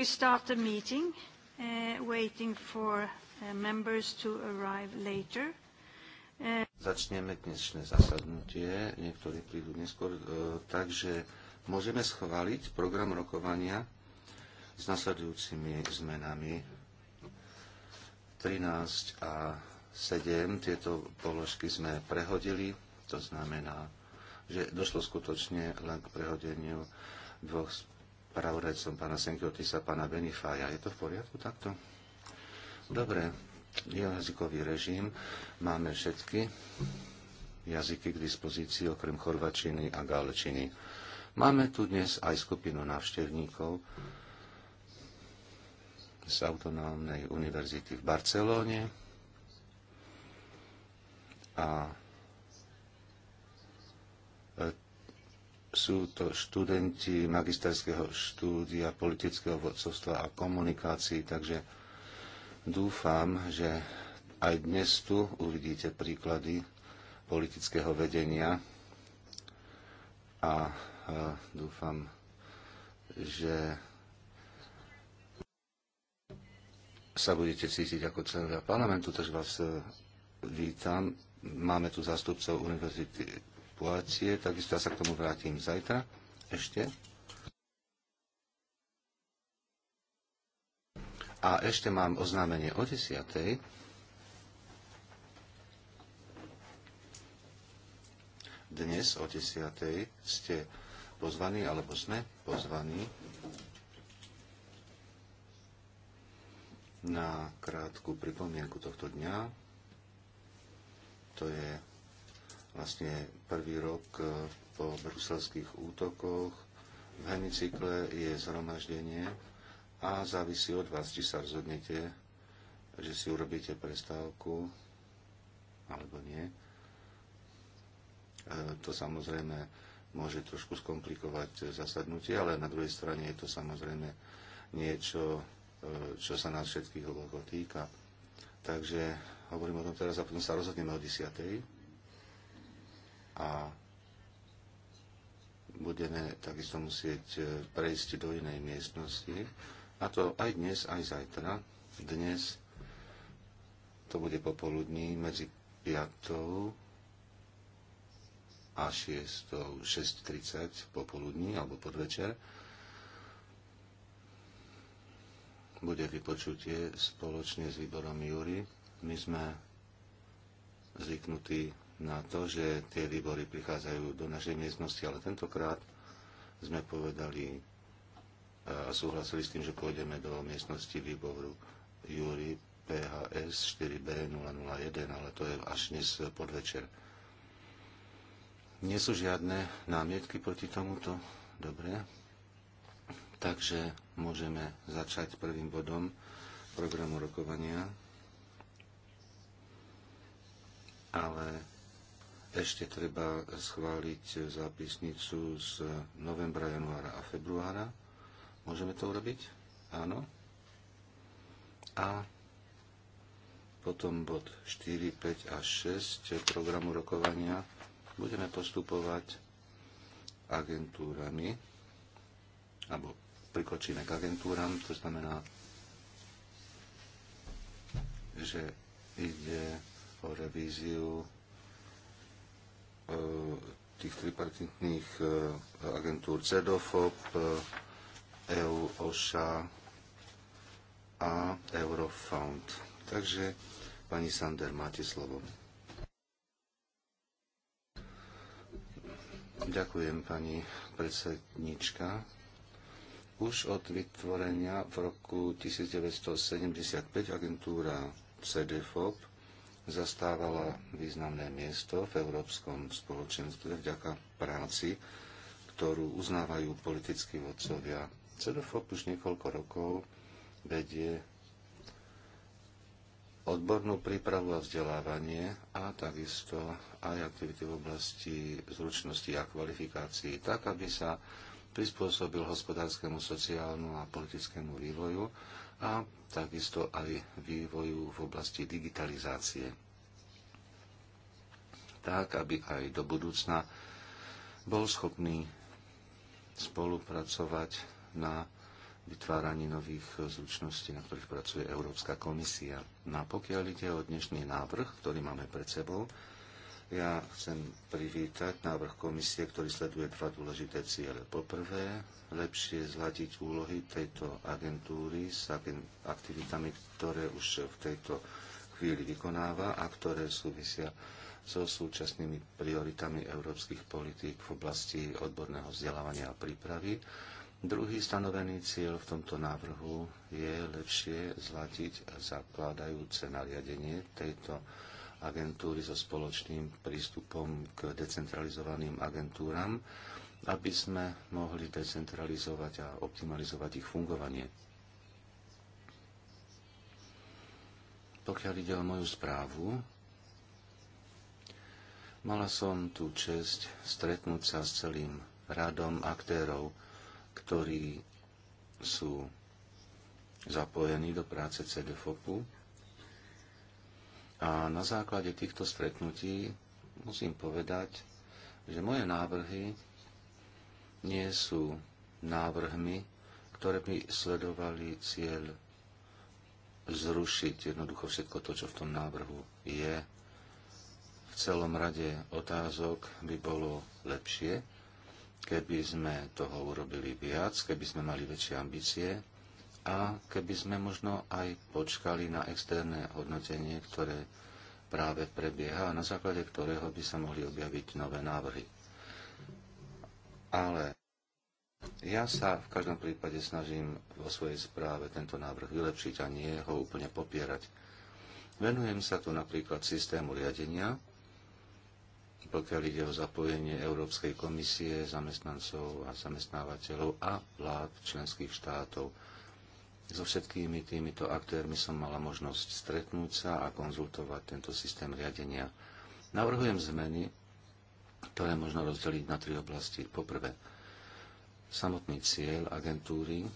We start the meeting, uh, waiting for uh, members to arrive later. Uh, Začneme dnešné zasadnutie, niektorí prídu neskôr, uh, takže môžeme schváliť program rokovania s nasledujúcimi zmenami 13 a 7. Tieto položky sme prehodili, to znamená, že došlo skutočne len k prehodeniu dvoch pravorecom pána Senkiotisa, pána Benifája. Je to v poriadku takto? Dobre, jazykový režim. Máme všetky jazyky k dispozícii, okrem chorvačiny a Galčiny. Máme tu dnes aj skupinu návštevníkov z Autonómnej univerzity v Barcelóne a Sú to študenti magisterského štúdia politického vodcovstva a komunikácií, takže dúfam, že aj dnes tu uvidíte príklady politického vedenia a dúfam, že sa budete cítiť ako členovia parlamentu, takže vás e, vítam. Máme tu zástupcov Univerzity situácie, takisto ja sa k tomu vrátim zajtra ešte. A ešte mám oznámenie o desiatej. Dnes o desiatej ste pozvaní, alebo sme pozvaní na krátku pripomienku tohto dňa. To je vlastne prvý rok e, po bruselských útokoch. V hemicykle je zhromaždenie a závisí od vás, či sa rozhodnete, že si urobíte prestávku alebo nie. E, to samozrejme môže trošku skomplikovať zasadnutie, ale na druhej strane je to samozrejme niečo, e, čo sa nás všetkých hlboko týka. Takže hovorím o tom teraz a potom sa rozhodneme o 10 a budeme takisto musieť e, prejsť do inej miestnosti. A to aj dnes, aj zajtra. Dnes to bude popoludní medzi 5. a 6. 6.30 popoludní alebo podvečer. Bude vypočutie spoločne s výborom Júry. My sme zvyknutí na to, že tie výbory prichádzajú do našej miestnosti, ale tentokrát sme povedali e, a súhlasili s tým, že pôjdeme do miestnosti výboru Júri PHS 4B001, ale to je až dnes podvečer. Nie sú žiadne námietky proti tomuto? Dobre. Takže môžeme začať prvým bodom programu rokovania. Ale ešte treba schváliť zápisnicu z novembra, januára a februára. Môžeme to urobiť? Áno. A potom bod 4, 5 a 6 programu rokovania budeme postupovať agentúrami, alebo prikočíme k agentúram, to znamená, že ide o revíziu E, tých tripartitných e, agentúr CEDOFOP, EU e OSHA a Eurofound. Takže, pani Sander, máte slovo. Ďakujem, pani predsednička. Už od vytvorenia v roku 1975 agentúra CDFOP zastávala významné miesto v európskom spoločenstve vďaka práci, ktorú uznávajú politickí vodcovia. CEDOFOP už niekoľko rokov vedie odbornú prípravu a vzdelávanie a takisto aj aktivity v oblasti zručnosti a kvalifikácií, tak aby sa prispôsobil hospodárskemu, sociálnu a politickému vývoju a takisto aj vývoju v oblasti digitalizácie. Tak, aby aj do budúcna bol schopný spolupracovať na vytváraní nových zručností, na ktorých pracuje Európska komisia. No a pokiaľ ide o dnešný návrh, ktorý máme pred sebou, ja chcem privítať návrh komisie, ktorý sleduje dva dôležité ciele. Poprvé, lepšie zladiť úlohy tejto agentúry s aktivitami, ktoré už v tejto chvíli vykonáva a ktoré súvisia so súčasnými prioritami európskych politík v oblasti odborného vzdelávania a prípravy. Druhý stanovený cieľ v tomto návrhu je lepšie zladiť zakladajúce nariadenie tejto agentúry agentúry so spoločným prístupom k decentralizovaným agentúram, aby sme mohli decentralizovať a optimalizovať ich fungovanie. Pokiaľ ide o moju správu, mala som tú čest stretnúť sa s celým radom aktérov, ktorí sú zapojení do práce CDFOPu a na základe týchto stretnutí musím povedať, že moje návrhy nie sú návrhmi, ktoré by sledovali cieľ zrušiť jednoducho všetko to, čo v tom návrhu je. V celom rade otázok by bolo lepšie, keby sme toho urobili viac, keby sme mali väčšie ambície a keby sme možno aj počkali na externé hodnotenie, ktoré práve prebieha a na základe ktorého by sa mohli objaviť nové návrhy. Ale ja sa v každom prípade snažím vo svojej správe tento návrh vylepšiť a nie ho úplne popierať. Venujem sa tu napríklad systému riadenia, pokiaľ ide o zapojenie Európskej komisie, zamestnancov a zamestnávateľov a vlád členských štátov so všetkými týmito aktérmi som mala možnosť stretnúť sa a konzultovať tento systém riadenia. Navrhujem zmeny, ktoré možno rozdeliť na tri oblasti. Poprvé, samotný cieľ agentúry.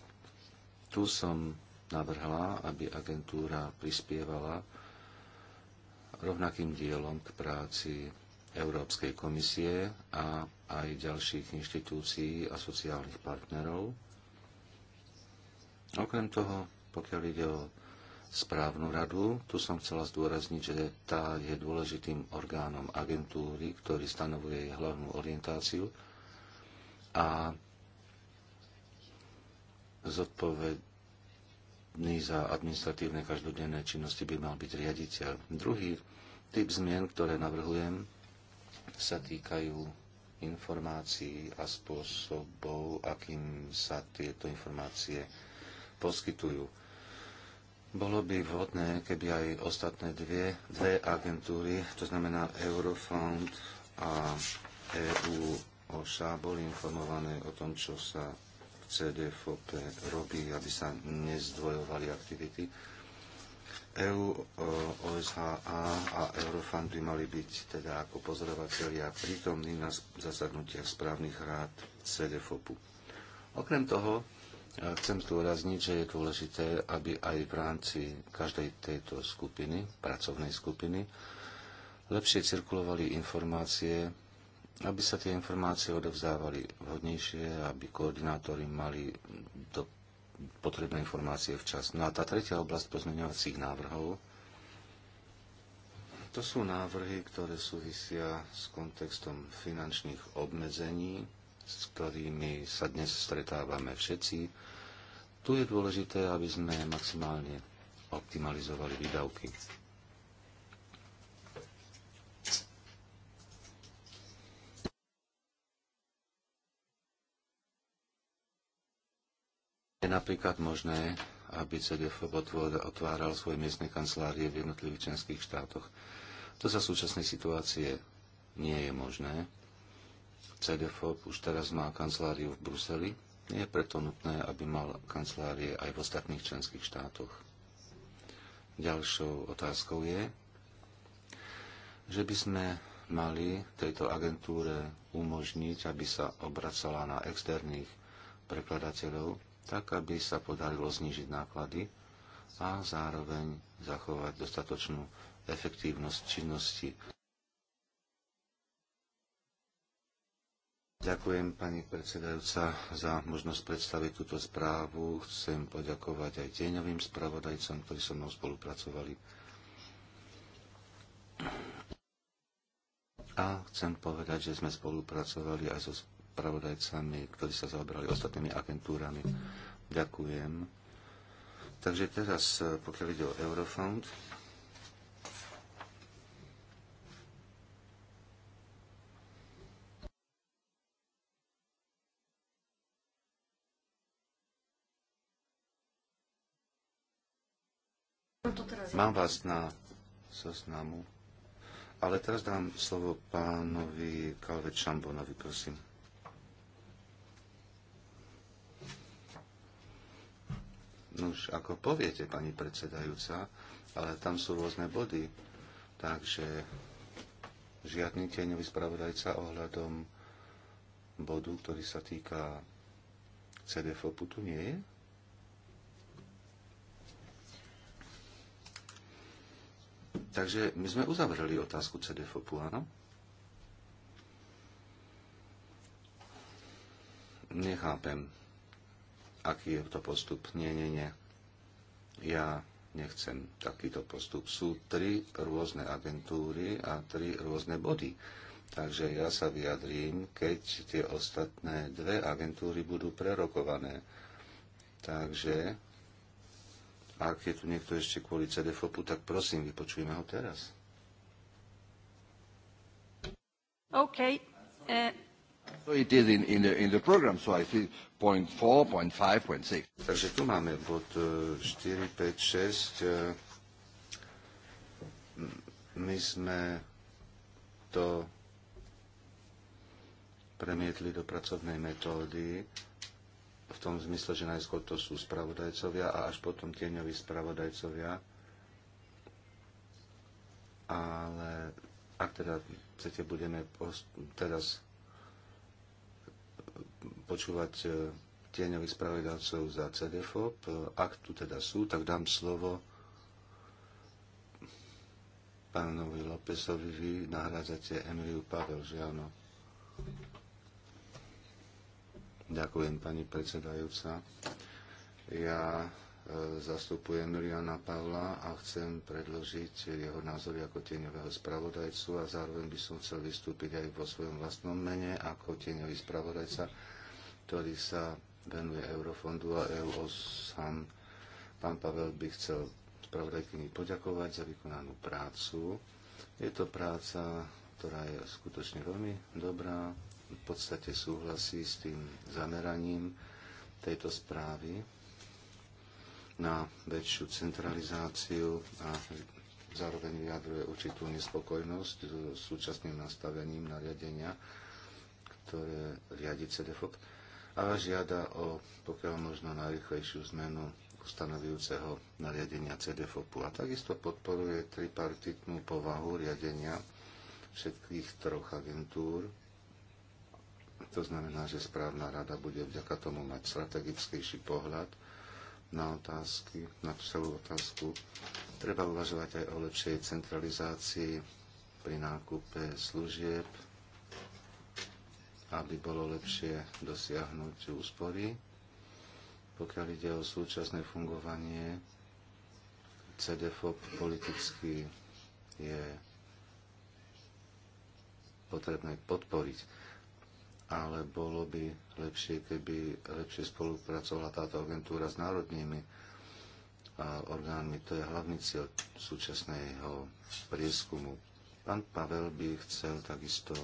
Tu som navrhla, aby agentúra prispievala rovnakým dielom k práci Európskej komisie a aj ďalších inštitúcií a sociálnych partnerov Okrem toho, pokiaľ ide o správnu radu, tu som chcela zdôrazniť, že tá je dôležitým orgánom agentúry, ktorý stanovuje jej hlavnú orientáciu a zodpovedný za administratívne každodenné činnosti by mal byť riaditeľ. Druhý typ zmien, ktoré navrhujem, sa týkajú informácií a spôsobov, akým sa tieto informácie poskytujú. Bolo by vhodné, keby aj ostatné dve, dve agentúry, to znamená Eurofond a EU OSA boli informované o tom, čo sa v CDFOP robí, aby sa nezdvojovali aktivity. EU, OSHA a Eurofund by mali byť teda ako a prítomní na zasadnutiach správnych rád CDFOPu. Okrem toho, Chcem zdôrazniť, že je dôležité, aby aj v rámci každej tejto skupiny, pracovnej skupiny, lepšie cirkulovali informácie, aby sa tie informácie odovzdávali vhodnejšie, aby koordinátori mali do potrebné informácie včas. No a tá tretia oblasť pozmeňovacích návrhov, to sú návrhy, ktoré súvisia s kontextom finančných obmedzení s ktorými sa dnes stretávame všetci. Tu je dôležité, aby sme maximálne optimalizovali výdavky. Je napríklad možné, aby CDF otváral svoje miestne kancelárie v jednotlivých členských štátoch. To za súčasnej situácie nie je možné. CDFOP už teraz má kanceláriu v Bruseli. Nie je preto nutné, aby mal kancelárie aj v ostatných členských štátoch. Ďalšou otázkou je, že by sme mali tejto agentúre umožniť, aby sa obracala na externých prekladateľov, tak aby sa podarilo znížiť náklady a zároveň zachovať dostatočnú efektívnosť činnosti. Ďakujem pani predsedajúca za možnosť predstaviť túto správu. Chcem poďakovať aj tieňovým spravodajcom, ktorí so mnou spolupracovali. A chcem povedať, že sme spolupracovali aj so spravodajcami, ktorí sa zaoberali ostatnými agentúrami. Ďakujem. Takže teraz, pokiaľ ide o Eurofond, Mám vás na zoznamu, ale teraz dám slovo pánovi Kalve Čambonovi, prosím. Nuž, ako poviete, pani predsedajúca, ale tam sú rôzne body, takže žiadny tieňový spravodajca ohľadom bodu, ktorý sa týka CDFOPu, tu nie je? Takže my sme uzavreli otázku CDFOPu, áno? Nechápem, aký je to postup. Nie, nie, nie. Ja nechcem takýto postup. Sú tri rôzne agentúry a tri rôzne body. Takže ja sa vyjadrím, keď tie ostatné dve agentúry budú prerokované. Takže ak je tu niekto ešte kvôli CDFOPu, tak prosím, vypočujeme ho teraz. OK. Uh... So it is in, in, the, in the program, so I see point 4, point 5, point 6. Takže tu máme bod 4, 5, 6. My sme to premietli do pracovnej metódy v tom zmysle, že najskôr to sú spravodajcovia a až potom tieňoví spravodajcovia. Ale ak teda chcete, budeme teraz počúvať e, tieňových spravodajcov za CDFOP. E, ak tu teda sú, tak dám slovo pánovi Lópezovi. Vy nahrádzate Emiliu Pavel, že áno? Ďakujem, pani predsedajúca. Ja e, zastupujem Juliana Pavla a chcem predložiť jeho názory ako tieňového spravodajcu a zároveň by som chcel vystúpiť aj vo svojom vlastnom mene ako tieňový spravodajca, ktorý sa venuje Eurofondu a EUOSAM. Pán Pavel by chcel spravodajkyni poďakovať za vykonanú prácu. Je to práca, ktorá je skutočne veľmi dobrá, v podstate súhlasí s tým zameraním tejto správy na väčšiu centralizáciu a zároveň vyjadruje určitú nespokojnosť s súčasným nastavením nariadenia, ktoré riadi CDFOP a žiada o pokiaľ možno najrychlejšiu zmenu ustanovujúceho nariadenia CDFOPu. A takisto podporuje tripartitnú povahu riadenia všetkých troch agentúr to znamená, že správna rada bude vďaka tomu mať strategickejší pohľad na otázky, na celú otázku. Treba uvažovať aj o lepšej centralizácii pri nákupe služieb, aby bolo lepšie dosiahnuť úspory. Pokiaľ ide o súčasné fungovanie, CDFOP politicky je potrebné podporiť ale bolo by lepšie, keby lepšie spolupracovala táto agentúra s národnými orgánmi. To je hlavný cieľ súčasného prieskumu. Pán Pavel by chcel takisto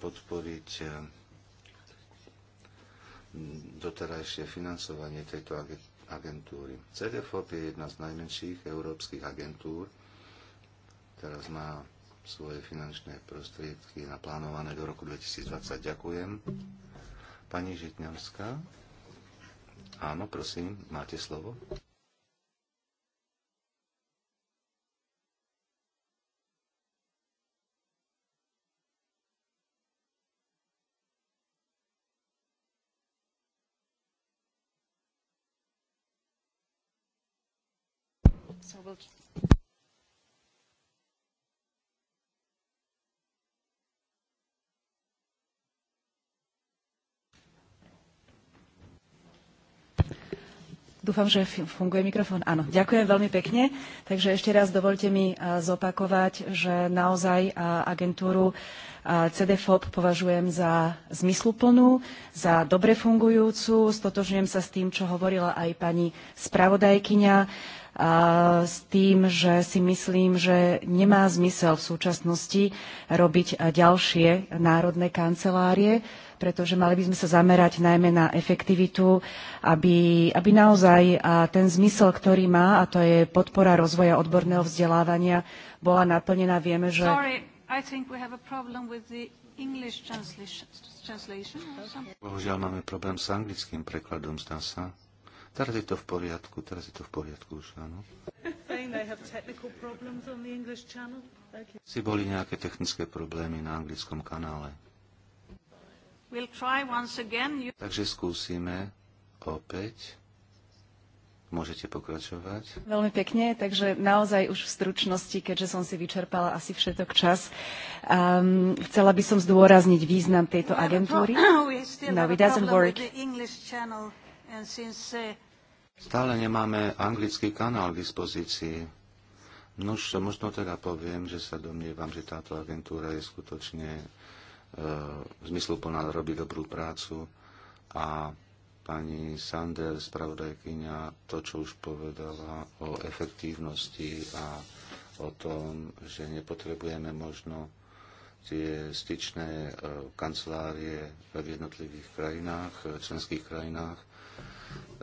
podporiť e, doterajšie financovanie tejto agentúry. CDFOP je jedna z najmenších európskych agentúr. Teraz má svoje finančné prostriedky naplánované do roku 2020. Ďakujem. Pani Žitňanská. Áno, prosím, máte slovo. Dúfam, že funguje mikrofón. Áno, ďakujem veľmi pekne. Takže ešte raz dovolte mi zopakovať, že naozaj agentúru CDFOP považujem za zmysluplnú, za dobre fungujúcu. Stotožňujem sa s tým, čo hovorila aj pani spravodajkyňa s tým, že si myslím, že nemá zmysel v súčasnosti robiť ďalšie národné kancelárie, pretože mali by sme sa zamerať najmä na efektivitu, aby, aby naozaj ten zmysel, ktorý má, a to je podpora rozvoja odborného vzdelávania, bola naplnená. Vieme, že... Sorry, Bohužiaľ máme problém s anglickým prekladom, zdá sa. Teraz je to v poriadku, teraz je to v poriadku už, áno. Si boli nejaké technické problémy na anglickom kanále. We'll you... Takže skúsime opäť. Môžete pokračovať. Veľmi pekne, takže naozaj už v stručnosti, keďže som si vyčerpala asi všetok čas, um, chcela by som zdôrazniť význam tejto agentúry. No, it doesn't work. Eh, Stále nemáme anglický kanál k dispozícii. Nož, možno teda poviem, že sa domnievam, že táto agentúra je skutočne e, eh, zmysluplná, robí dobrú prácu a pani Sander, spravodajkynia, to, čo už povedala o efektívnosti a o tom, že nepotrebujeme možno tie styčné eh, kancelárie v jednotlivých krajinách, členských krajinách,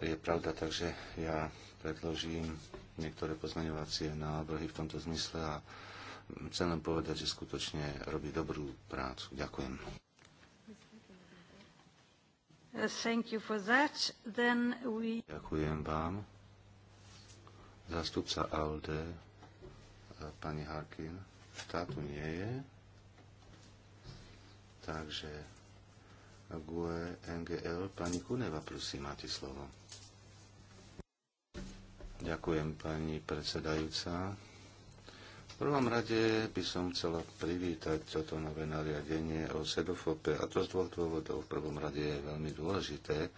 je pravda, takže ja predložím niektoré pozmeňovacie návrhy v tomto zmysle a chcem len povedať, že skutočne robí dobrú prácu. Ďakujem. Thank you for that. Then we... Ďakujem vám. Zástupca ALDE, pani Harkin, štátu nie je. Takže GUE NGL. Pani Kuneva, prosím, máte slovo. Ďakujem, pani predsedajúca. V prvom rade by som chcela privítať toto nové nariadenie o sedofope a to z dvoch dôvodov. V prvom rade je veľmi dôležité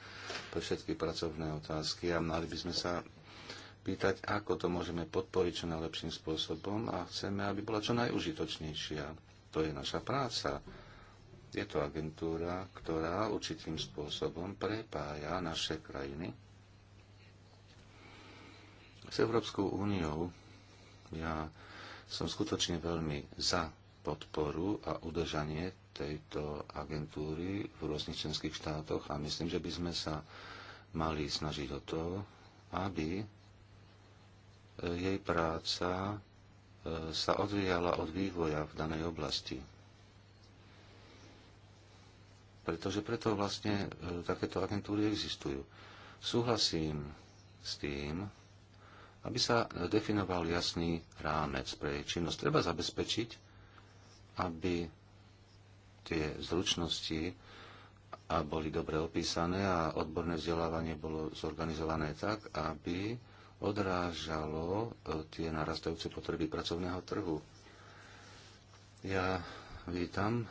pre všetky pracovné otázky a mali by sme sa pýtať, ako to môžeme podporiť čo najlepším spôsobom a chceme, aby bola čo najužitočnejšia. To je naša práca je to agentúra, ktorá určitým spôsobom prepája naše krajiny s Európskou úniou. Ja som skutočne veľmi za podporu a udržanie tejto agentúry v rôznych členských štátoch a myslím, že by sme sa mali snažiť o to, aby eh, jej práca eh, sa odvíjala od vývoja v danej oblasti pretože preto vlastne e, takéto agentúry existujú. Súhlasím s tým, aby sa definoval jasný rámec pre jej činnosť. Treba zabezpečiť, aby tie zručnosti a boli dobre opísané a odborné vzdelávanie bolo zorganizované tak, aby odrážalo e, tie narastajúce potreby pracovného trhu. Ja vítam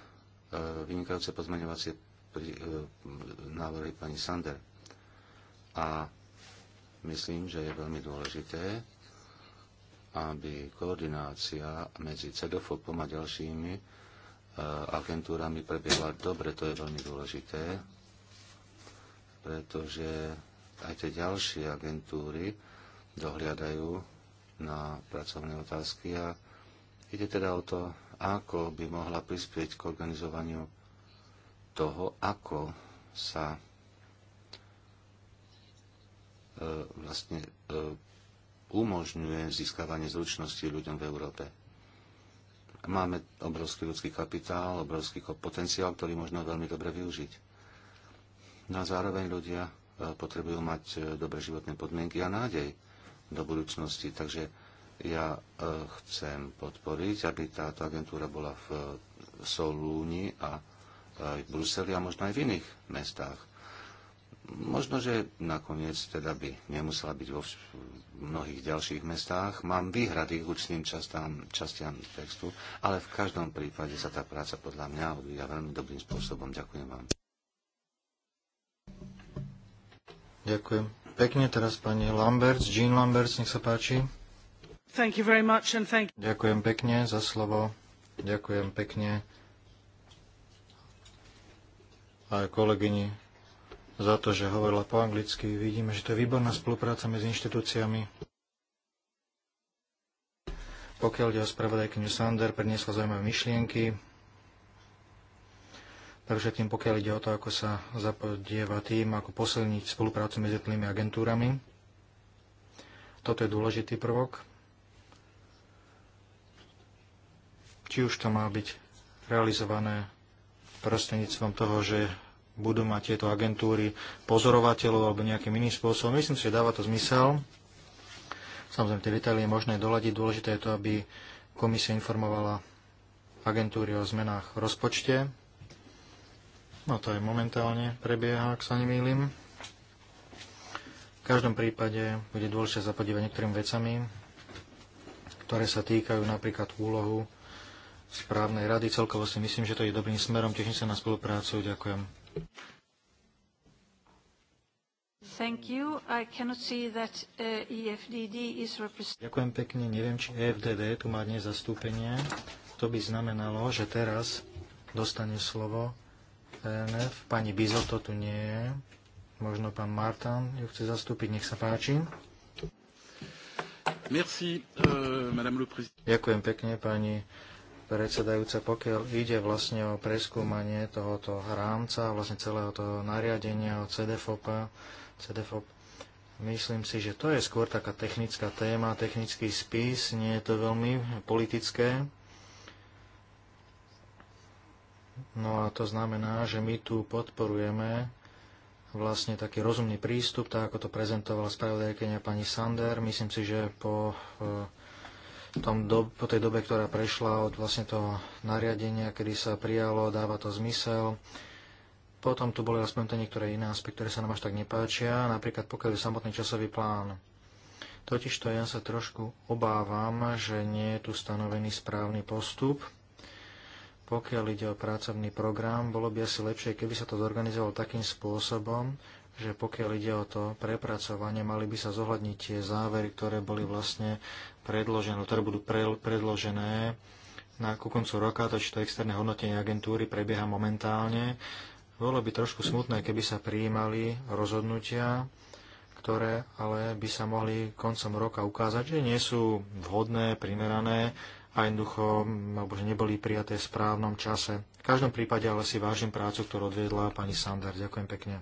E, vynikajúce pozmeňovacie e, návrhy pani Sander. A myslím, že je veľmi dôležité, aby koordinácia medzi CEDOFOPom a ďalšími e, agentúrami prebiehla dobre. To je veľmi dôležité, pretože aj tie ďalšie agentúry dohliadajú na pracovné otázky a ide teda o to ako by mohla prispieť k organizovaniu toho, ako sa e, vlastne e, umožňuje získavanie zručností ľuďom v Európe. Máme obrovský ľudský kapitál, obrovský potenciál, ktorý možno veľmi dobre využiť. No a zároveň ľudia e, potrebujú mať dobré životné podmienky a nádej do budúcnosti. Takže ja e, chcem podporiť, aby táto agentúra bola v Solúni a e, v Bruseli a možno aj v iných mestách. Možno, že nakoniec teda by nemusela byť vo mnohých ďalších mestách. Mám výhrady k účným častám, častiam textu, ale v každom prípade sa tá práca podľa mňa odvíja veľmi dobrým spôsobom. Ďakujem vám. Ďakujem. Pekne teraz pani Lamberts, Jean Lamberts, nech sa páči. Ďakujem pekne za slovo. Ďakujem pekne aj kolegyni za to, že hovorila po anglicky. Vidíme, že to je výborná spolupráca medzi inštitúciami. Pokiaľ ide o spravodajkyňu Sander, priniesla zaujímavé myšlienky. Takže tým, pokiaľ ide o to, ako sa zapodieva tým, ako posilniť spoluprácu medzi tými agentúrami. Toto je dôležitý prvok. či už to má byť realizované prostredníctvom toho, že budú mať tieto agentúry pozorovateľov alebo nejakým iným spôsobom. Myslím si, že dáva to zmysel. Samozrejme, tie detaily je možné doľadiť. Dôležité je to, aby komisia informovala agentúry o zmenách v rozpočte. No to aj momentálne prebieha, ak sa nemýlim. V každom prípade bude dôležité zapodívať niektorým vecami, ktoré sa týkajú napríklad úlohu správnej rady. Celkovo si myslím, že to je dobrým smerom. Teším sa na spoluprácu. Ďakujem. That, uh, e Ďakujem pekne. Neviem, či EFDD tu má dnes zastúpenie. To by znamenalo, že teraz dostane slovo ENF. Pani Bizoto tu nie je. Možno pán Martin ju chce zastúpiť. Nech sa páči. Merci, uh, Ďakujem pekne, pani predsedajúca, pokiaľ ide vlastne o preskúmanie tohoto rámca, vlastne celého toho nariadenia o CDFOP, CDFOP, myslím si, že to je skôr taká technická téma, technický spis, nie je to veľmi politické. No a to znamená, že my tu podporujeme vlastne taký rozumný prístup, tak ako to prezentovala spravodajkenia pani Sander. Myslím si, že po e, tom do, po tej dobe, ktorá prešla od vlastne toho nariadenia, kedy sa prijalo, dáva to zmysel. Potom tu boli aspoň tie niektoré iné aspekty, ktoré sa nám až tak nepáčia, napríklad pokiaľ je samotný časový plán. Totižto ja sa trošku obávam, že nie je tu stanovený správny postup. Pokiaľ ide o pracovný program, bolo by asi lepšie, keby sa to zorganizovalo takým spôsobom, že pokiaľ ide o to prepracovanie, mali by sa zohľadniť tie závery, ktoré boli vlastne predložené, ktoré budú pre, predložené na ku koncu roka, to, to externé hodnotenie agentúry prebieha momentálne. Bolo by trošku smutné, keby sa prijímali rozhodnutia, ktoré ale by sa mohli koncom roka ukázať, že nie sú vhodné, primerané a jednoducho alebo že neboli prijaté v správnom čase. V každom prípade ale si vážim prácu, ktorú odviedla pani Sander. Ďakujem pekne.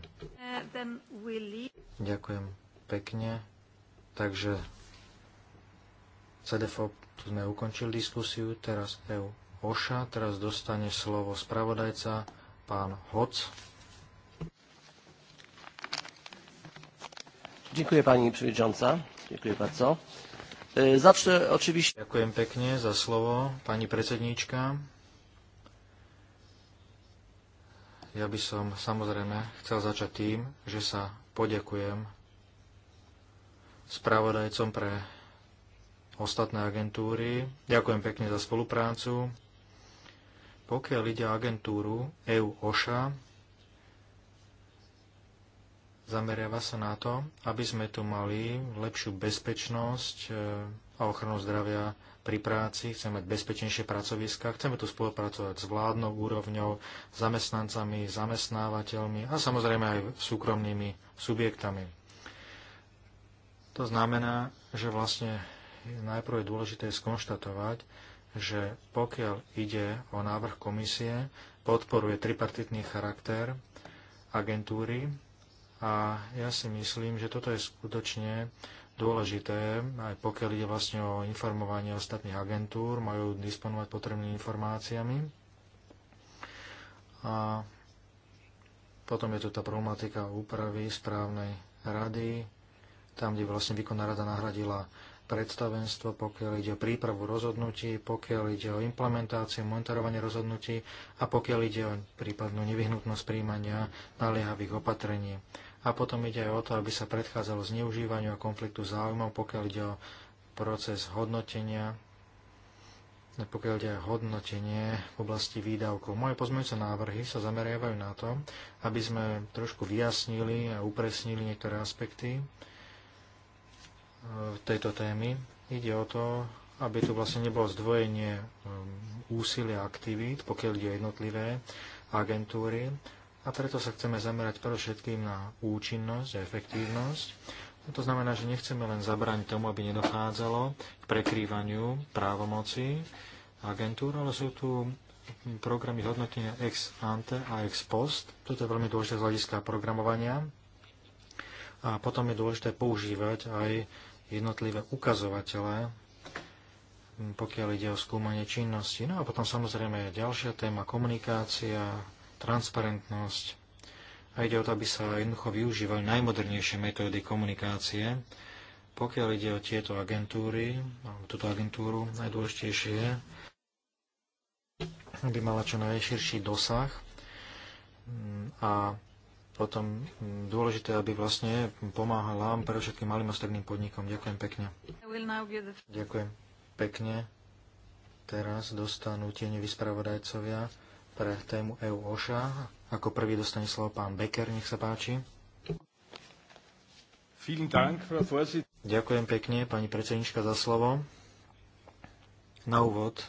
Ďakujem pekne. Takže CDFO tu sme ukončili diskusiu, teraz EU Oša, teraz dostane slovo spravodajca pán Hoc. Dziękuję pani przewodnicząca. Dziękuję bardzo. E, Zacznę oczywiście... Ďakujem pekne za slovo, pani predsedníčka. Ja by som samozrejme chcel začať tým, že sa poďakujem spravodajcom pre ostatné agentúry. Ďakujem pekne za spoluprácu. Pokiaľ ide agentúru EU OŠA, zameriava sa na to, aby sme tu mali lepšiu bezpečnosť e, a ochranu zdravia pri práci, chceme mať bezpečnejšie pracoviska, chceme tu spolupracovať s vládnou úrovňou, zamestnancami, zamestnávateľmi a samozrejme aj súkromnými subjektami. To znamená, že vlastne najprv je dôležité skonštatovať, že pokiaľ ide o návrh komisie, podporuje tripartitný charakter agentúry a ja si myslím, že toto je skutočne dôležité, aj pokiaľ ide vlastne o informovanie ostatných agentúr, majú disponovať potrebnými informáciami. A potom je tu tá problematika úpravy správnej rady, tam, kde vlastne výkonná rada nahradila predstavenstvo, pokiaľ ide o prípravu rozhodnutí, pokiaľ ide o implementáciu, monitorovanie rozhodnutí a pokiaľ ide o prípadnú nevyhnutnosť príjmania naliehavých opatrení a potom ide aj o to, aby sa predchádzalo zneužívaniu a konfliktu záujmov, pokiaľ ide o proces hodnotenia pokiaľ ide hodnotenie v oblasti výdavkov. Moje pozmeňujúce návrhy sa zameriavajú na to, aby sme trošku vyjasnili a upresnili niektoré aspekty e, tejto témy. Ide o to, aby tu vlastne nebolo zdvojenie e, úsilia aktivít, pokiaľ ide o jednotlivé agentúry, a preto sa chceme zamerať všetkým na účinnosť a efektívnosť. No to znamená, že nechceme len zabrániť tomu, aby nedochádzalo k prekrývaniu právomoci agentúr, ale sú tu programy hodnotenia ex ante a ex post. Toto je veľmi dôležité z hľadiska programovania. A potom je dôležité používať aj jednotlivé ukazovatele, pokiaľ ide o skúmanie činnosti. No a potom samozrejme je ďalšia téma komunikácia, transparentnosť a ide o to, aby sa jednoducho využívali najmodernejšie metódy komunikácie. Pokiaľ ide o tieto agentúry, alebo túto agentúru, najdôležitejšie je, aby mala čo najširší dosah a potom dôležité, aby vlastne pomáhala pre všetkým malým a stredným podnikom. Ďakujem pekne. Ďakujem pekne. Teraz dostanú tie nevyspravodajcovia pre tému EU OŠA. Ako prvý dostane slovo pán Becker, nech sa páči. Ďakujem pekne, pani predsednička, za slovo. Na úvod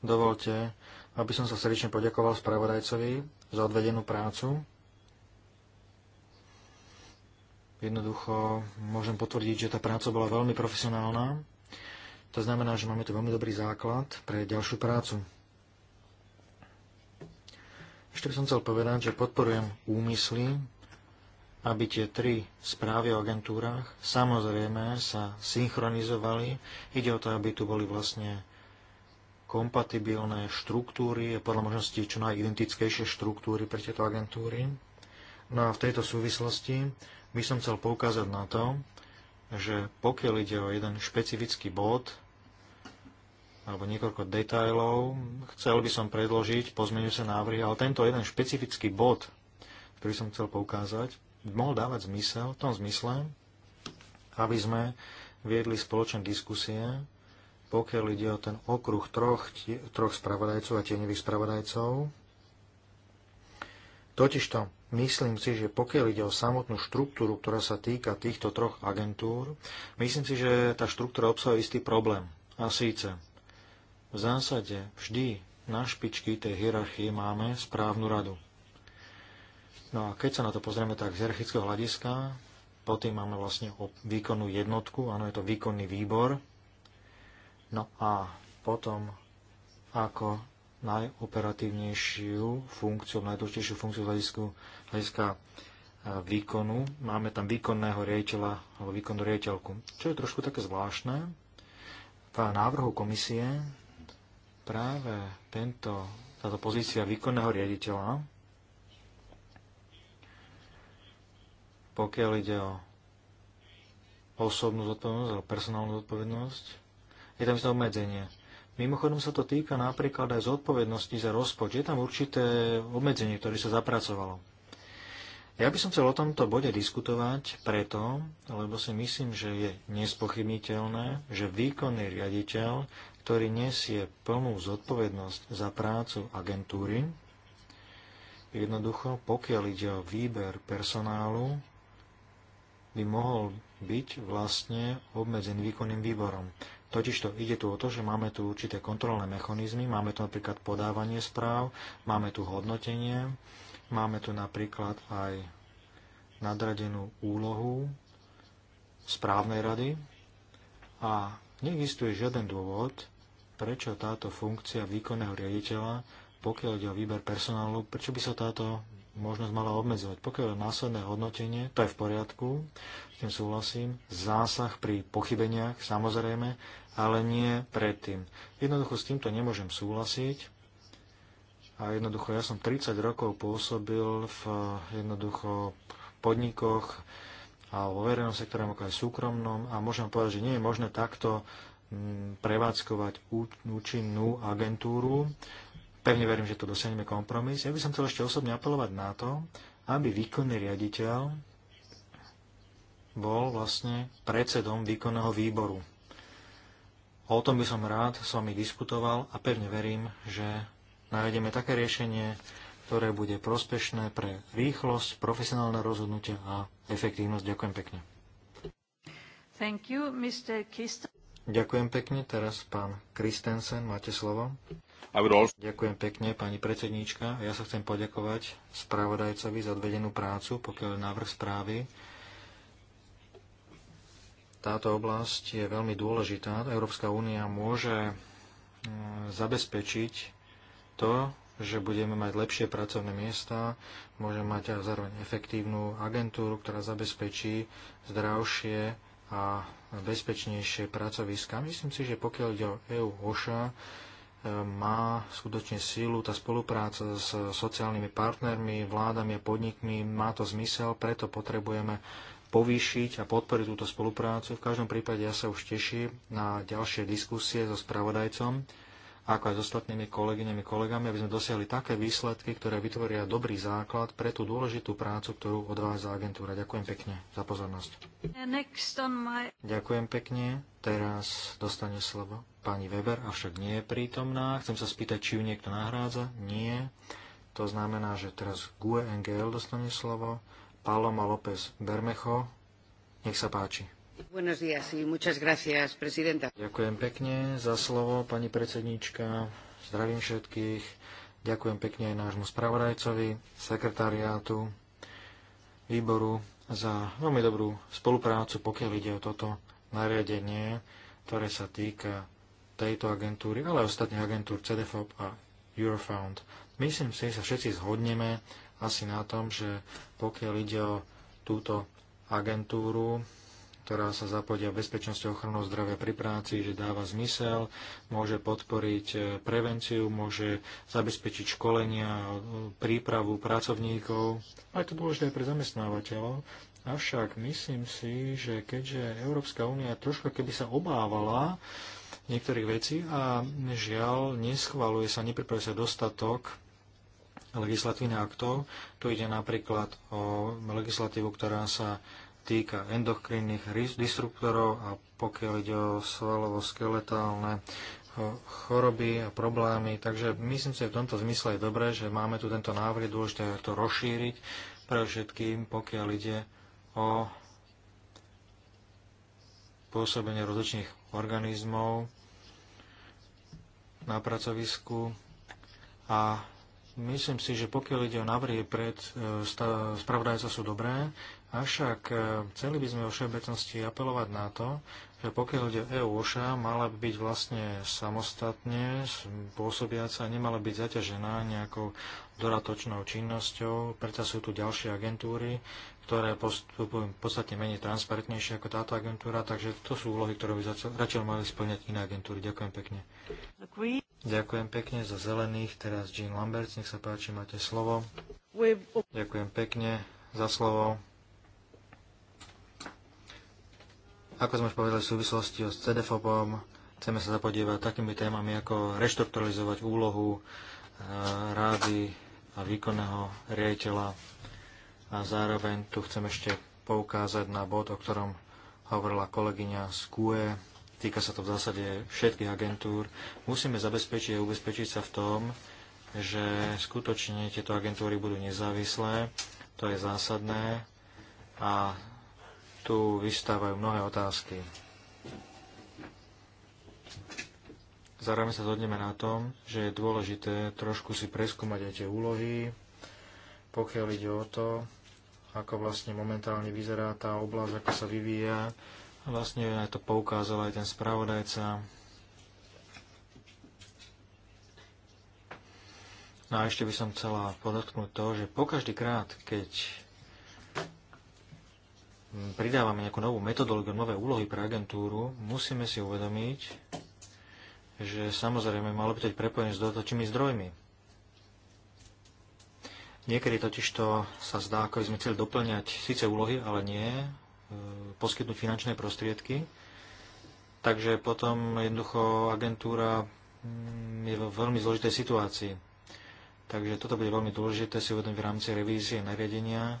dovolte, aby som sa srdečne poďakoval spravodajcovi za odvedenú prácu. Jednoducho môžem potvrdiť, že tá práca bola veľmi profesionálna. To znamená, že máme tu veľmi dobrý základ pre ďalšiu prácu. Ešte by som chcel povedať, že podporujem úmysly, aby tie tri správy o agentúrach samozrejme sa synchronizovali. Ide o to, aby tu boli vlastne kompatibilné štruktúry, podľa možnosti čo najidentickejšie štruktúry pre tieto agentúry. No a v tejto súvislosti by som chcel poukázať na to, že pokiaľ ide o jeden špecifický bod, alebo niekoľko detajlov. Chcel by som predložiť pozmeňujúce návrhy, ale tento jeden špecifický bod, ktorý som chcel poukázať, mohol dávať zmysel v tom zmysle, aby sme viedli spoločné diskusie, pokiaľ ide o ten okruh troch, troch spravodajcov a tieňových spravodajcov. Totižto myslím si, že pokiaľ ide o samotnú štruktúru, ktorá sa týka týchto troch agentúr, myslím si, že tá štruktúra obsahuje istý problém. A síce v zásade vždy na špičky tej hierarchie máme správnu radu. No a keď sa na to pozrieme tak z hierarchického hľadiska, potom máme vlastne výkonnú jednotku, áno, je to výkonný výbor. No a potom ako najoperatívnejšiu funkciu, najdôležitejšiu funkciu z hľadiska, hľadiska e, výkonu. Máme tam výkonného riaditeľa alebo výkonnú riaditeľku. Čo je trošku také zvláštne, v návrhu komisie práve tento, táto pozícia výkonného riaditeľa, pokiaľ ide o osobnú zodpovednosť alebo personálnu zodpovednosť, je tam isté obmedzenie. Mimochodom sa to týka napríklad aj zodpovednosti za rozpočet. Je tam určité obmedzenie, ktoré sa zapracovalo. Ja by som chcel o tomto bode diskutovať preto, lebo si myslím, že je nespochybniteľné, že výkonný riaditeľ ktorý nesie plnú zodpovednosť za prácu agentúry. Jednoducho, pokiaľ ide o výber personálu, by mohol byť vlastne obmedzený výkonným výborom. Totižto ide tu o to, že máme tu určité kontrolné mechanizmy, máme tu napríklad podávanie správ, máme tu hodnotenie, máme tu napríklad aj nadradenú úlohu správnej rady a Neexistuje žiaden dôvod, prečo táto funkcia výkonného riaditeľa, pokiaľ ide o výber personálu, prečo by sa táto možnosť mala obmedzovať. Pokiaľ je následné hodnotenie, to je v poriadku, s tým súhlasím, zásah pri pochybeniach, samozrejme, ale nie predtým. Jednoducho s týmto nemôžem súhlasiť a jednoducho ja som 30 rokov pôsobil v jednoducho podnikoch, a vo verejnom sektore, ako aj súkromnom a môžem povedať, že nie je možné takto mm, prevádzkovať účinnú agentúru. Pevne verím, že to dosiahneme kompromis. Ja by som chcel ešte osobne apelovať na to, aby výkonný riaditeľ bol vlastne predsedom výkonného výboru. O tom by som rád s vami diskutoval a pevne verím, že nájdeme také riešenie, ktoré bude prospešné pre rýchlosť, profesionálne rozhodnutia a efektívnosť. Ďakujem pekne. Thank you, Mr. Ďakujem pekne. Teraz pán Kristensen, máte slovo. Also... Ďakujem pekne, pani predsedníčka. Ja sa chcem poďakovať spravodajcovi za odvedenú prácu, pokiaľ je návrh správy. Táto oblasť je veľmi dôležitá. Európska únia môže mm, zabezpečiť to, že budeme mať lepšie pracovné miesta, môžeme mať aj zároveň efektívnu agentúru, ktorá zabezpečí zdravšie a bezpečnejšie pracoviska. Myslím si, že pokiaľ ide o EU OŠA, e, má skutočne sílu tá spolupráca s sociálnymi partnermi, vládami a podnikmi, má to zmysel, preto potrebujeme povýšiť a podporiť túto spoluprácu. V každom prípade ja sa už teším na ďalšie diskusie so spravodajcom ako aj s ostatnými kolegyňami, kolegami, aby sme dosiahli také výsledky, ktoré vytvoria dobrý základ pre tú dôležitú prácu, ktorú odvádza agentúra. Ďakujem pekne za pozornosť. My... Ďakujem pekne. Teraz dostane slovo pani Weber, avšak nie je prítomná. Chcem sa spýtať, či ju niekto nahrádza. Nie. To znamená, že teraz GUE NGL dostane slovo. Paloma López Bermecho. Nech sa páči. Ďakujem pekne za slovo, pani predsedníčka. Zdravím všetkých. Ďakujem pekne aj nášmu spravodajcovi, sekretariátu, výboru za veľmi dobrú spoluprácu, pokiaľ ide o toto nariadenie, ktoré sa týka tejto agentúry, ale aj ostatných agentúr CDFOP a Eurofound. Myslím si, že sa všetci zhodneme asi na tom, že pokiaľ ide o túto agentúru, ktorá sa zapodia bezpečnosti a ochranu zdravia pri práci, že dáva zmysel, môže podporiť e, prevenciu, môže zabezpečiť školenia, e, prípravu pracovníkov. A je to dôležité aj pre zamestnávateľov. Avšak myslím si, že keďže Európska únia trošku keby sa obávala niektorých vecí a žiaľ neschvaluje sa, nepripravuje sa dostatok legislatívnych aktov. Tu ide napríklad o legislatívu, ktorá sa týka endokrinných disruptorov a pokiaľ ide o svalovo-skeletálne eh, choroby a problémy. Takže myslím si, že v tomto zmysle je dobré, že máme tu tento návrh, je dôležité to rozšíriť pre všetkým, pokiaľ ide o pôsobenie rozličných organizmov na pracovisku a Myslím si, že pokiaľ ide o návrhy pred e, spravodajca sú dobré, avšak e, chceli by sme o všeobecnosti apelovať na to, že pokiaľ ide o OŠA, e mala by byť vlastne samostatne pôsobiaca, nemala byť zaťažená nejakou doratočnou činnosťou, preto sú tu ďalšie agentúry, ktoré postupujú podstatne menej transparentnejšie ako táto agentúra, takže to sú úlohy, ktoré by radšej mali splňať iné agentúry. Ďakujem pekne. Ďakujem pekne za zelených. Teraz Jean Lambert, nech sa páči, máte slovo. Ďakujem pekne za slovo. Ako sme už povedali v súvislosti s CDFOPom, chceme sa zapodievať takými témami, ako reštrukturalizovať úlohu e, rády a výkonného riaditeľa. A zároveň tu chcem ešte poukázať na bod, o ktorom hovorila kolegyňa z QE, týka sa to v zásade všetkých agentúr, musíme zabezpečiť a ubezpečiť sa v tom, že skutočne tieto agentúry budú nezávislé, to je zásadné a tu vystávajú mnohé otázky. Zároveň sa zhodneme na tom, že je dôležité trošku si preskúmať aj tie úlohy, pokiaľ ide o to, ako vlastne momentálne vyzerá tá oblasť, ako sa vyvíja, Vlastne aj to poukázal aj ten spravodajca. No a ešte by som chcela podotknúť to, že po každý krát, keď pridávame nejakú novú metodológiu, nové úlohy pre agentúru, musíme si uvedomiť, že samozrejme malo by to byť prepojené s dotačnými zdrojmi. Niekedy totiž to sa zdá, ako by sme chceli doplňať síce úlohy, ale nie. E, poskytnúť finančné prostriedky. Takže potom jednoducho agentúra mm, je vo veľmi zložitej situácii. Takže toto bude veľmi dôležité si uvedomiť v rámci revízie nariadenia,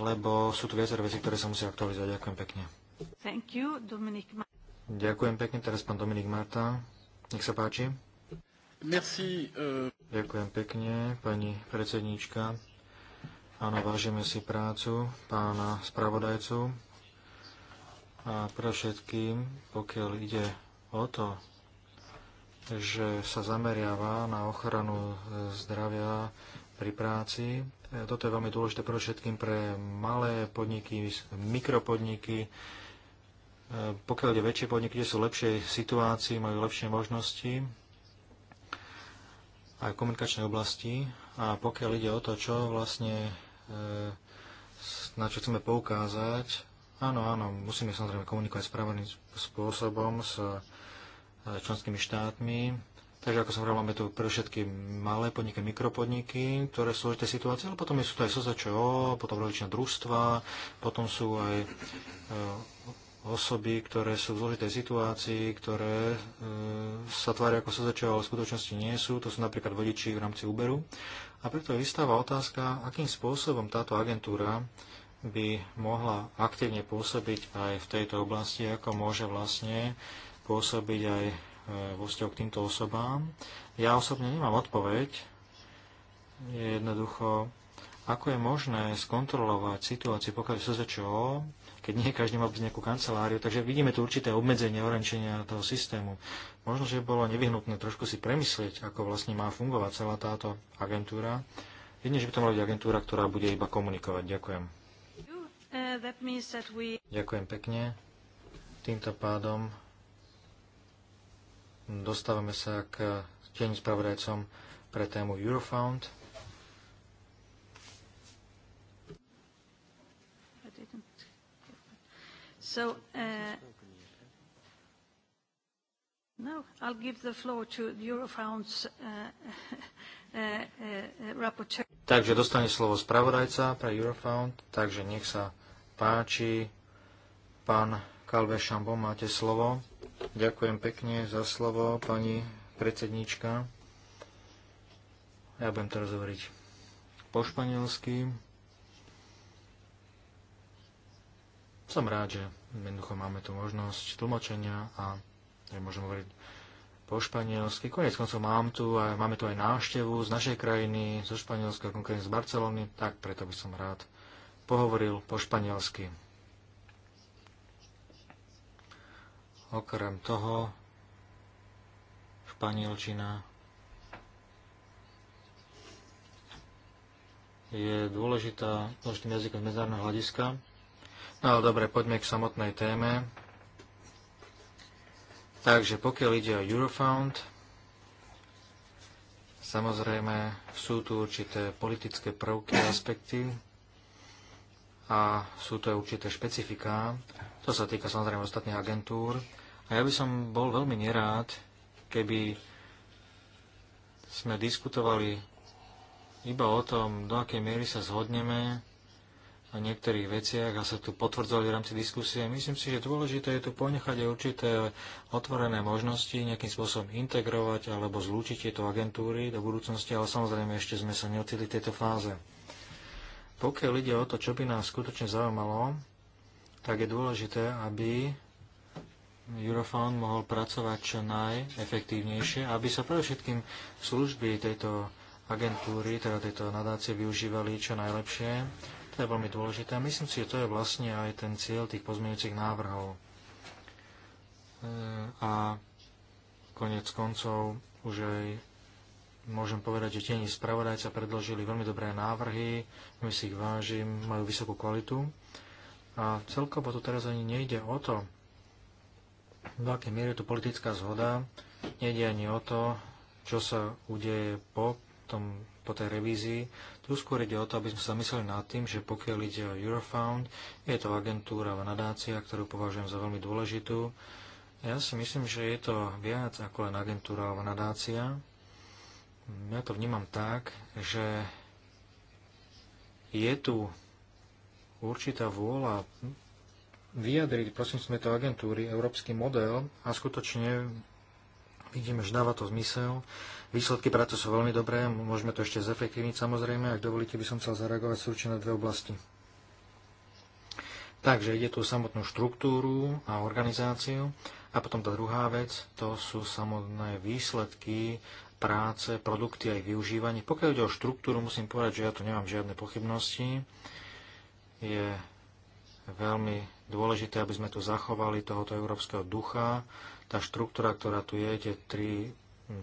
lebo sú tu viaceré veci, ktoré sa musia aktualizovať. Ďakujem pekne. Thank you, Dominik Ďakujem pekne. Teraz pán Dominik Marta. Nech sa páči. Merci. Uh... Ďakujem pekne, pani predsedníčka. Áno, vážime si prácu pána spravodajcu a pre všetkým, pokiaľ ide o to, že sa zameriava na ochranu zdravia pri práci. Toto je veľmi dôležité pre všetkým pre malé podniky, mikropodniky, pokiaľ ide väčšie podniky, kde sú v lepšej situácii, majú lepšie možnosti aj v komunikačnej oblasti. A pokiaľ ide o to, čo vlastne E, na čo chceme poukázať. Áno, áno, musíme samozrejme komunikovať správnym spôsobom s e, členskými štátmi. Takže ako som hovoril, máme tu pre všetky malé podniky, mikropodniky, ktoré sú tej situácii, ale potom sú tu aj SZČO, potom rodičné družstva, potom sú aj e, osoby, ktoré sú v zložitej situácii, ktoré e, sa tvária ako SZČ, ale v skutočnosti nie sú. To sú napríklad vodiči v rámci Uberu. A preto vystáva otázka, akým spôsobom táto agentúra by mohla aktívne pôsobiť aj v tejto oblasti, ako môže vlastne pôsobiť aj e, vo vzťahu k týmto osobám. Ja osobne nemám odpoveď. Je jednoducho, ako je možné skontrolovať situáciu, pokiaľ SZČO keď nie každý má nejakú kanceláriu. Takže vidíme tu určité obmedzenie, orančenia toho systému. Možno, že bolo nevyhnutné trošku si premyslieť, ako vlastne má fungovať celá táto agentúra. Jedne, že by to mala byť agentúra, ktorá bude iba komunikovať. Ďakujem. Ďakujem pekne. Týmto pádom dostávame sa k tieň spravodajcom pre tému Eurofound. So, uh, no, I'll give the floor to Eurofound's uh, uh, rapporteur. Takže dostane slovo spravodajca pre Eurofound, takže nech sa páči. Pán Kalve Šambo, máte slovo. Ďakujem pekne za slovo, pani predsedníčka. Ja budem teraz hovoriť po španielsky. Som rád, že Jednoducho máme tu možnosť tlmočenia a môžem hovoriť po španielsky. Konec koncov mám tu, a máme tu aj návštevu z našej krajiny, zo Španielska, konkrétne z Barcelony, tak preto by som rád pohovoril po španielsky. Okrem toho, španielčina je dôležitá, dôležitým jazykom z medzinárodného hľadiska. No dobre, poďme k samotnej téme. Takže pokiaľ ide o Eurofound, samozrejme sú tu určité politické prvky a aspekty a sú tu aj určité špecifiká. To sa týka samozrejme ostatných agentúr. A ja by som bol veľmi nerád, keby sme diskutovali iba o tom, do akej miery sa zhodneme na niektorých veciach a sa tu potvrdzovali v rámci diskusie. Myslím si, že dôležité je tu ponechať aj určité otvorené možnosti nejakým spôsobom integrovať alebo zlúčiť tieto agentúry do budúcnosti, ale samozrejme ešte sme sa neocitli v tejto fáze. Pokiaľ ide o to, čo by nás skutočne zaujímalo, tak je dôležité, aby Eurofound mohol pracovať čo najefektívnejšie, aby sa všetkým služby tejto agentúry, teda tejto nadácie využívali čo najlepšie, to je veľmi dôležité. Myslím si, že to je vlastne aj ten cieľ tých pozmeňujúcich návrhov. E, a konec koncov už aj môžem povedať, že tieni spravodajca predložili veľmi dobré návrhy, my si ich vážim, majú vysokú kvalitu. A celkovo to teraz ani nejde o to, v akej miere je tu politická zhoda, nejde ani o to, čo sa udeje po tom, po tej revízii. Tu skôr ide o to, aby sme sa mysleli nad tým, že pokiaľ ide o Eurofound, je to agentúra a nadácia, ktorú považujem za veľmi dôležitú. Ja si myslím, že je to viac ako len agentúra alebo nadácia. Ja to vnímam tak, že je tu určitá vôľa vyjadriť, prosím, sme to agentúry, európsky model a skutočne vidíme, že dáva to zmysel. Výsledky práce sú veľmi dobré, môžeme to ešte zefektívniť samozrejme. Ak dovolíte, by som chcel zareagovať súčne na dve oblasti. Takže ide tu samotnú štruktúru a organizáciu. A potom tá druhá vec, to sú samotné výsledky práce, produkty a ich využívanie. Pokiaľ ide o štruktúru, musím povedať, že ja tu nemám žiadne pochybnosti. Je veľmi dôležité, aby sme tu zachovali tohoto európskeho ducha. Tá štruktúra, ktorá tu je, tie tri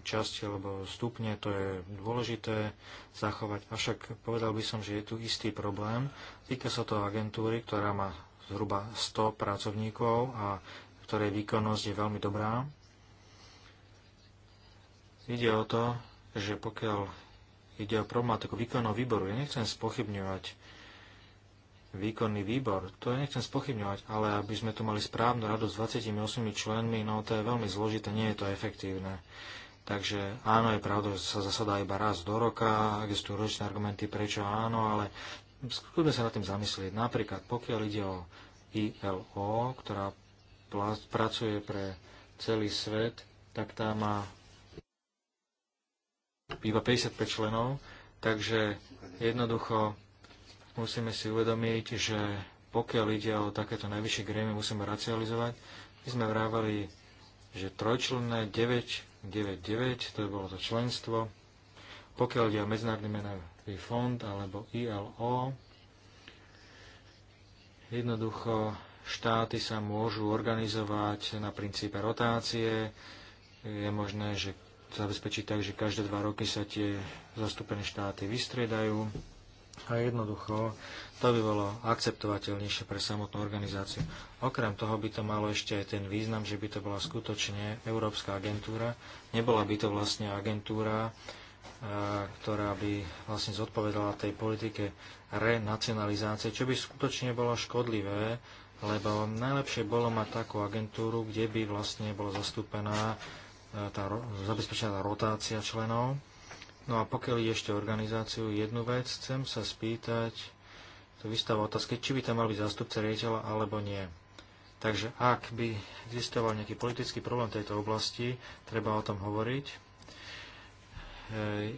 časti alebo stupne, to je dôležité zachovať. Avšak povedal by som, že je tu istý problém. Týka sa to agentúry, ktorá má zhruba 100 pracovníkov a ktorej výkonnosť je veľmi dobrá. Ide o to, že pokiaľ ide o problematiku výkonného výboru, ja nechcem spochybňovať výkonný výbor, to ja nechcem spochybňovať, ale aby sme tu mali správnu radu s 28 členmi, no to je veľmi zložité, nie je to efektívne. Takže áno, je pravda, že sa zasadá iba raz do roka, existujú rôzne argumenty, prečo áno, ale skúsme sa nad tým zamyslieť. Napríklad, pokiaľ ide o ILO, ktorá pracuje pre celý svet, tak tá má iba 55 členov, takže jednoducho musíme si uvedomiť, že pokiaľ ide o takéto najvyššie grémy, musíme racionalizovať. My sme vrávali, že trojčlenné, 9 9.9, to je bolo to členstvo. Pokiaľ ide o Medzinárodný menový fond alebo ILO, jednoducho štáty sa môžu organizovať na princípe rotácie. Je možné, že zabezpečiť tak, že každé dva roky sa tie zastúpené štáty vystriedajú. A jednoducho to by bolo akceptovateľnejšie pre samotnú organizáciu. Okrem toho by to malo ešte aj ten význam, že by to bola skutočne európska agentúra. Nebola by to vlastne agentúra, e, ktorá by vlastne zodpovedala tej politike renacionalizácie, čo by skutočne bolo škodlivé, lebo najlepšie bolo mať takú agentúru, kde by vlastne bola zastúpená e, tá, zabezpečená rotácia členov No a pokiaľ ide ešte organizáciu, jednu vec chcem sa spýtať, to vystáva otázka, či by tam mal byť zástupca riaditeľa alebo nie. Takže ak by existoval nejaký politický problém tejto oblasti, treba o tom hovoriť.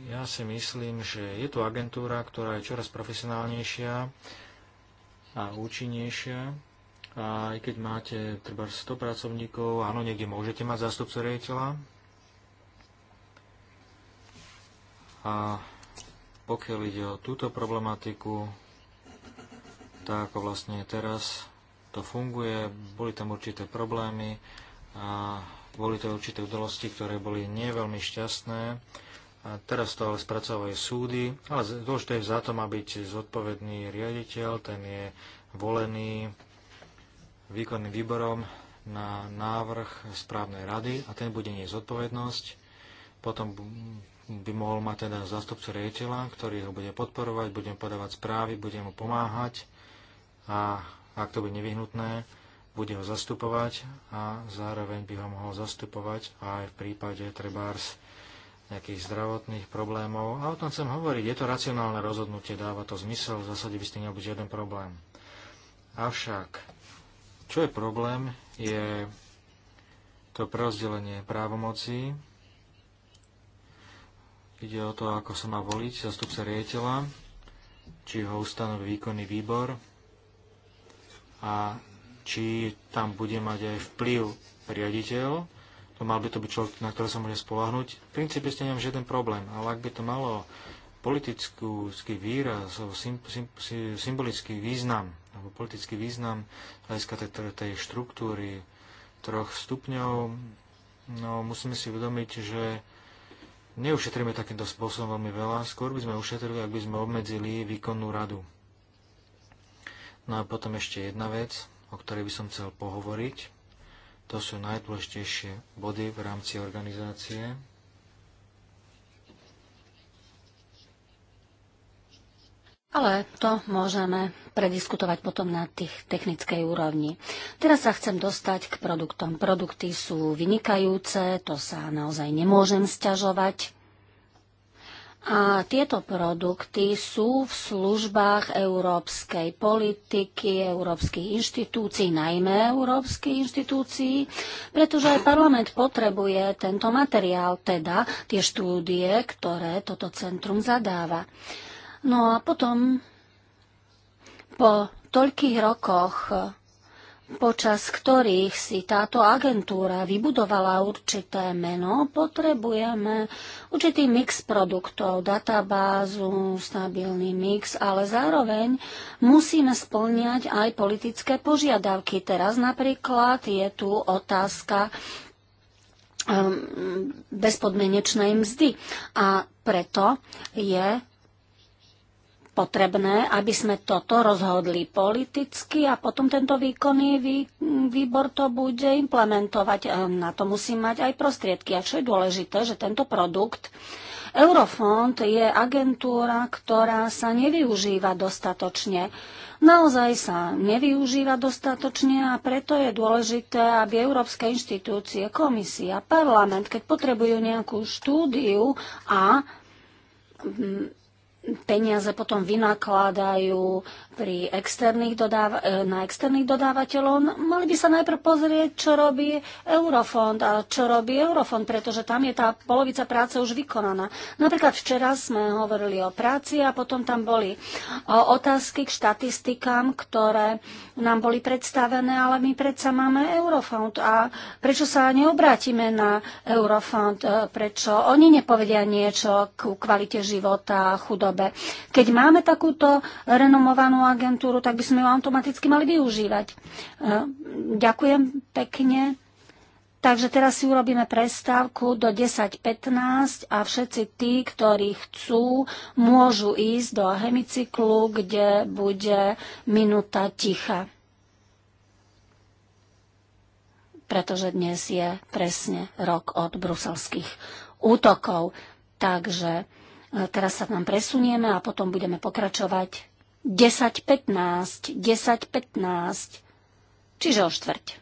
Ja si myslím, že je tu agentúra, ktorá je čoraz profesionálnejšia a účinnejšia. A aj keď máte treba 100 pracovníkov, áno, niekde môžete mať zástupcu riaditeľa, A pokiaľ ide o túto problematiku, tak ako vlastne teraz to funguje, boli tam určité problémy a boli to určité udalosti, ktoré boli nie veľmi šťastné. A teraz to ale spracovajú súdy, ale dôležité je za to má byť zodpovedný riaditeľ, ten je volený výkonným výborom na návrh správnej rady a ten bude nie zodpovednosť. Potom by mohol mať teda zástupcu riaditeľa, ktorý ho bude podporovať, budem podávať správy, budem mu pomáhať a ak to bude nevyhnutné, bude ho zastupovať a zároveň by ho mohol zastupovať aj v prípade trebárs nejakých zdravotných problémov. A o tom chcem hovoriť, je to racionálne rozhodnutie, dáva to zmysel, v zásade by ste nemal žiaden problém. Avšak, čo je problém, je to prerozdelenie právomocí Ide o to, ako sa má voliť zastupca riaditeľa, či ho ustanoví výkonný výbor a či tam bude mať aj vplyv riaditeľ. To mal by to byť človek, na ktorého sa môže spolahnuť. V princípe ste nemám žiaden problém, ale ak by to malo politický výraz, symbolický význam, alebo politický význam hľadiska tej, tej štruktúry troch stupňov, no musíme si uvedomiť, že neušetríme takýmto spôsobom veľmi veľa, skôr by sme ušetrili, ak by sme obmedzili výkonnú radu. No a potom ešte jedna vec, o ktorej by som chcel pohovoriť. To sú najdôležitejšie body v rámci organizácie Ale to môžeme prediskutovať potom na tých technickej úrovni. Teraz sa chcem dostať k produktom. Produkty sú vynikajúce, to sa naozaj nemôžem sťažovať. A tieto produkty sú v službách európskej politiky, európskych inštitúcií, najmä európskych inštitúcií, pretože aj parlament potrebuje tento materiál, teda tie štúdie, ktoré toto centrum zadáva. No a potom po toľkých rokoch, počas ktorých si táto agentúra vybudovala určité meno, potrebujeme určitý mix produktov, databázu, stabilný mix, ale zároveň musíme splňať aj politické požiadavky. Teraz napríklad je tu otázka ehm, bezpodmenečnej mzdy. A preto je potrebné, aby sme toto rozhodli politicky a potom tento výkonný vý, výbor to bude implementovať. Ehm, na to musí mať aj prostriedky. A čo je dôležité, že tento produkt Eurofond je agentúra, ktorá sa nevyužíva dostatočne naozaj sa nevyužíva dostatočne a preto je dôležité, aby európske inštitúcie, komisia, parlament, keď potrebujú nejakú štúdiu a peniaze potom vynakladajú pri externých dodáva- e, na externých dodávateľov. No, mali by sa najprv pozrieť, čo robí Eurofond a čo robí Eurofond, pretože tam je tá polovica práce už vykonaná. Napríklad včera sme hovorili o práci a potom tam boli e, otázky k štatistikám, ktoré nám boli predstavené, ale my predsa máme Eurofond. A prečo sa neobrátime na Eurofond? E, prečo oni nepovedia niečo k kvalite života, chudobe? dobe. Keď máme takúto renomovanú agentúru, tak by sme ju automaticky mali využívať. E, ďakujem pekne. Takže teraz si urobíme prestávku do 10.15 a všetci tí, ktorí chcú, môžu ísť do hemicyklu, kde bude minúta ticha. Pretože dnes je presne rok od bruselských útokov. Takže E, teraz sa tam presunieme a potom budeme pokračovať 10.15, 10.15, čiže o štvrť.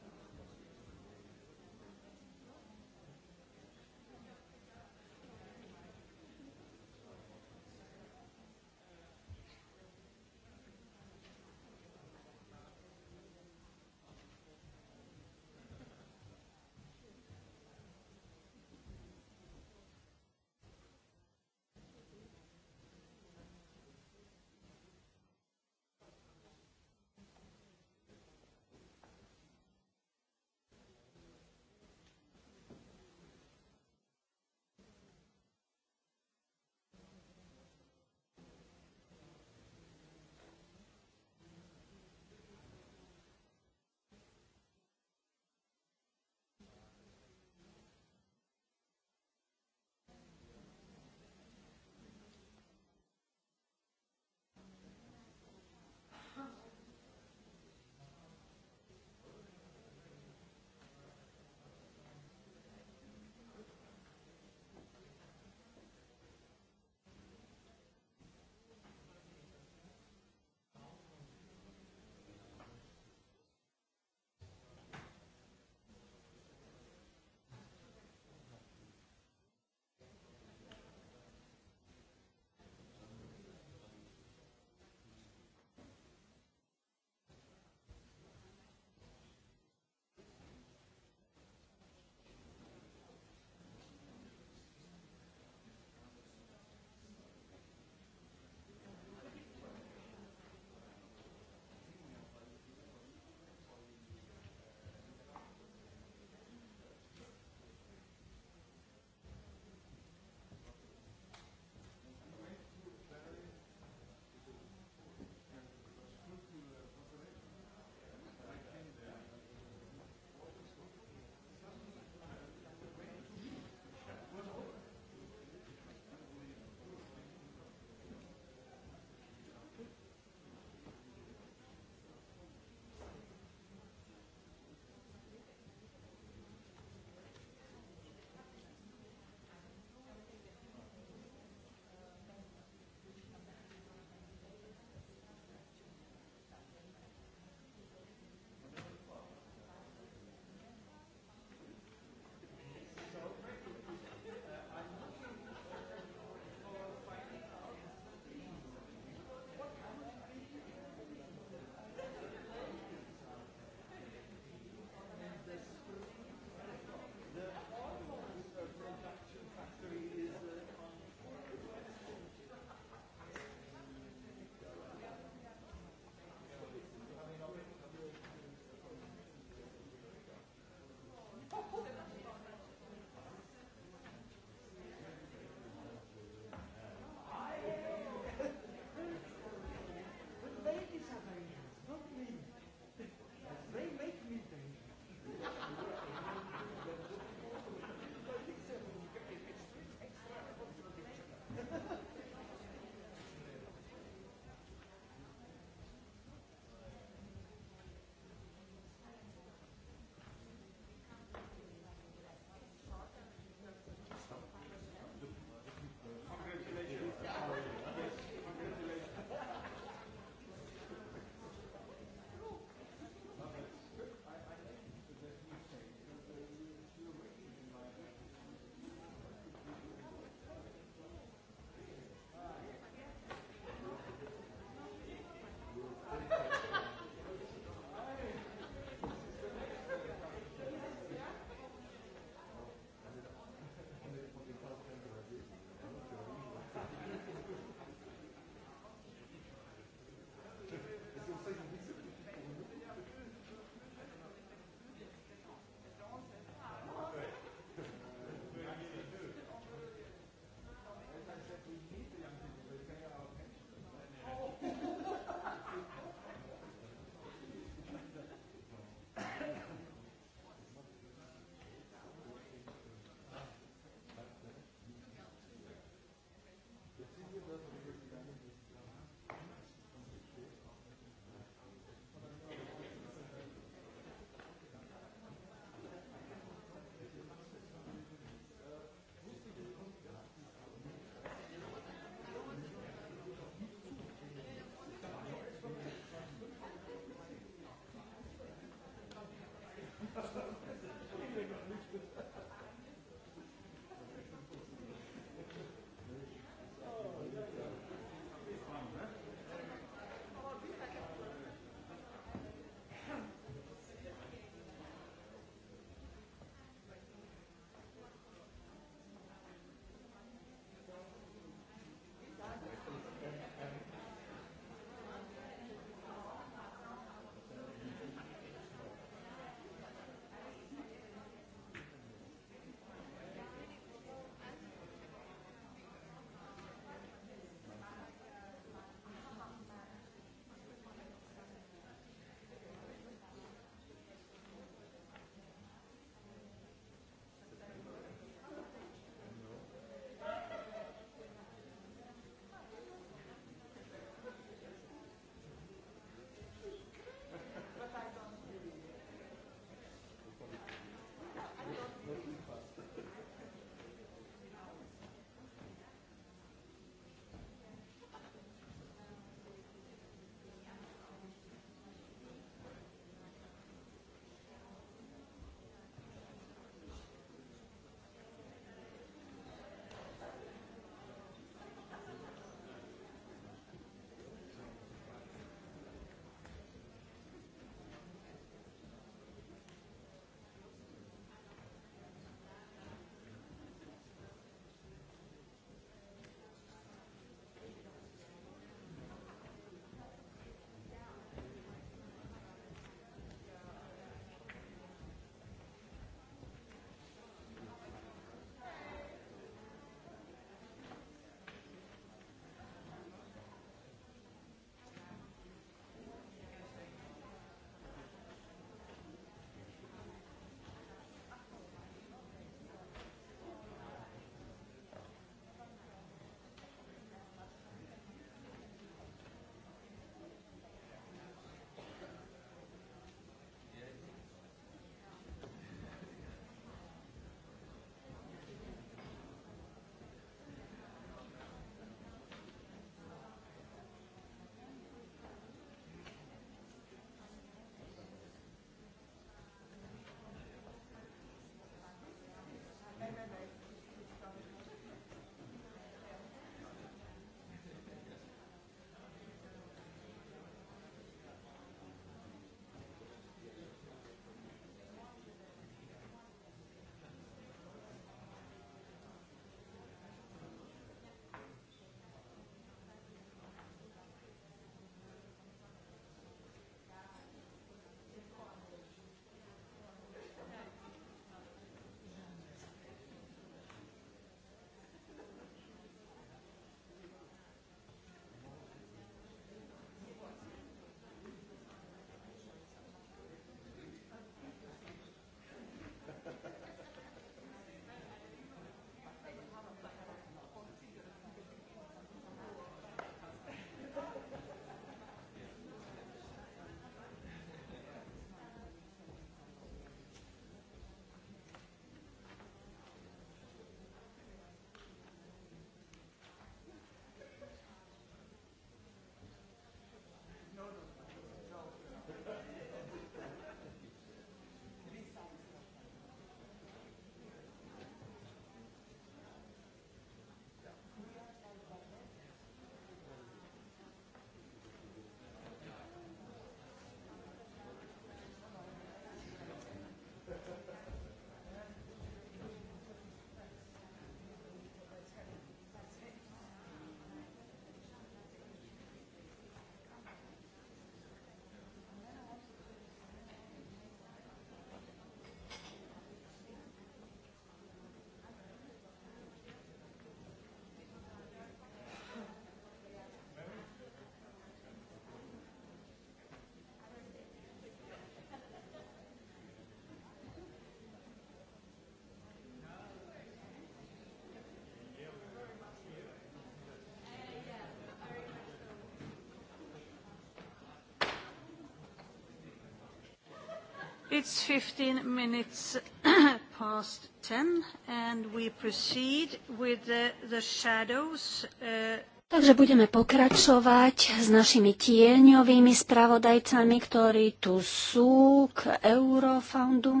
It's 15 minutes past 10, and we proceed with the, shadows. Uh, Takže budeme pokračovať s našimi tieňovými spravodajcami, ktorí tu sú k Eurofoundu.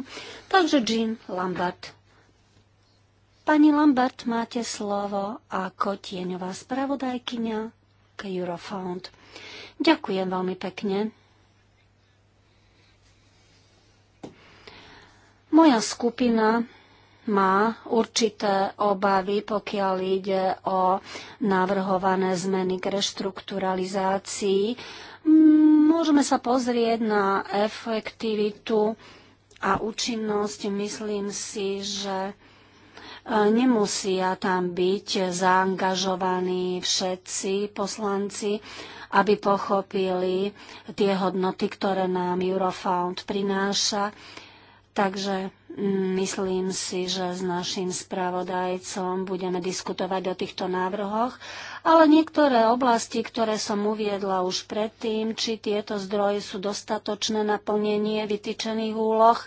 Takže Jean Lambert. Pani Lambert, máte slovo ako tieňová spravodajkyňa k Eurofound. Ďakujem veľmi pekne. Moja skupina má určité obavy, pokiaľ ide o navrhované zmeny k reštrukturalizácii. Môžeme sa pozrieť na efektivitu a účinnosť. Myslím si, že e, nemusia tam byť zaangažovaní všetci poslanci, aby pochopili tie hodnoty, ktoré nám Eurofound prináša. Takže mm, myslím si, že s našim spravodajcom budeme diskutovať o týchto návrhoch, ale niektoré oblasti, ktoré som uviedla už predtým, či tieto zdroje sú dostatočné na plnenie vytýčených úloh,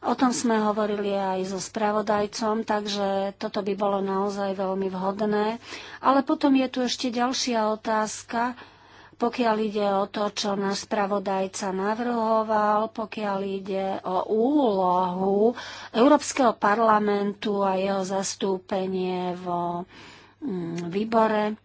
O tom sme hovorili aj so spravodajcom, takže toto by bolo naozaj veľmi vhodné. Ale potom je tu ešte ďalšia otázka, pokiaľ ide o to, čo náš spravodajca navrhoval, pokiaľ ide o úlohu Európskeho parlamentu a jeho zastúpenie vo mm, výbore.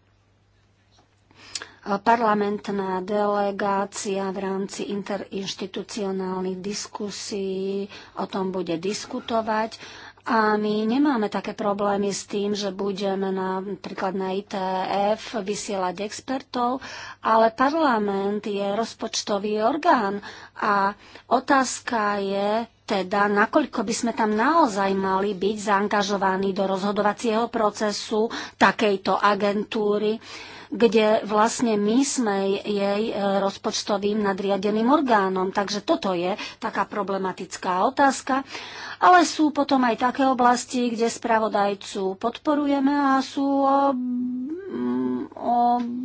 Parlamentná delegácia v rámci interinstitucionálnych diskusí o tom bude diskutovať a my nemáme také problémy s tým, že budeme napríklad na ITF vysielať expertov, ale parlament je rozpočtový orgán a otázka je teda, nakoľko by sme tam naozaj mali byť zaangažovaní do rozhodovacieho procesu takejto agentúry. Uh, kde vlastne my sme jej e, rozpočtovým nadriadeným orgánom. Takže toto je taká problematická otázka. Ale sú potom aj také oblasti, kde spravodajcu podporujeme a sú mm,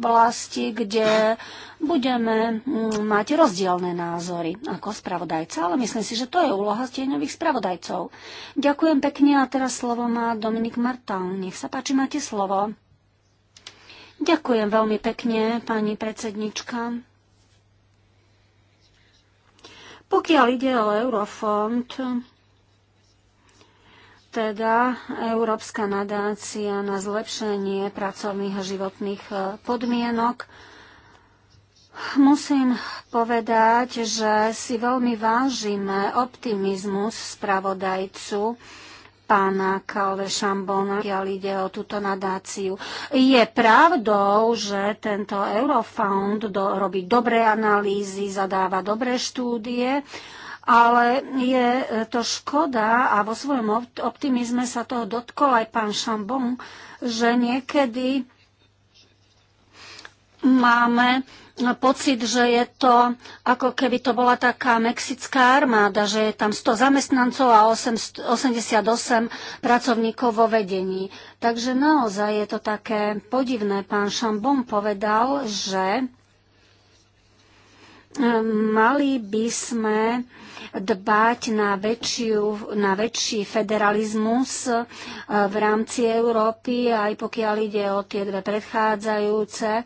oblasti, kde budeme mm, mať rozdielne názory ako spravodajca, ale myslím si, že to je úloha stieňových spravodajcov. Ďakujem pekne a teraz slovo má Dominik Martán. Nech sa páči, máte slovo. Ďakujem veľmi pekne, pani predsednička. Pokiaľ ide o Eurofond, teda Európska nadácia na zlepšenie pracovných a životných e, podmienok, Musím povedať, že si veľmi vážime optimizmus spravodajcu pána Kalve Šambona, keď ide o túto nadáciu. Je pravdou, že tento Eurofound do, robí dobré analýzy, zadáva dobré štúdie, ale je e, to škoda a vo svojom optimizme sa toho dotkol aj pán Šambon, že niekedy máme pocit, že je to ako keby to bola taká mexická armáda, že je tam 100 zamestnancov a 8, 88 pracovníkov vo vedení. Takže naozaj je to také podivné. Pán Šambon povedal, že mali by sme dbať na, väčšiu, na väčší federalizmus eh, v rámci Európy, aj pokiaľ ide o tie dve predchádzajúce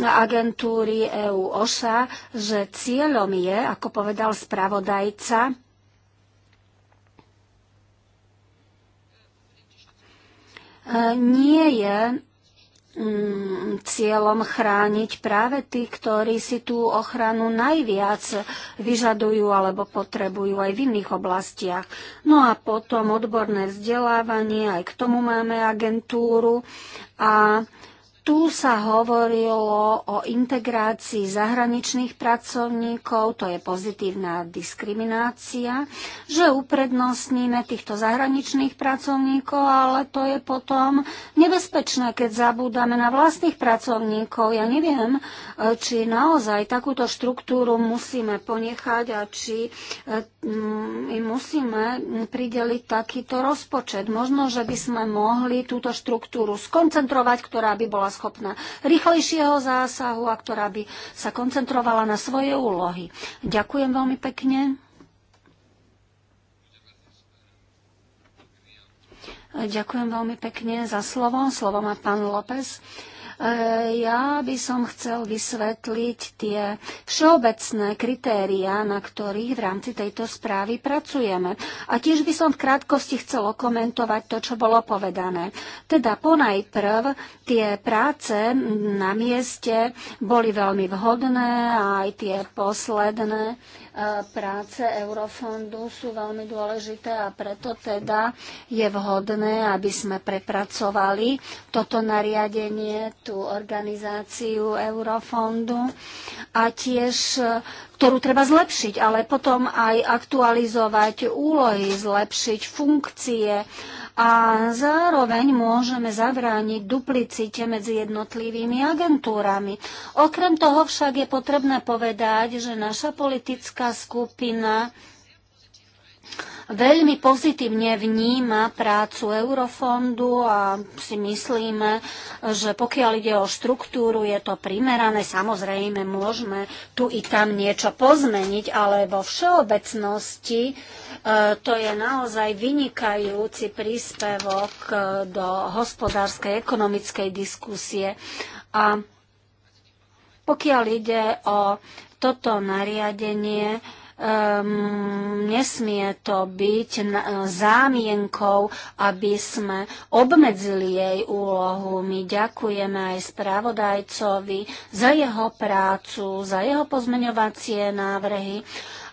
agentúry EU OŠA, že cieľom je, ako povedal spravodajca, eh, nie je Mm, cieľom chrániť práve tí, ktorí si tú ochranu najviac vyžadujú alebo potrebujú aj v iných oblastiach. No a potom odborné vzdelávanie, aj k tomu máme agentúru a tu sa hovorilo o integrácii zahraničných pracovníkov, to je pozitívna diskriminácia, že uprednostníme týchto zahraničných pracovníkov, ale to je potom nebezpečné, keď zabúdame na vlastných pracovníkov. Ja neviem, či naozaj takúto štruktúru musíme ponechať a či mm, im musíme prideliť takýto rozpočet. Možno, že by sme mohli túto štruktúru skoncentrovať, ktorá by bola schopná rýchlejšieho zásahu a ktorá by sa koncentrovala na svoje úlohy. Ďakujem veľmi pekne. Ďakujem veľmi pekne za slovo. Slovo má pán López. E, ja by som chcel vysvetliť tie všeobecné kritéria, na ktorých v rámci tejto správy pracujeme. A tiež by som v krátkosti chcel okomentovať to, čo bolo povedané. Teda ponajprv tie práce na mieste boli veľmi vhodné a aj tie posledné práce Eurofondu sú veľmi dôležité a preto teda je vhodné, aby sme prepracovali toto nariadenie, tú organizáciu Eurofondu a tiež ktorú treba zlepšiť, ale potom aj aktualizovať úlohy, zlepšiť funkcie a zároveň môžeme zabrániť duplicite medzi jednotlivými agentúrami. Okrem toho však je potrebné povedať, že naša politická skupina veľmi pozitívne vníma prácu Eurofondu a si myslíme, že pokiaľ ide o štruktúru, je to primerané. Samozrejme, môžeme tu i tam niečo pozmeniť, ale vo všeobecnosti e, to je naozaj vynikajúci príspevok e, do hospodárskej, ekonomickej diskusie. A pokiaľ ide o toto nariadenie, um, nesmie to byť na, e, zámienkou, aby sme obmedzili jej úlohu. My ďakujeme aj spravodajcovi za jeho prácu, za jeho pozmeňovacie návrhy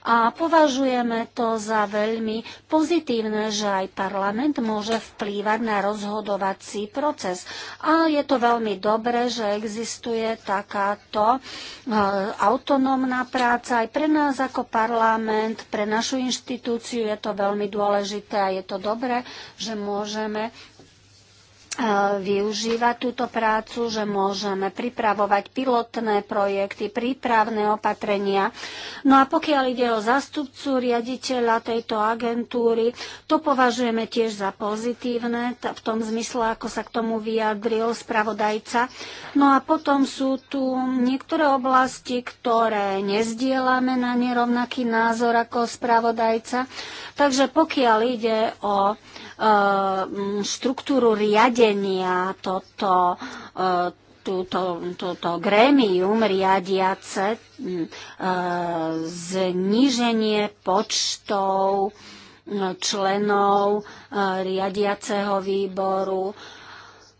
a považujeme to za veľmi pozitívne, že aj parlament môže vplývať na rozhodovací proces. A je to veľmi dobré, že existuje takáto e, autonómna práca aj pre nás ako parlament, pre našu inštitúciu je to veľmi dôležité a je to dobré, že môžeme E, využívať túto prácu, že môžeme pripravovať pilotné projekty, prípravné opatrenia. No a pokiaľ ide o zastupcu riaditeľa tejto agentúry, to považujeme tiež za pozitívne, v tom zmysle, ako sa k tomu vyjadril spravodajca. No a potom sú tu niektoré oblasti, ktoré nezdielame na nerovnaký názor ako spravodajca. Takže pokiaľ ide o štruktúru ehm, riadenia toto eh, túto, túto grémium riadiace hm, eh, zníženie počtov hm, členov eh, riadiaceho výboru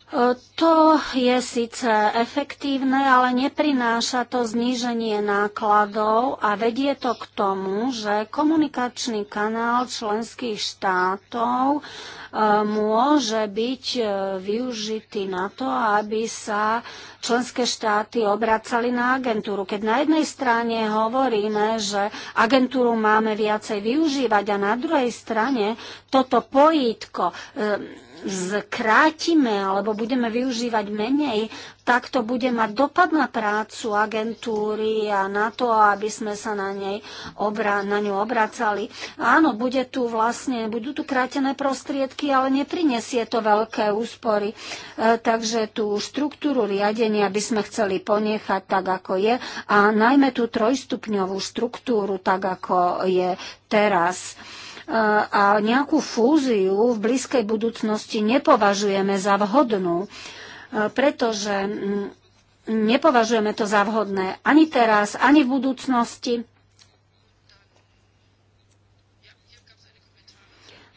E, to je síce efektívne, ale neprináša to zníženie nákladov a vedie to k tomu, že komunikačný kanál členských štátov e, môže byť e, využitý na to, aby sa členské štáty obracali na agentúru. Keď na jednej strane hovoríme, že agentúru máme viacej využívať a na druhej strane toto pojítko zkrátime alebo budeme využívať menej, tak to bude mať dopad na prácu agentúry a na to, aby sme sa na, nej obra- na ňu obracali. Áno, bude tu vlastne, budú tu krátené prostriedky, ale neprinesie to veľké úspory. E, takže tú štruktúru riadenia by sme chceli ponechať tak, ako je a najmä tú trojstupňovú štruktúru tak, ako je teraz. E, a nejakú fúziu v blízkej budúcnosti nepovažujeme za vhodnú, e, pretože mm, nepovažujeme to za vhodné ani teraz, ani v budúcnosti.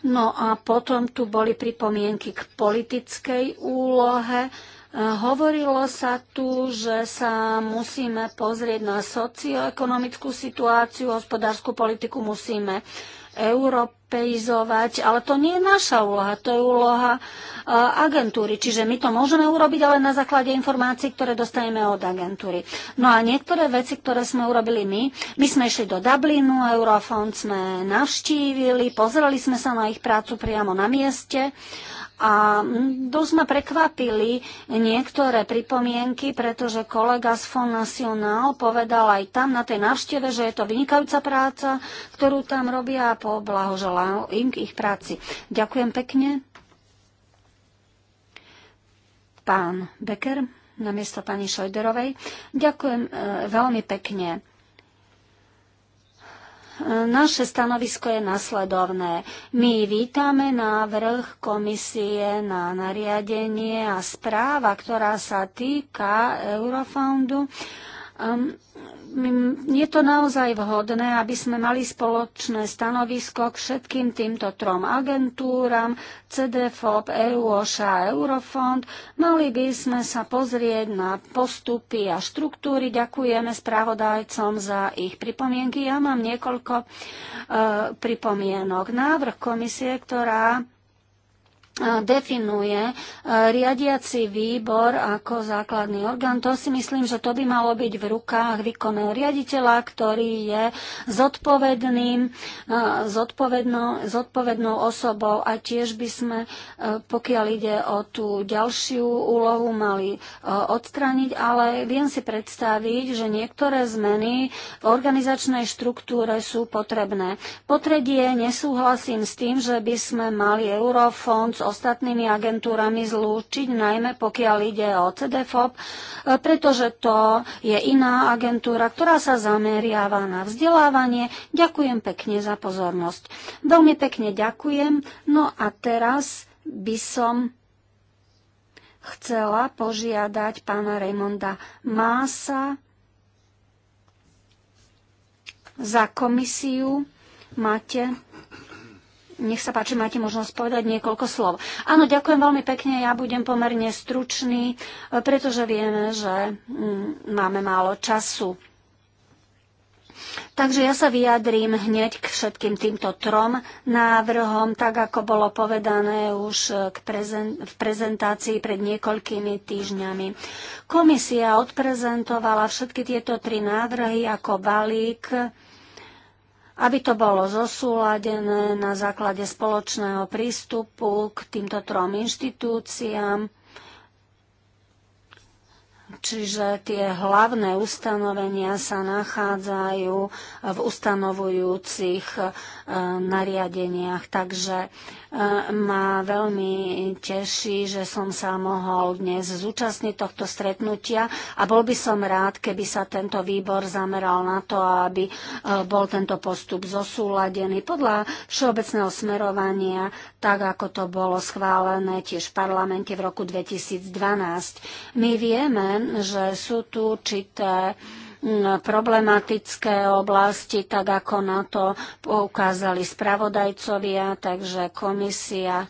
No a potom tu boli pripomienky k politickej úlohe. E, hovorilo sa tu, že sa musíme pozrieť na socioekonomickú situáciu, hospodárskú politiku musíme uh, europeizovať, ale to nie je naša úloha, to je úloha e, agentúry. Čiže my to môžeme urobiť, ale na základe informácií, ktoré dostaneme od agentúry. No a niektoré veci, ktoré sme urobili my, my sme išli do Dublinu, Eurofond sme navštívili, pozreli sme sa na ich prácu priamo na mieste a dosť ma prekvapili niektoré pripomienky, pretože kolega z Fond National povedal aj tam na tej návšteve, že je to vynikajúca práca, ktorú tam robia a poblahoželám im k ich práci. Ďakujem pekne. Pán Becker na miesto pani Šojderovej. Ďakujem e, veľmi pekne. Naše stanovisko je nasledovné. My vítame návrh komisie na nariadenie a správa, ktorá sa týka Eurofondu. Um, Mm, je to naozaj vhodné, aby sme mali spoločné stanovisko k všetkým týmto trom agentúram, CDFOP, EUOŠA a Eurofond. Mali by sme sa pozrieť na postupy a štruktúry. Ďakujeme správodajcom za ich pripomienky. Ja mám niekoľko uh, pripomienok. Návrh komisie, ktorá definuje riadiaci výbor ako základný orgán. To si myslím, že to by malo byť v rukách výkonného riaditeľa, ktorý je zodpovedným, zodpovednou, zodpovednou osobou a tiež by sme, pokiaľ ide o tú ďalšiu úlohu, mali odstrániť, ale viem si predstaviť, že niektoré zmeny v organizačnej štruktúre sú potrebné. Potredie nesúhlasím s tým, že by sme mali eurofond s ostatnými agentúrami zlúčiť, najmä pokiaľ ide o CDFOP, e, pretože to je iná agentúra, ktorá sa zameriava na vzdelávanie. Ďakujem pekne za pozornosť. Veľmi pekne ďakujem. No a teraz by som chcela požiadať pána Raymonda Mása za komisiu. Máte nech sa páči, máte možnosť povedať niekoľko slov. Áno, ďakujem veľmi pekne, ja budem pomerne stručný, e, pretože vieme, že mm, máme málo času. Takže ja sa vyjadrím hneď k všetkým týmto trom návrhom, tak ako bolo povedané už e, k prezen- v prezentácii pred niekoľkými týždňami. Komisia odprezentovala všetky tieto tri návrhy ako balík aby to bolo zosúladené na základe spoločného prístupu k týmto trom inštitúciám, čiže tie hlavné ustanovenia sa nachádzajú v ustanovujúcich eh, nariadeniach. Takže ma veľmi teší, že som sa mohol dnes zúčastniť tohto stretnutia a bol by som rád, keby sa tento výbor zameral na to, aby e, bol tento postup zosúladený podľa všeobecného smerovania, tak ako to bolo schválené tiež v parlamente v roku 2012. My vieme, že sú tu určité problematické oblasti, tak ako na to poukázali spravodajcovia, takže komisia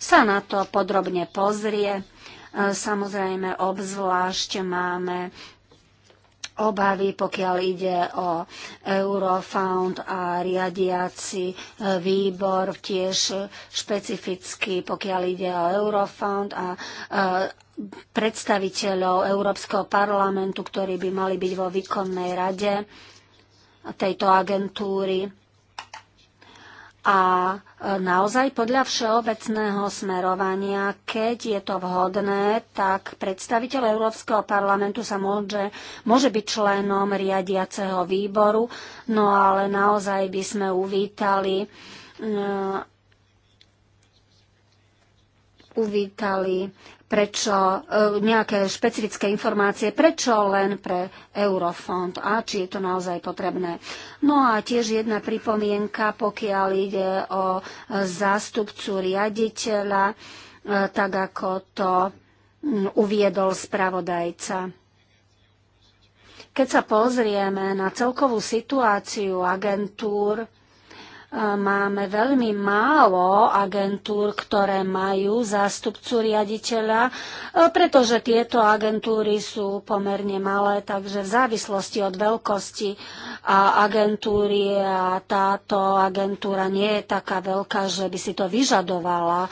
sa na to podrobne pozrie. Samozrejme, obzvlášť máme obavy, pokiaľ ide o Eurofound a riadiaci e, výbor, tiež špecificky, pokiaľ ide o Eurofound a e, predstaviteľov Európskeho parlamentu, ktorí by mali byť vo výkonnej rade tejto agentúry a e, naozaj podľa všeobecného smerovania, keď je to vhodné, tak predstaviteľ Európskeho parlamentu sa môže, môže byť členom riadiaceho výboru, no ale naozaj by sme uvítali e, uvítali prečo e, nejaké špecifické informácie, prečo len pre eurofond a či je to naozaj potrebné. No a tiež jedna pripomienka, pokiaľ ide o zástupcu riaditeľa, e, tak ako to uviedol spravodajca. Keď sa pozrieme na celkovú situáciu agentúr, máme veľmi málo agentúr, ktoré majú zástupcu riaditeľa, e, pretože tieto agentúry sú pomerne malé, takže v závislosti od veľkosti a agentúry a táto agentúra nie je taká veľká, že by si to vyžadovala, e,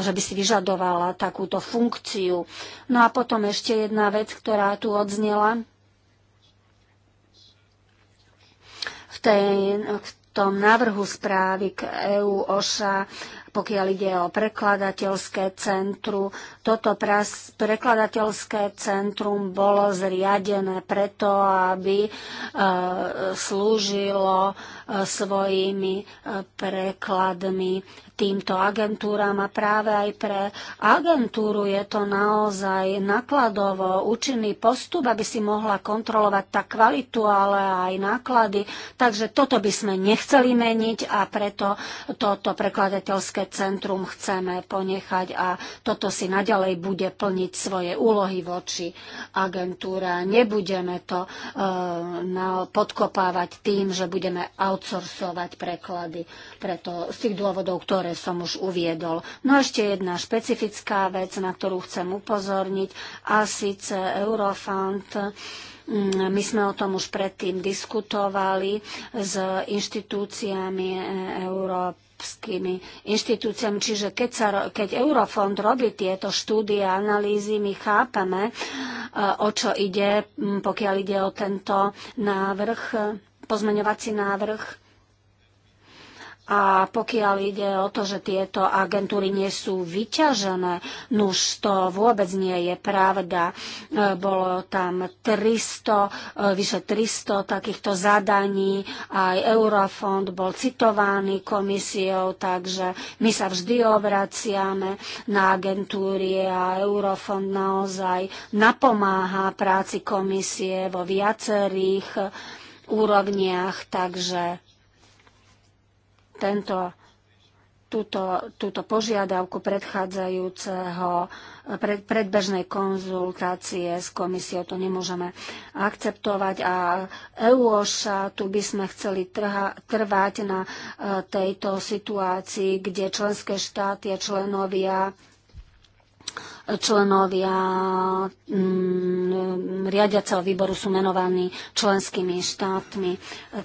že by si vyžadovala takúto funkciu. No a potom ešte jedna vec, ktorá tu odznela. V tej, v tom návrhu správy k EU OŠA, pokiaľ ide o prekladateľské centrum. Toto pras, prekladateľské centrum bolo zriadené preto, aby e, slúžilo e, svojimi e, prekladmi týmto agentúram a práve aj pre agentúru je to naozaj nakladovo účinný postup, aby si mohla kontrolovať tak kvalitu, ale aj náklady. Takže toto by sme nechceli meniť a preto toto prekladateľské centrum chceme ponechať a toto si naďalej bude plniť svoje úlohy voči agentúra. Nebudeme to uh, podkopávať tým, že budeme autorizovať outsourcovať preklady, preto z tých dôvodov, ktoré som už uviedol. No a ešte jedna špecifická vec, na ktorú chcem upozorniť, a síce Eurofund. Mm, my sme o tom už predtým diskutovali s inštitúciami Európy európskymi inštitúciami. Čiže keď, sa, keď Eurofond robí tieto štúdie a analýzy, my chápame, e, o čo ide, pokiaľ ide o tento návrh pozmeňovací návrh. A pokiaľ ide o to, že tieto agentúry nie sú vyťažené, nuž to vôbec nie je pravda. E, bolo tam 300, e, vyše 300 takýchto zadaní, aj Eurofond bol citovaný komisiou, takže my sa vždy obraciame na agentúry a Eurofond naozaj napomáha práci komisie vo viacerých úrovniach, takže tento, túto, túto požiadavku predchádzajúceho pred, predbežnej konzultácie s komisiou to nemôžeme akceptovať a EUOŠA tu by sme chceli trha, trvať na e, tejto situácii, kde členské štáty a členovia členovia mm, riadiaceho výboru sú menovaní členskými štátmi.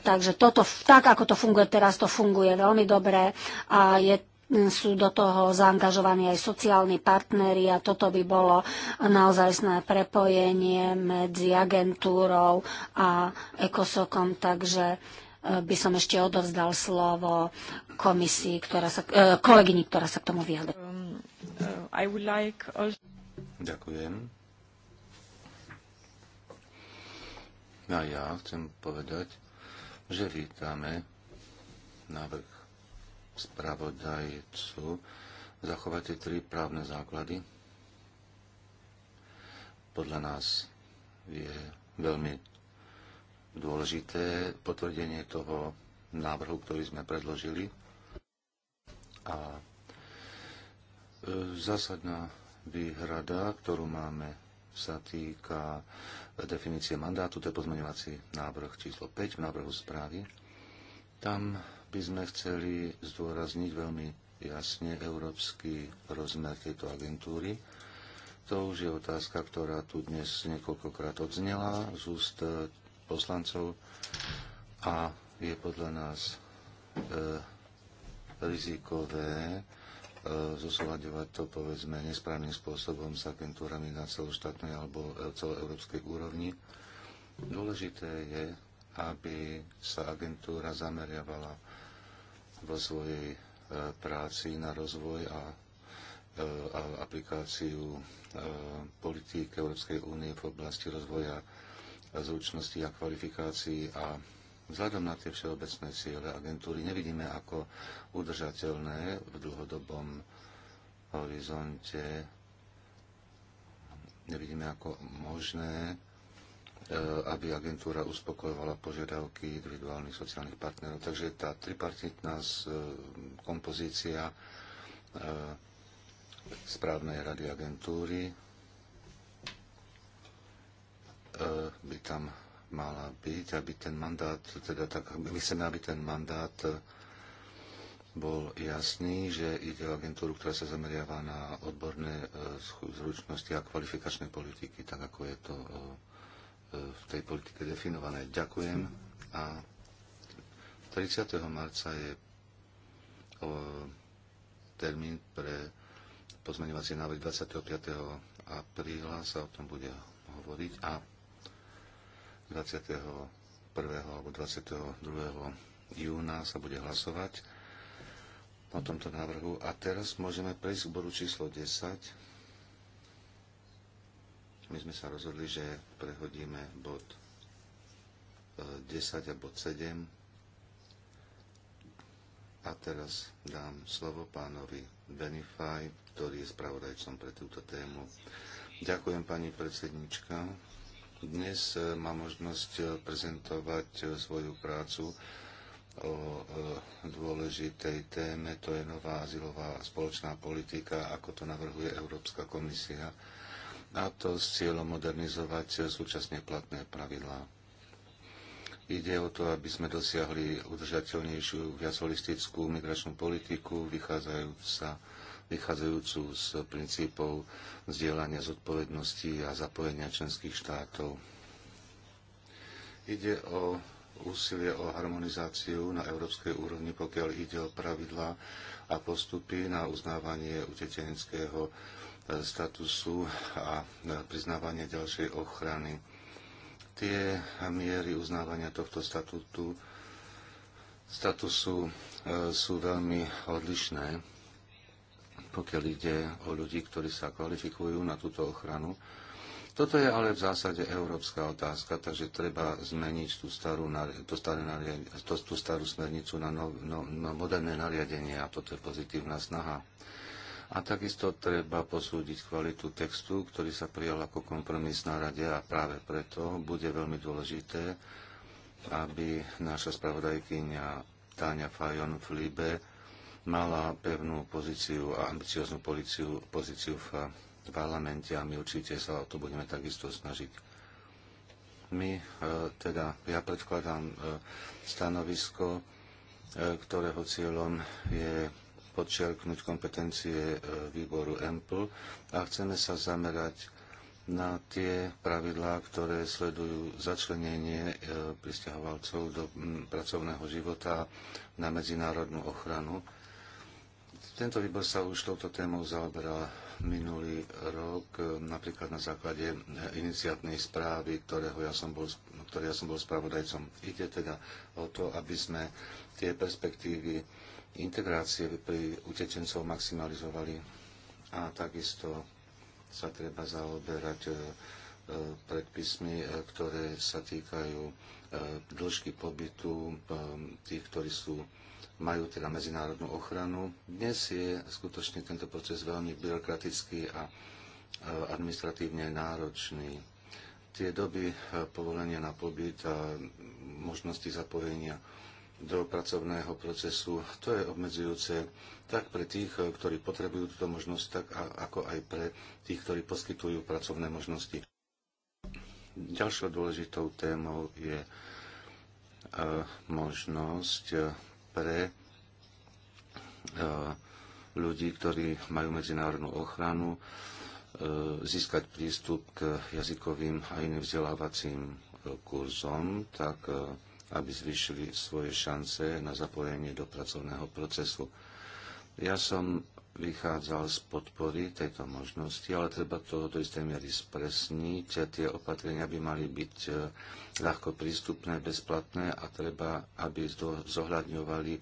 Takže toto, tak ako to funguje teraz, to funguje veľmi dobre a je sú do toho zaangažovaní aj sociálni partnery a toto by bolo naozaj prepojenie medzi agentúrou a ekosokom, takže eh, by som ešte odovzdal slovo komisii, ktorá sa, eh, kolegyni, ktorá sa k tomu vyjadrila. Uh, I would like also... Ďakujem. A ja chcem povedať, že vítame návrh spravodajcu zachovať tie tri právne základy. Podľa nás je veľmi dôležité potvrdenie toho návrhu, ktorý sme predložili a E, zásadná výhrada, ktorú máme, sa týka e, definície mandátu. To je pozmeňovací návrh číslo 5 v návrhu správy. Tam by sme chceli zdôrazniť veľmi jasne európsky rozmer tejto agentúry. To už je otázka, ktorá tu dnes niekoľkokrát odznela z úst e, poslancov a je podľa nás e, rizikové, E, zosúľadovať to povedzme nesprávnym spôsobom s agentúrami na celoštátnej alebo e, celoeurópskej úrovni. Dôležité je, aby sa agentúra zameriavala vo svojej e, práci na rozvoj a, a aplikáciu politík Európskej únie v oblasti rozvoja zručnosti a kvalifikácií a Vzhľadom na tie všeobecné ciele agentúry nevidíme ako udržateľné v dlhodobom horizonte, nevidíme ako možné, e, aby agentúra uspokojovala požiadavky individuálnych sociálnych partnerov. Takže tá tripartitná e, kompozícia e, správnej rady agentúry by tam mala byť, aby ten mandát, teda tak, my chceme, aby ten mandát e, bol jasný, že ide o agentúru, ktorá sa zameriava na odborné e, zručnosti a kvalifikačné politiky, tak ako je to e, v tej politike definované. Ďakujem a 30. marca je termín pre pozmeňovacie návrhy 25. apríla sa o tom bude hovoriť a 21. alebo 22. júna sa bude hlasovať o tomto návrhu. A teraz môžeme prejsť k bodu číslo 10. My sme sa rozhodli, že prehodíme bod 10 e, a bod 7 a teraz dám slovo pánovi Benifaj, ktorý je spravodajcom pre túto tému. Ďakujem, pani predsednička. Dnes e, má možnosť e, prezentovať e, svoju prácu o dôležitej téme, to je nová azylová spoločná politika, ako to navrhuje Európska komisia, a to s cieľom modernizovať súčasne platné pravidlá. Ide o to, aby sme dosiahli udržateľnejšiu viac holistickú migračnú politiku, vychádzajúca sa vychádzajúcu z princípov vzdielania zodpovednosti a zapojenia členských štátov. Ide o úsilie o harmonizáciu na európskej úrovni, pokiaľ ide o pravidlá a postupy na uznávanie utečeneckého e, statusu a e, priznávanie ďalšej ochrany. Tie miery uznávania tohto statutu, statusu e, sú veľmi odlišné pokiaľ ide o ľudí, ktorí sa kvalifikujú na túto ochranu. Toto je ale v zásade európska otázka, takže treba zmeniť tú starú, tú starú, tú, tú starú smernicu na no, no, no moderné nariadenie a toto je pozitívna snaha. A takisto treba posúdiť kvalitu textu, ktorý sa prijal ako kompromis na rade a práve preto bude veľmi dôležité, aby naša spravodajkyňa Táňa Fajon v Líbe mala pevnú pozíciu a ambicioznú policiu, pozíciu v parlamente a my určite sa o to budeme takisto snažiť. My, e, teda ja predkladám e, stanovisko, e, ktorého cieľom je podčiarknúť kompetencie výboru EMPL a chceme sa zamerať na tie pravidlá, ktoré sledujú začlenenie pristahovalcov do pracovného života na medzinárodnú ochranu tento výbor sa už touto témou zaoberal minulý rok, napríklad na základe iniciatnej správy, ktorého ja som bol, ktoré ja som bol spravodajcom. Ide teda o to, aby sme tie perspektívy integrácie pri utečencov maximalizovali a takisto sa treba zaoberať e, e, predpismy, e, ktoré sa týkajú dĺžky pobytu tých, ktorí sú majú teda medzinárodnú ochranu. Dnes je skutočne tento proces veľmi byrokratický a e, administratívne náročný. Tie doby e, povolenia na pobyt a možnosti zapojenia do pracovného procesu, to je obmedzujúce tak pre tých, e, ktorí potrebujú túto možnosť, tak ako aj pre tých, ktorí poskytujú pracovné možnosti. Ďalšou dôležitou témou je možnosť pre e, ľudí, ktorí majú medzinárodnú ochranu, e, získať prístup k jazykovým a iným vzdelávacím e, kurzom, tak aby zvýšili svoje šance na zapojenie do pracovného procesu. Ja som vychádzal z podpory tejto možnosti, ale treba to do istej miery spresniť. Tie opatrenia by mali byť e, ľahko prístupné, bezplatné a treba, aby zohľadňovali e,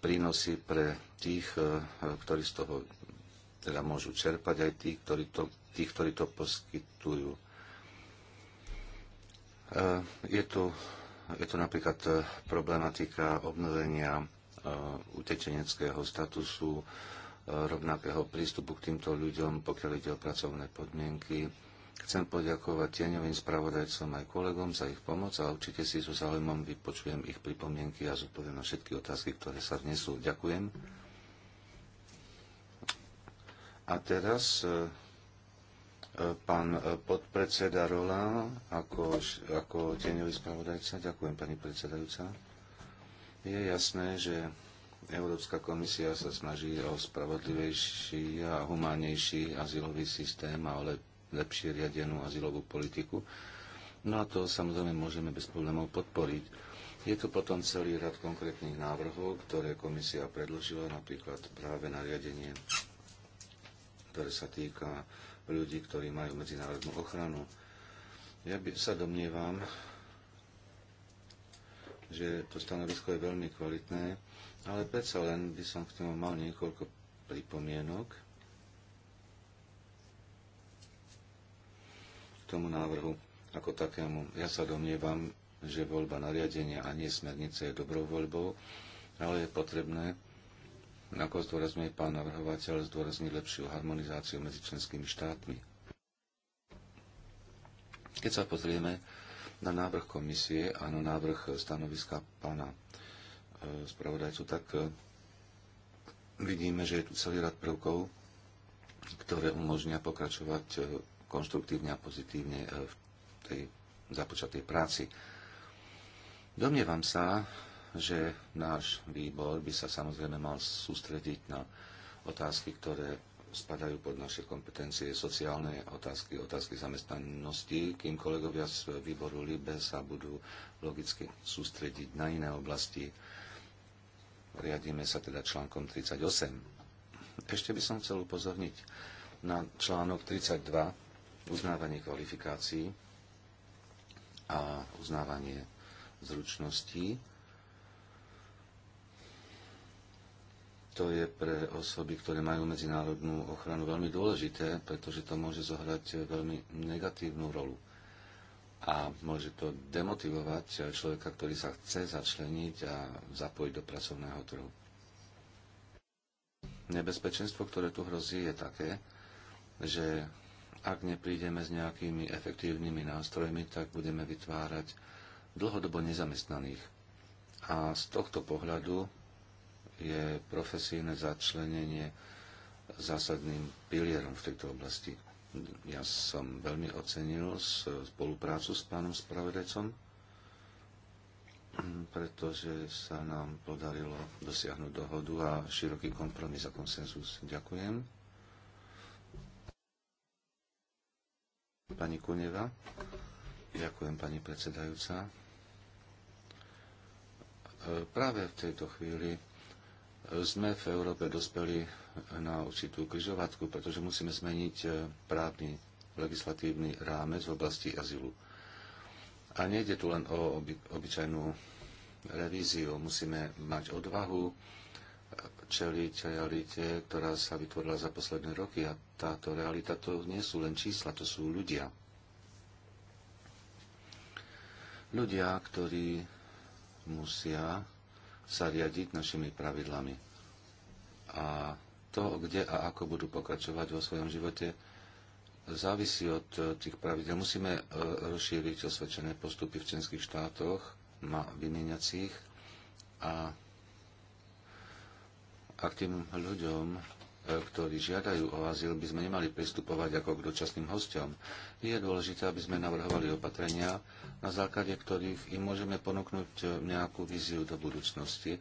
prínosy pre tých, e, ktorí z toho teda môžu čerpať, aj tých, ktorí to, tých, ktorí to poskytujú. Je tu, je tu napríklad problematika obnovenia Eh, utečeneckého statusu, eh, rovnakého prístupu k týmto ľuďom, pokiaľ ide o pracovné podmienky. Chcem poďakovať tieňovým spravodajcom aj kolegom za ich pomoc a určite si so záujmom vypočujem ich pripomienky a zodpoviem na všetky otázky, ktoré sa vnesú. Ďakujem. A teraz eh, pán podpredseda Rola ako, ako tieňový spravodajca. Ďakujem, pani predsedajúca. Je jasné, že Európska komisia sa snaží o spravodlivejší a humánnejší azylový systém a o lepšie riadenú azylovú politiku. No a to samozrejme môžeme bez problémov podporiť. Je tu potom celý rad konkrétnych návrhov, ktoré komisia predložila, napríklad práve na riadenie, ktoré sa týka ľudí, ktorí majú medzinárodnú ochranu. Ja by, sa domnievam, že to stanovisko je veľmi kvalitné, ale predsa len by som k tomu mal niekoľko pripomienok k tomu návrhu ako takému. Ja sa domnievam, že voľba nariadenia a nie smernice je dobrou voľbou, ale je potrebné, ako zdôrazňuje pán navrhovateľ, zdôrazniť lepšiu harmonizáciu medzi členskými štátmi. Keď sa pozrieme na návrh komisie a na návrh stanoviska pána e, spravodajcu, tak e, vidíme, že je tu celý rad prvkov, ktoré umožnia pokračovať e, konstruktívne a pozitívne v tej započatej práci. Domnievam sa, že náš výbor by sa samozrejme mal sústrediť na otázky, ktoré spadajú pod naše kompetencie sociálne otázky, otázky zamestnanosti, kým kolegovia z výboru LIBE sa budú logicky sústrediť na iné oblasti. Riadíme sa teda článkom 38. Ešte by som chcel upozorniť na článok 32, uznávanie kvalifikácií a uznávanie zručností to je pre osoby, ktoré majú medzinárodnú ochranu veľmi dôležité, pretože to môže zohrať veľmi negatívnu rolu. A môže to demotivovať človeka, ktorý sa chce začleniť a zapojiť do pracovného trhu. Nebezpečenstvo, ktoré tu hrozí, je také, že ak neprídeme s nejakými efektívnymi nástrojmi, tak budeme vytvárať dlhodobo nezamestnaných. A z tohto pohľadu je profesijné začlenenie zásadným pilierom v tejto oblasti. Ja som veľmi ocenil spoluprácu s pánom spravodajcom, pretože sa nám podarilo dosiahnuť dohodu a široký kompromis a konsenzus. Ďakujem. Pani Kuneva. Ďakujem, pani predsedajúca. E, práve v tejto chvíli sme v Európe dospeli na určitú križovatku, pretože musíme zmeniť e, právny legislatívny rámec v oblasti azylu. A nejde tu len o oby, obyčajnú revíziu. Musíme mať odvahu e, čeliť realite, ktorá sa vytvorila za posledné roky. A táto realita to nie sú len čísla, to sú ľudia. Ľudia, ktorí musia sa riadiť našimi pravidlami. A to, kde a ako budú pokračovať vo svojom živote, závisí od e, tých pravidel. Musíme e, rozšíriť osvedčené postupy v členských štátoch, na vymieňacích a aktívnym ľuďom ktorí žiadajú o azyl, by sme nemali pristupovať ako k dočasným hostom. Je dôležité, aby sme navrhovali opatrenia, na základe ktorých im môžeme ponúknuť nejakú víziu do budúcnosti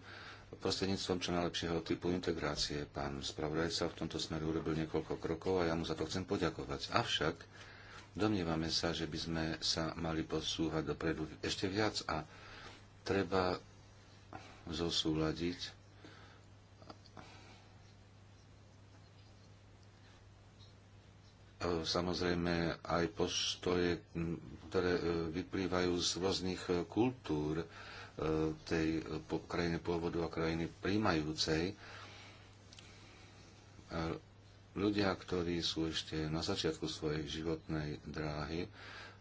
prostredníctvom čo najlepšieho typu integrácie. Pán spravodajca v tomto smeru urobil niekoľko krokov a ja mu za to chcem poďakovať. Avšak domnievame sa, že by sme sa mali posúvať dopredu ešte viac a treba zosúľadiť samozrejme aj postoje, ktoré e, vyplývajú z rôznych e, kultúr e, tej krajiny pôvodu a krajiny príjmajúcej. Ľudia, ktorí sú ešte na začiatku svojej životnej dráhy,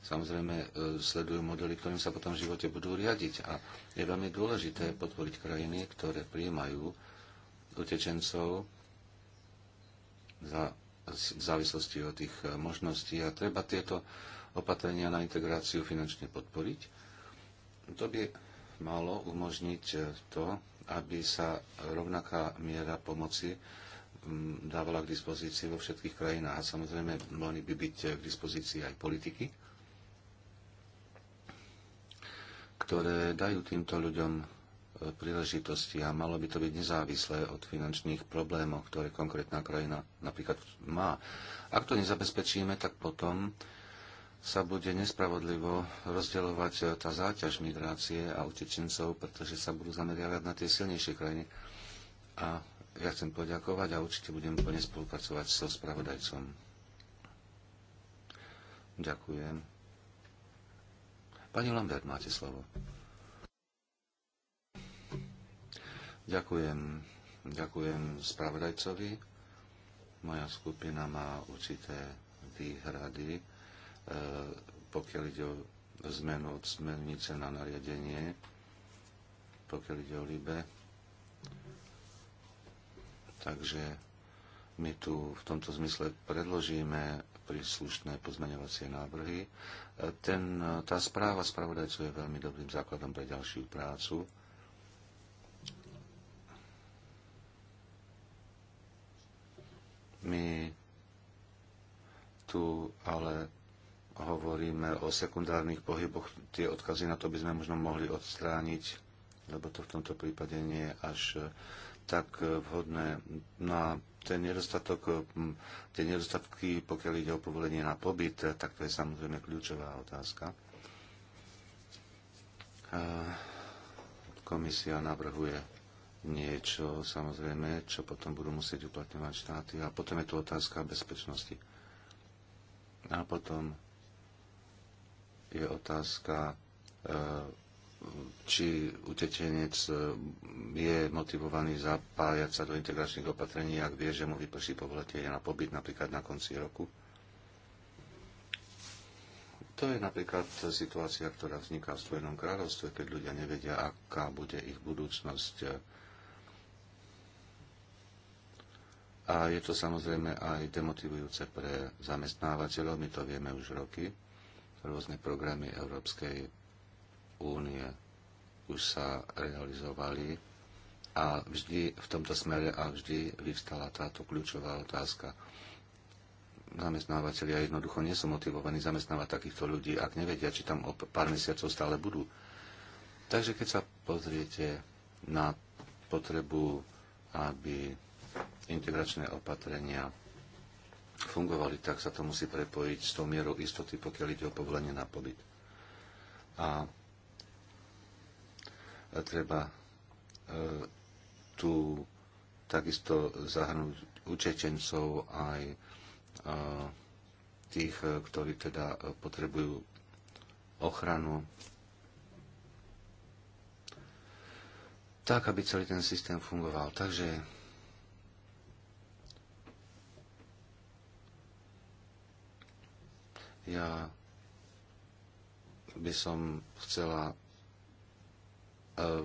samozrejme sledujú modely, ktorým sa potom v živote budú riadiť. A je veľmi dôležité podporiť krajiny, ktoré príjmajú utečencov za v závislosti od tých e, možností a treba tieto opatrenia na integráciu finančne podporiť. To by malo umožniť e, to, aby sa rovnaká miera pomoci dávala k dispozícii vo všetkých krajinách. A samozrejme, mohli by byť e, k dispozícii aj politiky, ktoré dajú týmto ľuďom príležitosti a malo by to byť nezávislé od finančných problémov, ktoré konkrétna krajina napríklad má. Ak to nezabezpečíme, tak potom sa bude nespravodlivo rozdeľovať e, tá záťaž migrácie a utečencov, pretože sa budú zameriavať na tie silnejšie krajiny. A ja chcem poďakovať a určite budem plne spolupracovať so spravodajcom. Ďakujem. Pani Lambert, máte slovo. Ďakujem. Ďakujem spravodajcovi. Moja skupina má určité výhrady, e, pokiaľ ide o zmenu od smernice na nariadenie, pokiaľ ide o LIBE. Takže my tu v tomto zmysle predložíme príslušné pozmeňovacie návrhy. E, ten, e, tá správa spravodajcu je veľmi dobrým základom pre ďalšiu prácu My tu ale hovoríme o sekundárnych pohyboch, tie odkazy na to by sme možno mohli odstrániť, lebo to v tomto prípade nie je až eh, tak eh, vhodné na no ten nedostatok, hm, tie nedostatky, pokiaľ ide o povolenie na pobyt, eh, tak to je samozrejme kľúčová otázka. Komisia navrhuje niečo, samozrejme, čo potom budú musieť uplatňovať štáty. A potom je tu otázka bezpečnosti. A potom je otázka, e, či utečenec e, je motivovaný zapájať sa do integračných opatrení, ak vie, že mu vyprší povolenie na pobyt napríklad na konci roku. To je napríklad situácia, ktorá vzniká v Spojenom kráľovstve, keď ľudia nevedia, aká bude ich budúcnosť a je to samozrejme aj demotivujúce pre zamestnávateľov, my to vieme už roky. Rôzne programy Európskej únie už sa realizovali a vždy v tomto smere a vždy vyvstala táto kľúčová otázka. Zamestnávateľia jednoducho nie sú motivovaní zamestnávať takýchto ľudí, ak nevedia, či tam o pár mesiacov stále budú. Takže keď sa pozriete na potrebu, aby integračné opatrenia fungovali, tak sa to musí prepojiť s tou mierou istoty, pokiaľ ide o povolenie na pobyt. A treba e, tu takisto zahrnúť učečencov aj e, tých, e, ktorí teda potrebujú ochranu, tak aby celý ten systém fungoval. Takže Ja by som chcela e,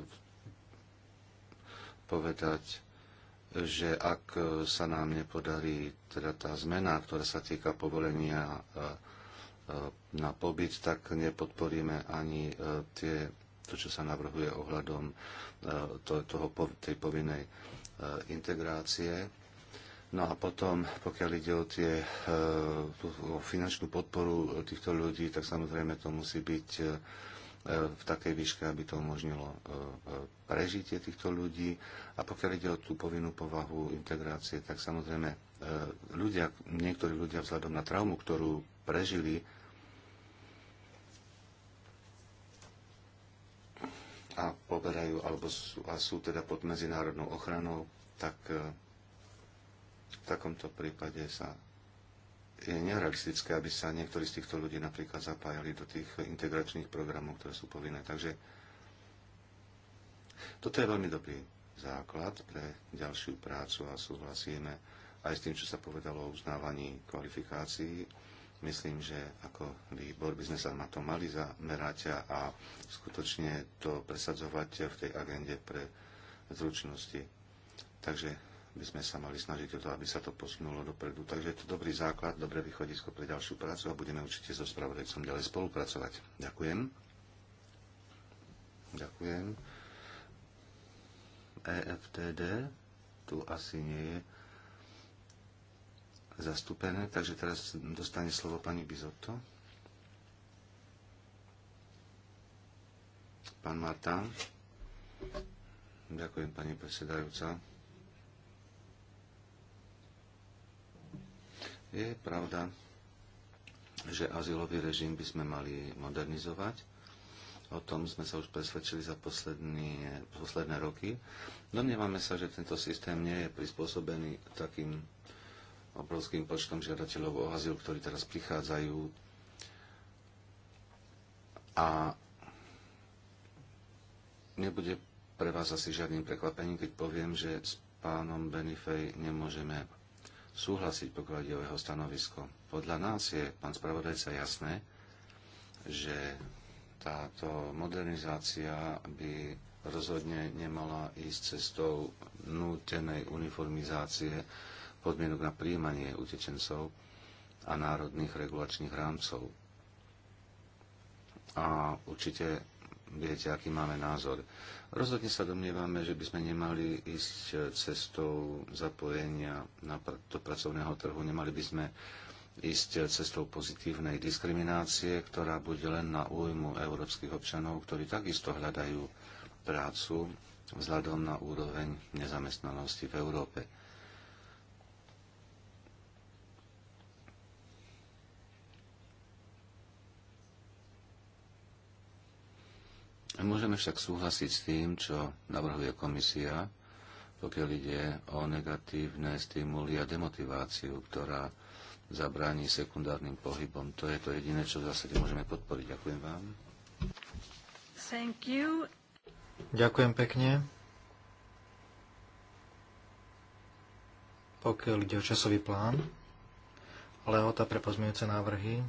povedať, že ak sa nám nepodarí teda tá zmena, ktorá sa týka povolenia e, e, na pobyt, tak nepodporíme ani tie, to, čo sa navrhuje ohľadom toho, tej povinnej integrácie. No a potom, pokiaľ ide o, tie, e, o finančnú podporu týchto ľudí, tak samozrejme to musí byť e, e, v takej výške, aby to umožnilo prežitie týchto ľudí. A pokiaľ ide o tú povinnú povahu integrácie, tak samozrejme ľudia, niektorí ľudia vzhľadom na traumu, ktorú prežili, a poberajú alebo sú, a sú teda pod medzinárodnou ochranou, tak v takomto prípade sa je nerealistické, aby sa niektorí z týchto ľudí napríklad zapájali do tých integračných programov, ktoré sú povinné. Takže toto je veľmi dobrý základ pre ďalšiu prácu a súhlasíme aj s tým, čo sa povedalo o uznávaní kvalifikácií. Myslím, že ako výbor by sme sa na to mali zamerať a skutočne to presadzovať v tej agende pre zručnosti. Takže by sme sa mali snažiť o to, aby sa to posunulo dopredu. Takže je to dobrý základ, dobré východisko pre ďalšiu prácu a budeme určite so spravodajcom ďalej spolupracovať. Ďakujem. Ďakujem. EFTD tu asi nie je zastúpené, takže teraz dostane slovo pani Bizotto. Pán Martán. Ďakujem, pani predsedajúca. Je pravda, že azylový režim by sme mali modernizovať. O tom sme sa už presvedčili za posledné, posledné roky. Domnievame sa, že tento systém nie je prispôsobený takým obrovským počtom žiadateľov o azyl, ktorí teraz prichádzajú. A nebude pre vás asi žiadnym prekvapením, keď poviem, že s pánom Benifej nemôžeme súhlasiť, pokiaľ ide o jeho stanovisko. Podľa nás je, pán spravodajca, jasné, že táto modernizácia by rozhodne nemala ísť cestou nútenej uniformizácie podmienok na príjmanie utečencov a národných regulačných rámcov. A určite viete, aký máme názor. Rozhodne sa domnievame, že by sme nemali ísť e, cestou zapojenia do pracovného trhu, nemali by sme ísť e, cestou pozitívnej diskriminácie, ktorá bude len na újmu európskych občanov, ktorí takisto hľadajú prácu vzhľadom na úroveň nezamestnanosti v Európe. Môžeme však súhlasiť s tým, čo navrhuje komisia, pokiaľ ide o negatívne stimuly a demotiváciu, ktorá zabráni sekundárnym pohybom. To je to jediné, čo v zásade môžeme podporiť. Ďakujem vám. Thank you. Ďakujem pekne. Pokiaľ ide o časový plán, lehota pre pozmienujúce návrhy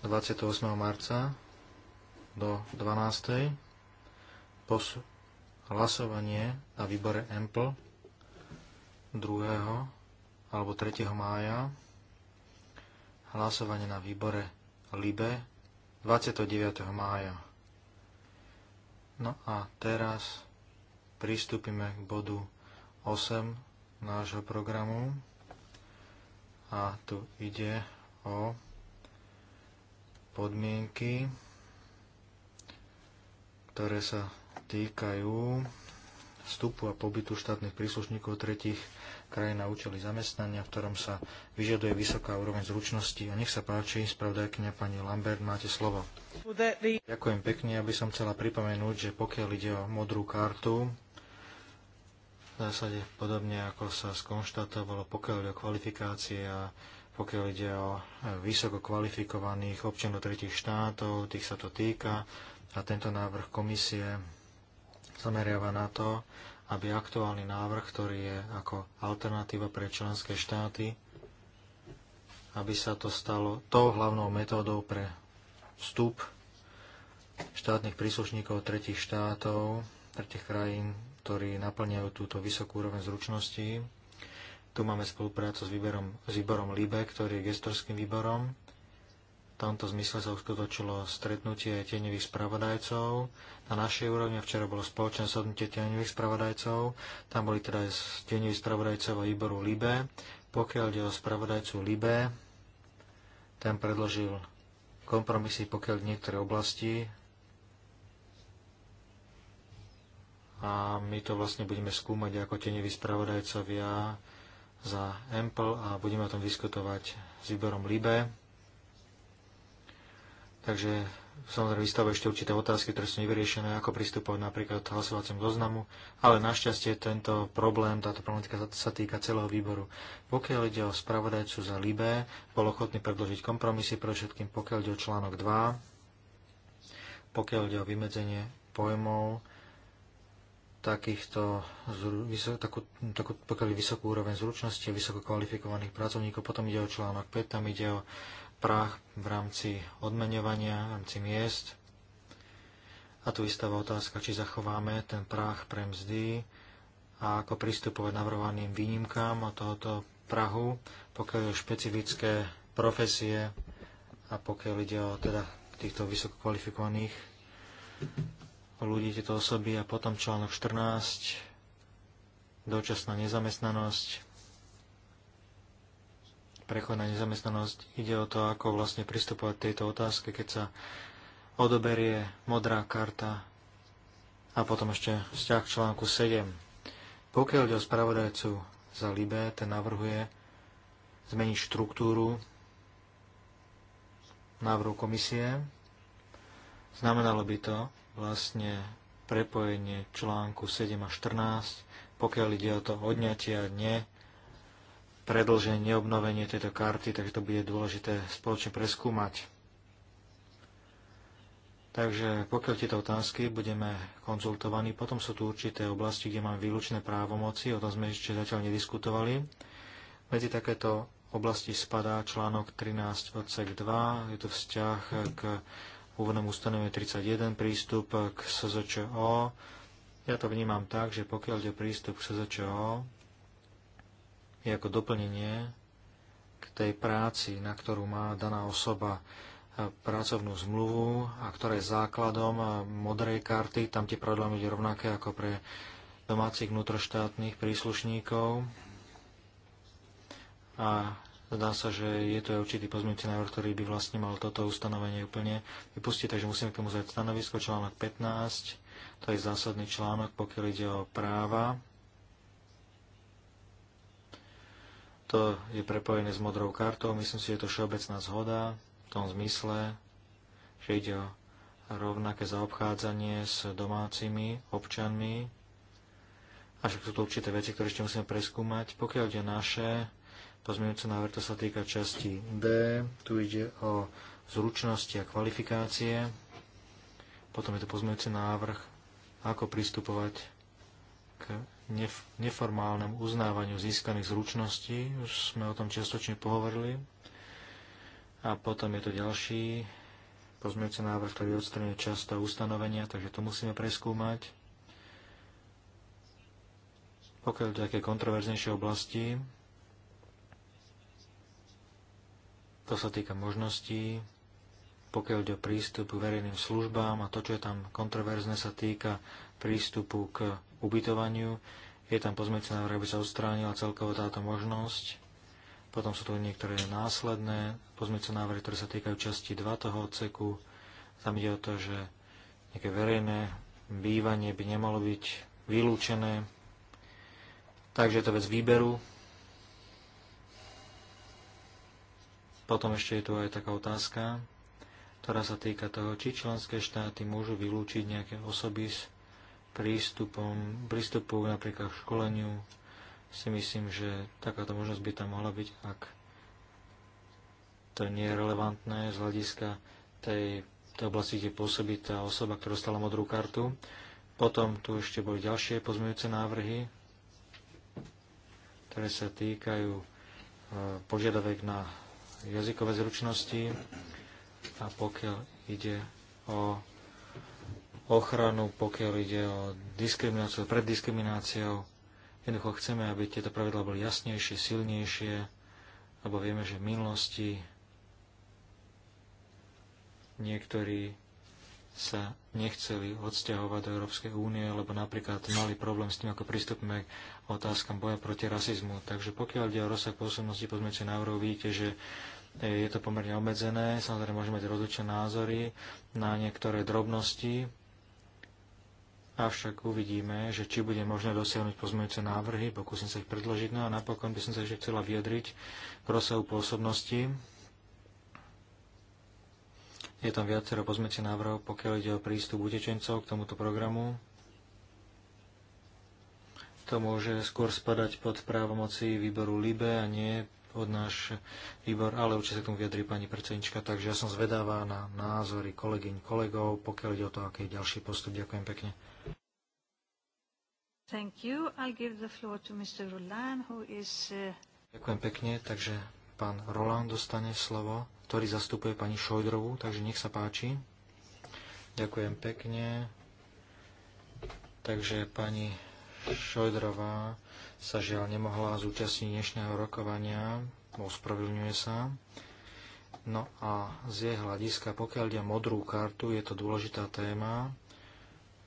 28. marca do 12. Pos- hlasovanie na výbore EMPL 2. alebo 3. mája. Hlasovanie na výbore LIBE 29. mája. No a teraz pristúpime k bodu 8 nášho programu. A tu ide o podmienky ktoré sa týkajú vstupu a pobytu štátnych príslušníkov tretich krajín na účely zamestnania, v ktorom sa vyžaduje vysoká úroveň zručnosti. A nech sa páči, spravodajkňa pani Lambert, máte slovo. Ďakujem pekne, aby som chcela pripomenúť, že pokiaľ ide o modrú kartu, v zásade podobne ako sa skonštatovalo, pokiaľ ide o kvalifikácie a pokiaľ ide o e, vysoko kvalifikovaných občanov tretich štátov, tých sa to týka a tento návrh komisie zameriava na to, aby aktuálny návrh, ktorý je ako alternatíva pre členské štáty, aby sa to stalo tou hlavnou metódou pre vstup štátnych príslušníkov tretich štátov, tretich krajín, ktorí naplňajú túto vysokú úroveň zručností tu máme spoluprácu s, výborom, s výborom LIBE, ktorý je gestorským výborom. V tomto zmysle sa uskutočilo stretnutie tieňových spravodajcov. Na našej úrovni včera bolo spoločné sodnutie tieňových spravodajcov. Tam boli teda tieňoví spravodajcov výboru LIBE. Pokiaľ ide o spravodajcu LIBE, ten predložil kompromisy, pokiaľ v niektoré oblasti a my to vlastne budeme skúmať ako teneví spravodajcovia za Ample a budeme o tom diskutovať s výborom Libe. Takže samozrejme vystavujú ešte určité otázky, ktoré sú nevyriešené, ako pristupovať napríklad k hlasovacím zoznamu, ale našťastie tento problém, táto problematika sa týka celého výboru. Pokiaľ ide o spravodajcu za Libé, bol ochotný predložiť kompromisy, pre všetkým pokiaľ ide o článok 2, pokiaľ ide o vymedzenie pojmov, takýchto, takú, takú, pokiaľ vysokú úroveň zručnosti a vysoko kvalifikovaných pracovníkov. Potom ide o článok 5, tam ide o prach v rámci odmenovania, v rámci miest. A tu vystáva otázka, či zachováme ten práh pre mzdy a ako pristupovať navrhovaným výnimkám od tohoto prahu, pokiaľ je špecifické profesie a pokiaľ ide o teda týchto vysokokvalifikovaných ľudí, tieto osoby a potom článok 14, dočasná nezamestnanosť, prechodná nezamestnanosť. Ide o to, ako vlastne pristupovať k tejto otázke, keď sa odoberie modrá karta a potom ešte vzťah k článku 7. Pokiaľ ide o spravodajcu za Libé, ten navrhuje zmeniť štruktúru návrhu komisie. Znamenalo by to, vlastne prepojenie článku 7 a 14, pokiaľ ide o to a dne, predlženie, neobnovenie tejto karty, takže to bude dôležité spoločne preskúmať. Takže pokiaľ tieto otázky budeme konzultovaní, potom sú tu určité oblasti, kde mám výlučné právomoci, o tom sme ešte zatiaľ nediskutovali. Medzi takéto oblasti spadá článok 13 odsek 2, je to vzťah k úvodnom ustanovení 31 prístup k SZČO. Ja to vnímam tak, že pokiaľ ide prístup k SZČO, je ako doplnenie k tej práci, na ktorú má daná osoba e, pracovnú zmluvu a ktorá je základom e, modrej karty. Tam tie pravidla budú rovnaké ako pre domácich vnútroštátnych príslušníkov. A Zdá sa, že je to určitý pozmeňujúci návrh, ktorý by vlastne mal toto ustanovenie úplne vypustiť, takže musíme k tomu zať stanovisko. Článok 15, to je zásadný článok, pokiaľ ide o práva. To je prepojené s modrou kartou, myslím si, že je to všeobecná zhoda v tom zmysle, že ide o rovnaké zaobchádzanie s domácimi občanmi. A však sú to určité veci, ktoré ešte musíme preskúmať. Pokiaľ ide naše Pozmeňujúci návrh to sa týka časti D. Tu ide o zručnosti a kvalifikácie. Potom je to pozmeňujúci návrh, ako pristupovať k neformálnemu uznávaniu získaných zručností. Už sme o tom čiastočne pohovorili. A potom je to ďalší pozmeňujúci návrh, ktorý odstraňuje často ustanovenia, takže to musíme preskúmať. Pokiaľ to také kontroverznejšie oblasti, To sa týka možností, pokiaľ ide o prístup k verejným službám a to, čo je tam kontroverzne, sa týka prístupu k ubytovaniu. Je tam pozmeňujúci návrh, aby sa odstránila celkovo táto možnosť. Potom sú tu niektoré následné pozmeňujúce návrhy, ktoré sa týkajú časti 2 toho odseku. Tam ide o to, že nejaké verejné bývanie by nemalo byť vylúčené. Takže je to vec výberu Potom ešte je tu aj taká otázka, ktorá sa týka toho, či členské štáty môžu vylúčiť nejaké osoby s prístupom, prístupu napríklad k školeniu. Si myslím, že takáto možnosť by tam mohla byť, ak to nie je relevantné z hľadiska tej, tej oblasti, kde pôsobí tá osoba, ktorá dostala modrú kartu. Potom tu ešte boli ďalšie pozmeňujúce návrhy, ktoré sa týkajú e, požiadavek na jazykové zručnosti a pokiaľ ide o ochranu, pokiaľ ide o diskrimináciu, pred diskrimináciou. Jednoducho chceme, aby tieto pravidlá boli jasnejšie, silnejšie, lebo vieme, že v minulosti niektorí sa nechceli odsťahovať do Európskej únie, lebo napríklad mali problém s tým, ako pristupme otázkam boja proti rasizmu. Takže pokiaľ ide o rozsah pôsobnosti pozmeňujúcich návrhov, vidíte, že e, je to pomerne obmedzené. Samozrejme, môžeme mať rozličné názory na niektoré drobnosti, avšak uvidíme, že či bude možné dosiahnuť pozmeňujúce návrhy, pokúsim sa ich predložiť. No a napokon by som sa ešte chcela vyjadriť k rozsahu pôsobnosti. Je tam viacero pozmeňujúce návrhov, pokiaľ ide o prístup utečencov k tomuto programu to môže skôr spadať pod právomoci výboru LIBE a nie od náš výbor, ale určite sa k tomu vyjadrí pani predsednička, takže ja som zvedavá na názory kolegyň, kolegov, pokiaľ ide o to, aký je ďalší postup. Ďakujem pekne. Thank you. I'll give the floor to Mr. Roland, who is... Uh, Ďakujem pekne, takže pán Roland dostane slovo, ktorý zastupuje pani Šojdrovú, takže nech sa páči. Ďakujem pekne. Takže pani Šojdrová sa žiaľ nemohla zúčastniť dnešného rokovania, ospravedlňuje sa. No a z jej hľadiska, pokiaľ ide modrú kartu, je to dôležitá téma.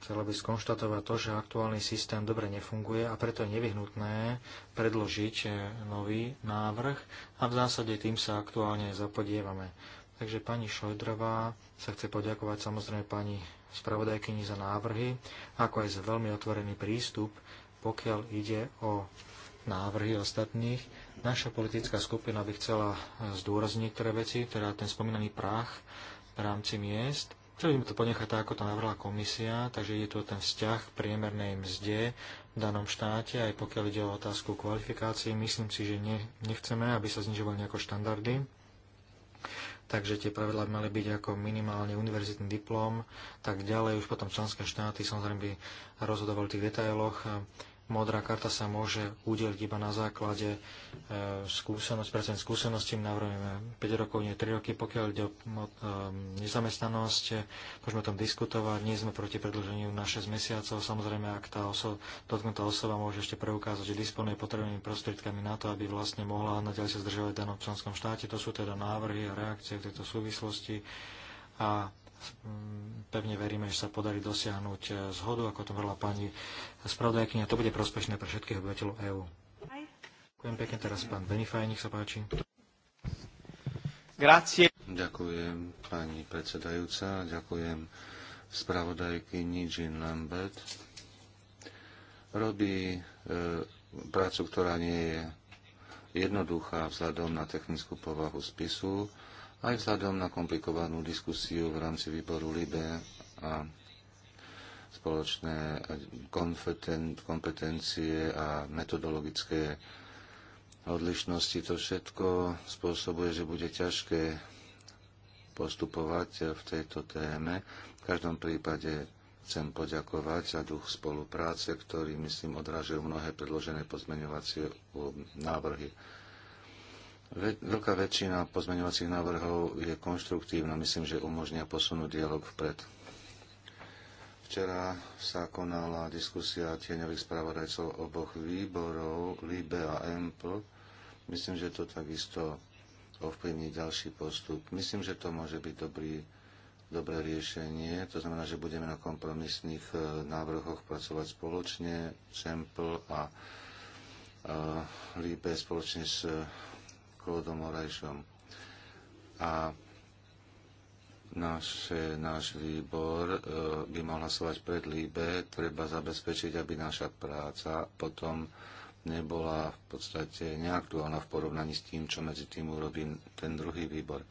Chcela by skonštatovať to, že aktuálny systém dobre nefunguje a preto je nevyhnutné predložiť e, nový návrh a v zásade tým sa aktuálne zapodievame. Takže pani Šojdrová sa chce poďakovať samozrejme pani spravodajkyni za návrhy, ako aj za veľmi otvorený prístup pokiaľ ide o návrhy ostatných, naša politická skupina by chcela zdôrazniť niektoré veci, teda ten spomínaný práh v rámci miest. Chceli by to ponechať tak, ako to navrhla komisia, takže je tu ten vzťah k priemernej mzde v danom štáte, aj pokiaľ ide o otázku kvalifikácií. Myslím si, že nechceme, aby sa znižovali nejako štandardy. Takže tie pravidlá mali byť ako minimálne univerzitný diplom, tak ďalej. Už potom členské štáty samozrejme by rozhodovali v tých detailoch modrá karta sa môže udeliť iba na základe e, skúsenosť, percent skúsenosti, navrhujeme 5 rokov, nie 3 roky, pokiaľ ide o e, nezamestnanosť, môžeme o tom diskutovať, nie sme proti predlženiu na 6 mesiacov, samozrejme, ak tá osoba, dotknutá osoba môže ešte preukázať, že disponuje potrebnými prostriedkami na to, aby vlastne mohla naďalej sa zdržovať v danom členskom štáte, to sú teda návrhy a reakcie v tejto súvislosti a Mm, pevne veríme, že sa podarí dosiahnuť e, zhodu, ako to hovorila pani spravodajkynia. To bude prospešné pre všetkých obyvateľov EÚ. Ďakujem pekne teraz pán Benifaj, nech sa páči. Grazie. Ďakujem pani predsedajúca, ďakujem spravodajkyni Jean Lambert. Robí e, prácu, ktorá nie je jednoduchá vzhľadom na technickú povahu spisu aj vzhľadom na komplikovanú diskusiu v rámci výboru LIBE a spoločné kompetencie a metodologické odlišnosti. To všetko spôsobuje, že bude ťažké postupovať v tejto téme. V každom prípade chcem poďakovať za duch spolupráce, ktorý, myslím, odrážil mnohé predložené pozmeňovacie um, návrhy. Veľká väčšina pozmeňovacích návrhov je konštruktívna. Myslím, že umožnia posunúť dialog vpred. Včera sa konala diskusia tieňových spravodajcov oboch výborov, LIBE a EMPL. Myslím, že to takisto ovplyvní ďalší postup. Myslím, že to môže byť dobrý, dobré riešenie. To znamená, že budeme na kompromisných e, návrhoch pracovať spoločne, s EMPL a, a e, LIBE spoločne s Klodom Orajšom. A náš, náš výbor e, by mal hlasovať pred Líbe. Treba zabezpečiť, aby naša práca potom nebola v podstate neaktuálna v porovnaní s tým, čo medzi tým urobí ten druhý výbor.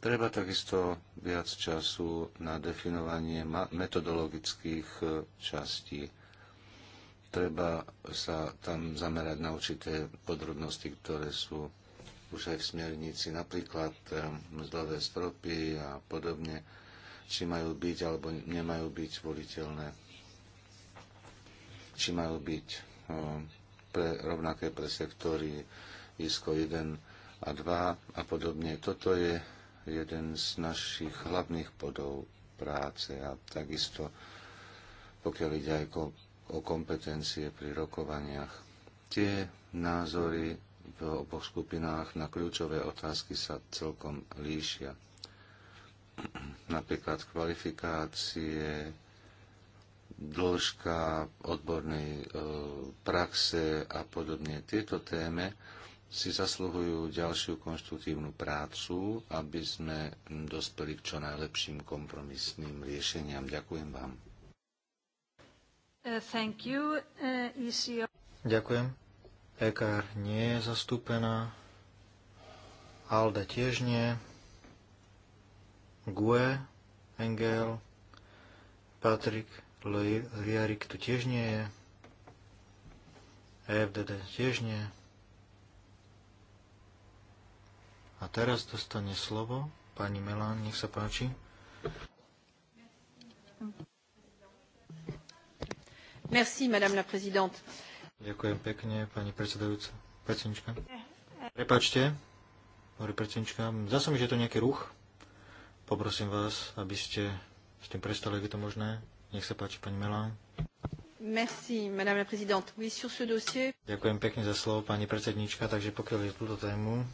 Treba takisto viac času na definovanie metodologických e, častí. Treba sa tam zamerať na určité podrobnosti, ktoré sú už aj v smernici, napríklad mzdové stropy a podobne, či majú byť alebo nemajú byť voliteľné, či majú byť pre, rovnaké pre sektory ISKO 1 a 2 a podobne. Toto je jeden z našich hlavných podov práce a takisto pokiaľ ide aj o kompetencie pri rokovaniach. Tie názory v oboch skupinách na kľúčové otázky sa celkom líšia. Napríklad kvalifikácie, dĺžka odbornej e, praxe a podobne. Tieto téme si zasluhujú ďalšiu konštruktívnu prácu, aby sme dospeli k čo najlepším kompromisným riešeniam. Ďakujem vám. Uh, uh, Ďakujem. Ekar nie je zastúpená. Alda tiež nie. GUE, Engel, Patrick, Liarik tu tiež nie je. E FDD tiež nie. A teraz dostane slovo pani Melán, nech sa páči. Merci, madame la présidente. Ďakujem pekne, pani predsedajúca. Predsednička. Prepačte, hovorí predsednička. Zdá sa mi, že je to nejaký ruch. Poprosím vás, aby ste s tým prestali, ak je to možné. Nech sa páči, pani Melán. Merci, madame la présidente. Oui, sur ce dossier... Ďakujem pekne za slovo, pani predsednička. Takže pokiaľ je túto tému,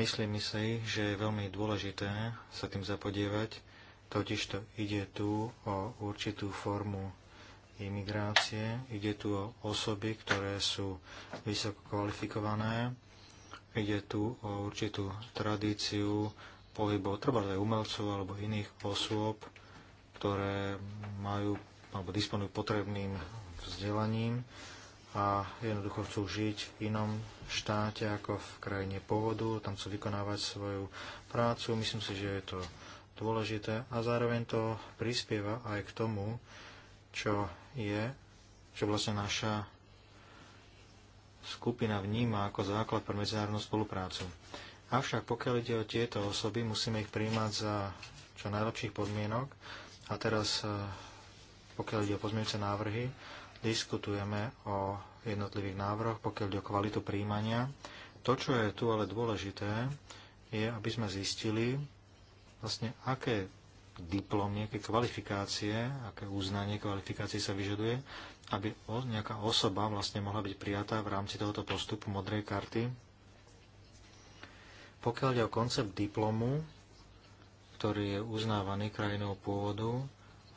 myslím si, že je veľmi dôležité sa tým zapodievať. Totiž to ide tu o určitú formu imigrácie. Ide tu o osoby, ktoré sú vysoko kvalifikované. Ide tu o určitú tradíciu pohybov, treba aj umelcov alebo iných osôb, ktoré majú alebo disponujú potrebným vzdelaním a jednoducho chcú žiť v inom štáte ako v krajine pôvodu, tam chcú vykonávať svoju prácu. Myslím si, že je to dôležité a zároveň to prispieva aj k tomu, čo je, čo vlastne naša skupina vníma ako základ pre medzinárodnú spoluprácu. Avšak pokiaľ ide o tieto osoby, musíme ich príjmať za čo najlepších podmienok. A teraz, e, pokiaľ ide o pozmeňujúce návrhy, diskutujeme o jednotlivých návrhoch, pokiaľ ide o kvalitu príjmania. To, čo je tu ale dôležité, je, aby sme zistili, vlastne aké diplom, nejaké kvalifikácie, aké uznanie kvalifikácií sa vyžaduje, aby nejaká osoba vlastne mohla byť prijatá v rámci tohoto postupu modrej karty. Pokiaľ ide o koncept diplomu, ktorý je uznávaný krajinou pôvodu,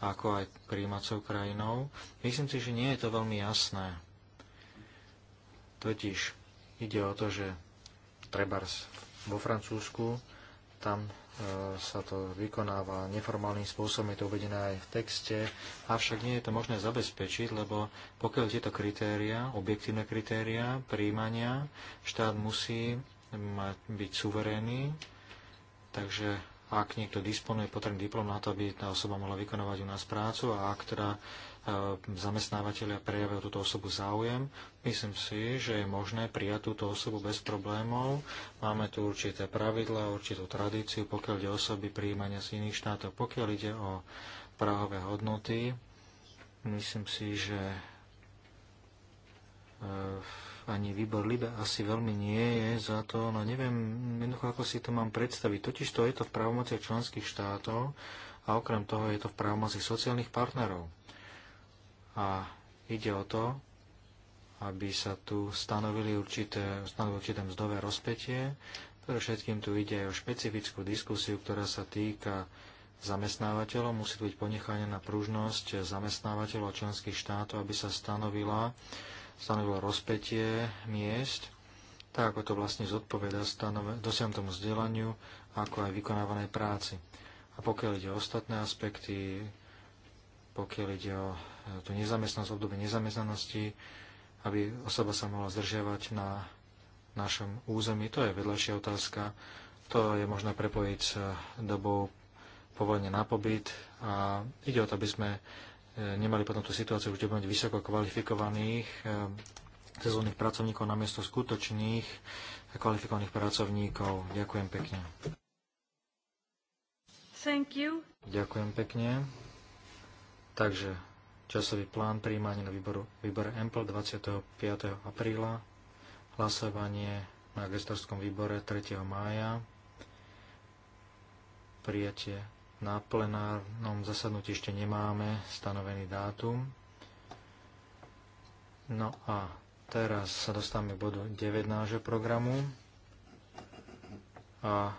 ako aj príjímacou krajinou, myslím si, že nie je to veľmi jasné. Totiž ide o to, že trebárs vo Francúzsku tam E, sa to vykonáva neformálnym spôsobom, je to uvedené aj v texte, avšak nie je to možné zabezpečiť, lebo pokiaľ tieto kritéria, objektívne kritéria príjmania, štát musí mať, byť suverénny, takže ak niekto disponuje potrebný diplom na to, aby tá osoba mohla vykonávať u nás prácu a ak teda E, zamestnávateľia prejavia túto osobu záujem. Myslím si, že je možné prijať túto osobu bez problémov. Máme tu určité pravidla, určitú tradíciu, pokiaľ ide osoby prijímania z iných štátov, pokiaľ ide o prahové hodnoty. Myslím si, že e, ani výbor Libe asi veľmi nie je za to, no neviem jednoducho, ako si to mám predstaviť. Totiž to je to v právomoci členských štátov a okrem toho je to v právomoci sociálnych partnerov a ide o to, aby sa tu stanovili určité, stanovili určité mzdové rozpetie. Pre všetkým tu ide aj o špecifickú diskusiu, ktorá sa týka zamestnávateľov. Musí byť ponechaná na pružnosť zamestnávateľov a členských štátov, aby sa stanovila, stanovilo rozpetie miest, tak ako to vlastne zodpoveda tomu vzdelaniu, ako aj vykonávanej práci. A pokiaľ ide o ostatné aspekty, pokiaľ ide o e, tú nezamestnanosť, obdobie nezamestnanosti, aby osoba sa mohla zdržiavať na našom území. To je vedľajšia otázka. To je možné prepojiť s e, dobou povolenia na pobyt a ide o to, aby sme e, nemali potom tú situáciu, kde budeme vysoko kvalifikovaných sezónnych pracovníkov na miesto skutočných kvalifikovaných pracovníkov. Ďakujem pekne. Thank you. Ďakujem pekne. Takže časový plán príjmania na výboru, výbore EMPL 25. apríla, hlasovanie na gestorskom výbore 3. mája, prijatie na plenárnom zasadnutí ešte nemáme stanovený dátum. No a teraz sa dostávame k bodu 9 nášho programu a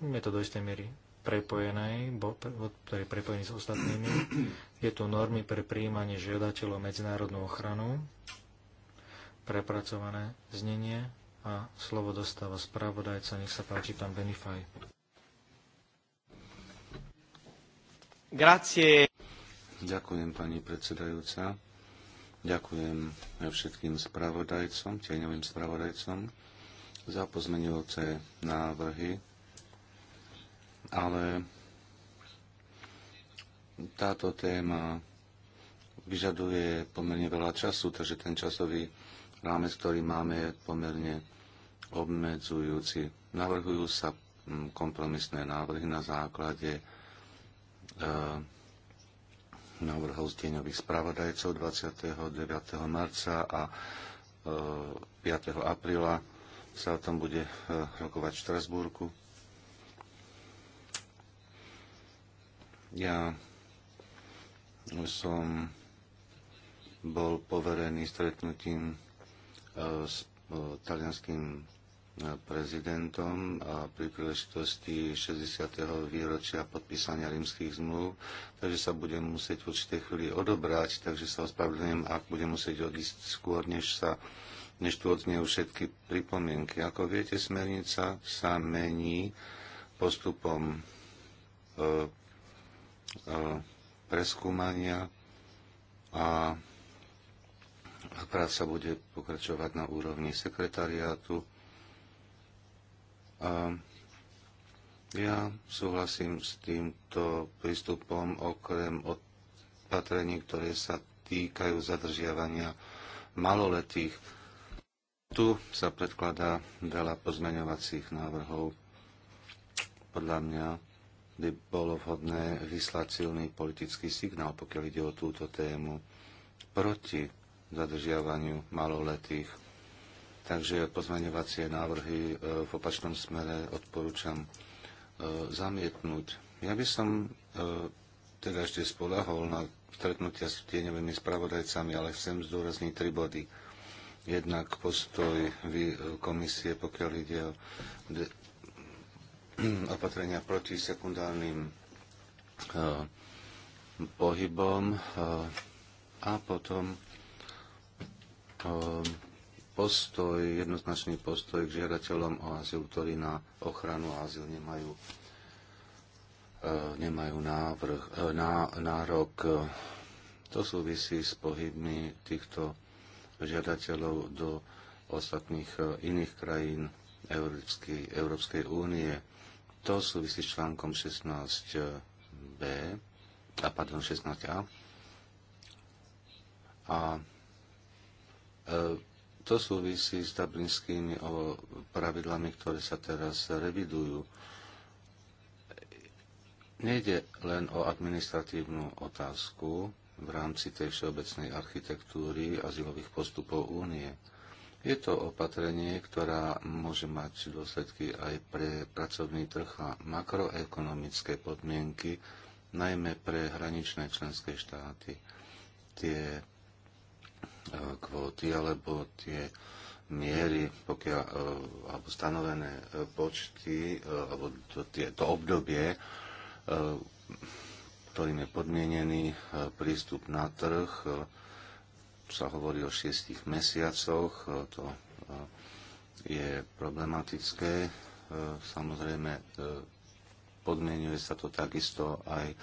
je to do istej miery prepojenej, ktorý je prepojený s ostatnými. Je tu normy pre príjmanie žiadateľov medzinárodnú ochranu, prepracované znenie a slovo dostáva spravodajca. Nech sa páči, pán Benifaj. Grazie. Ďakujem, pani predsedajúca. Ďakujem všetkým spravodajcom, tieňovým spravodajcom za pozmenujúce návrhy ale táto téma vyžaduje pomerne veľa času, takže ten časový rámec, ktorý máme, je pomerne obmedzujúci. Navrhujú sa mm, kompromisné návrhy na základe e, návrhov z deňových spravodajcov 29. marca a 5. E, apríla sa o tom bude e, rokovať v Štrasburku. Ja som bol poverený stretnutím e, s e, talianským e, prezidentom a pri príležitosti 60. výročia podpísania rímskych zmluv, takže sa budem musieť v určitej chvíli odobrať, takže sa ospravedlňujem, ak budem musieť odísť skôr, než sa než tu odznejú všetky pripomienky. Ako viete, smernica sa mení postupom E, preskúmania a práca bude pokračovať na úrovni sekretariátu. A ja súhlasím s týmto prístupom okrem opatrení, ktoré sa týkajú zadržiavania maloletých. Tu sa predkladá veľa pozmeňovacích návrhov. Podľa mňa by bolo vhodné vyslať silný politický signál, pokiaľ ide o túto tému, proti zadržiavaniu maloletých. Takže pozmeňovacie návrhy e, v opačnom smere odporúčam e, zamietnúť. Ja by som e, teda ešte spolahol na stretnutia s tieňovými spravodajcami, ale chcem zdôrazniť tri body. Jednak postoj komisie, pokiaľ ide o opatrenia proti sekundárnym eh, pohybom eh, a potom eh, postoj, jednoznačný postoj k žiadateľom o azyl, ktorí na ochranu a azyl nemajú, nemajú návrh, ná, nárok. To súvisí s pohybmi týchto žiadateľov do ostatných iných krajín Európskej, Európskej únie. To súvisí s článkom 16b, a pardon, 16a. A e, to súvisí s dublinskými pravidlami, ktoré sa teraz revidujú. Nejde len o administratívnu otázku v rámci tej všeobecnej architektúry azylových postupov únie. Je to opatrenie, ktorá môže mať dôsledky aj pre pracovný trh a makroekonomické podmienky, najmä pre hraničné členské štáty. Tie e, kvóty alebo tie miery, pokiaľ, e, alebo stanovené e, počty, alebo to, tie, to obdobie, ktorým je podmienený prístup na trh, sa hovorí o šiestich mesiacoch. E, to e, je problematické. E, samozrejme, podmienuje sa to takisto aj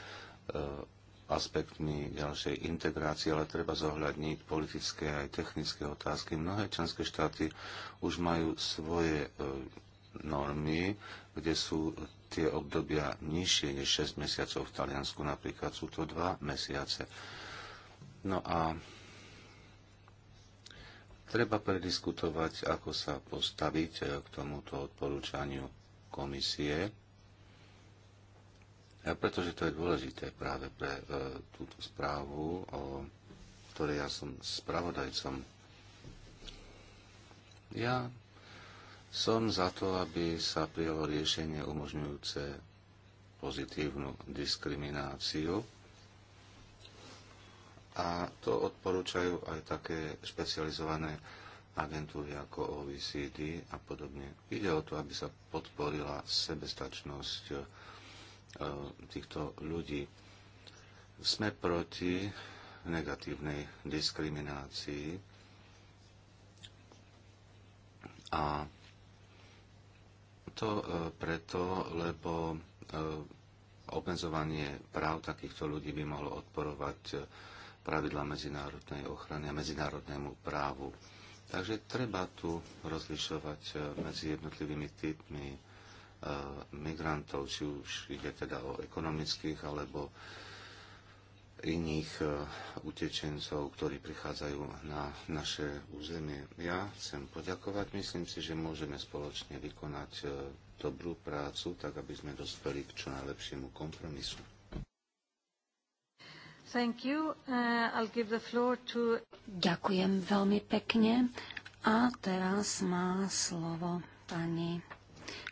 aspektmi ďalšej integrácie, ale treba zohľadniť politické aj technické otázky. Mnohé členské štáty už majú svoje normy, kde sú tie obdobia nižšie než 6 mesiacov. V Taliansku napríklad sú to 2 mesiace. No a Treba prediskutovať, ako sa postaviť eh, k tomuto odporúčaniu komisie, pretože to je dôležité práve pre eh, túto správu, o ktorej ja som spravodajcom. Ja som za to, aby sa prijalo riešenie umožňujúce pozitívnu diskrimináciu a to odporúčajú aj také špecializované agentúry ako OECD a podobne. Ide o to, aby sa podporila sebestačnosť e, týchto ľudí. Sme proti negatívnej diskriminácii a to e, preto, lebo e, obmedzovanie práv takýchto ľudí by mohlo odporovať pravidla medzinárodnej ochrany a medzinárodnému právu. Takže treba tu rozlišovať e, medzi jednotlivými typmi e, migrantov, či už ide teda o ekonomických alebo iných e, utečencov, ktorí prichádzajú na naše územie. Ja chcem poďakovať. Myslím si, že môžeme spoločne vykonať dobrú prácu, tak aby sme dospeli k čo najlepšiemu kompromisu. Thank you. Uh, I'll give the floor to... Ďakujem veľmi pekne. A teraz má slovo pani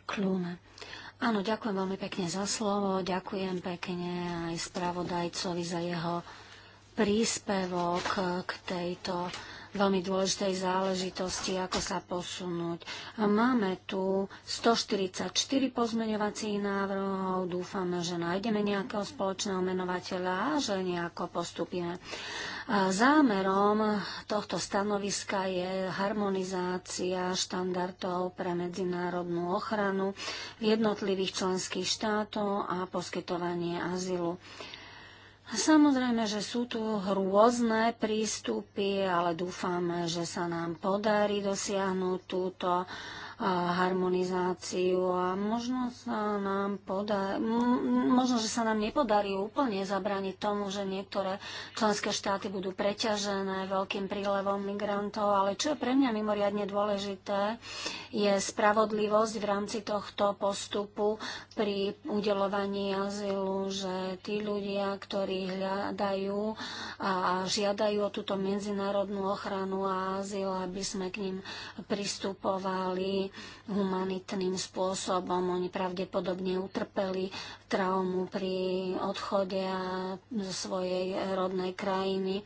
Klune. Áno, ďakujem veľmi pekne za slovo, ďakujem pekne aj spravodajcovi za jeho príspevok k tejto veľmi dôležitej záležitosti, ako sa posunúť. Máme tu 144 pozmeňovacích návrhov, dúfame, že nájdeme nejakého spoločného menovateľa a že nejako postupíme. Zámerom tohto stanoviska je harmonizácia štandardov pre medzinárodnú ochranu jednotlivých členských štátov a poskytovanie azylu. Samozrejme, že sú tu rôzne prístupy, ale dúfame, že sa nám podarí dosiahnuť túto harmonizáciu a možno sa nám poda- možno, že sa nám nepodarí úplne zabrániť tomu, že niektoré členské štáty budú preťažené veľkým prílevom migrantov, ale čo je pre mňa mimoriadne dôležité, je spravodlivosť v rámci tohto postupu pri udelovaní azylu, že tí ľudia, ktorí hľadajú a žiadajú o túto medzinárodnú ochranu a azyl, aby sme k ním pristupovali humanitným spôsobom. Oni pravdepodobne utrpeli traumu pri odchode zo svojej rodnej krajiny.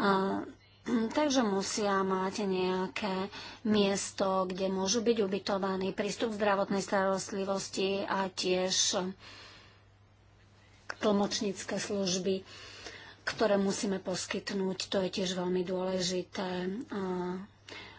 A Takže musia mať nejaké miesto, kde môžu byť ubytovaní, prístup k zdravotnej starostlivosti a tiež tlmočnícke služby, ktoré musíme poskytnúť. To je tiež veľmi dôležité. A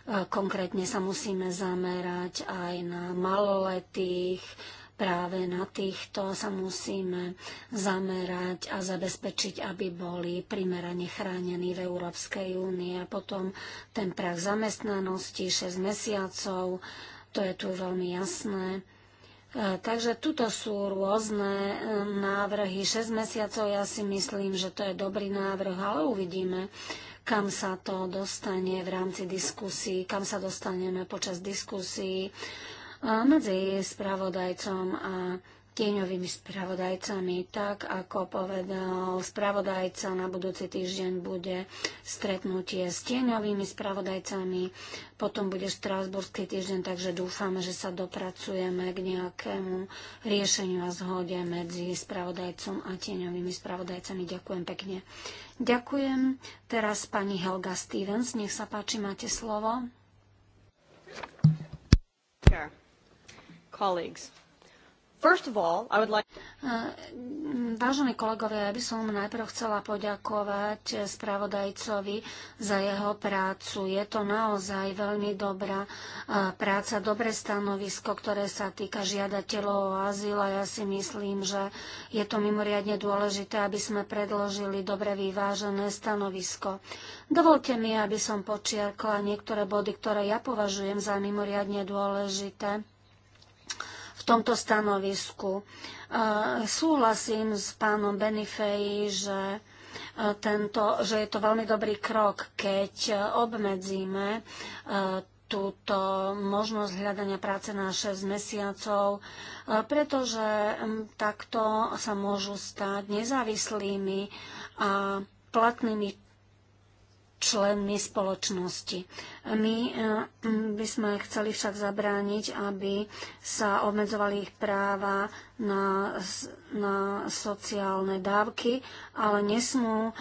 Konkrétne sa musíme zamerať aj na maloletých, práve na týchto sa musíme zamerať a zabezpečiť, aby boli primerane chránení v Európskej únii. A potom ten prach zamestnanosti 6 mesiacov, to je tu veľmi jasné. E, takže tuto sú rôzne e, návrhy. 6 mesiacov ja si myslím, že to je dobrý návrh, ale uvidíme, kam sa to dostane v rámci diskusí, kam sa dostaneme počas diskusí medzi spravodajcom a tieňovými spravodajcami. Tak, ako povedal spravodajca, na budúci týždeň bude stretnutie s tieňovými spravodajcami, potom bude Štrásburský týždeň, takže dúfame, že sa dopracujeme k nejakému riešeniu a zhode medzi spravodajcom a tieňovými spravodajcami. Ďakujem pekne. Ďakujem. Teraz pani Helga Stevens, nech sa páči, máte slovo. Sure. Colleagues. Vážení kolegovia, ja by som najprv chcela poďakovať spravodajcovi za jeho prácu. Je to naozaj veľmi dobrá práca, dobré stanovisko, ktoré sa týka žiadateľov o azyl a ja si myslím, že je to mimoriadne dôležité, aby sme predložili dobre vyvážené stanovisko. Dovolte mi, aby som počiarkla niektoré body, ktoré ja považujem za mimoriadne dôležité tomto stanovisku. E, súhlasím s pánom Benifeji, že, e, tento, že je to veľmi dobrý krok, keď obmedzíme e, túto možnosť hľadania práce na 6 mesiacov, pretože takto sa môžu stať nezávislými a platnými členmi spoločnosti. My eh, by sme chceli však zabrániť, aby sa obmedzovali ich práva na, na sociálne dávky, ale nesmú eh,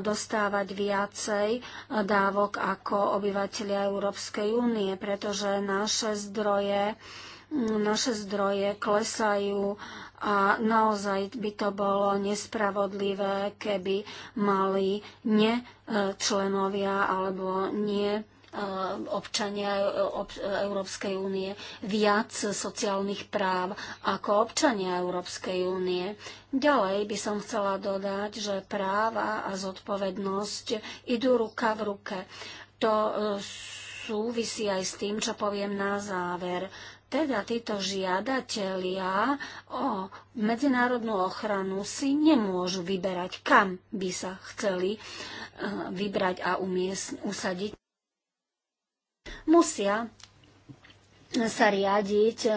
dostávať viacej eh, dávok ako obyvateľia Európskej únie, pretože naše zdroje naše zdroje klesajú a naozaj by to bolo nespravodlivé, keby mali nie e, členovia alebo nie e, občania e, Európskej únie viac sociálnych práv ako občania Európskej únie. Ďalej by som chcela dodať, že práva a zodpovednosť idú ruka v ruke. To súvisí aj s tým, čo poviem na záver. Teda títo žiadatelia o medzinárodnú ochranu si nemôžu vyberať, kam by sa chceli e, vybrať a umiest, usadiť. Musia sa riadiť e,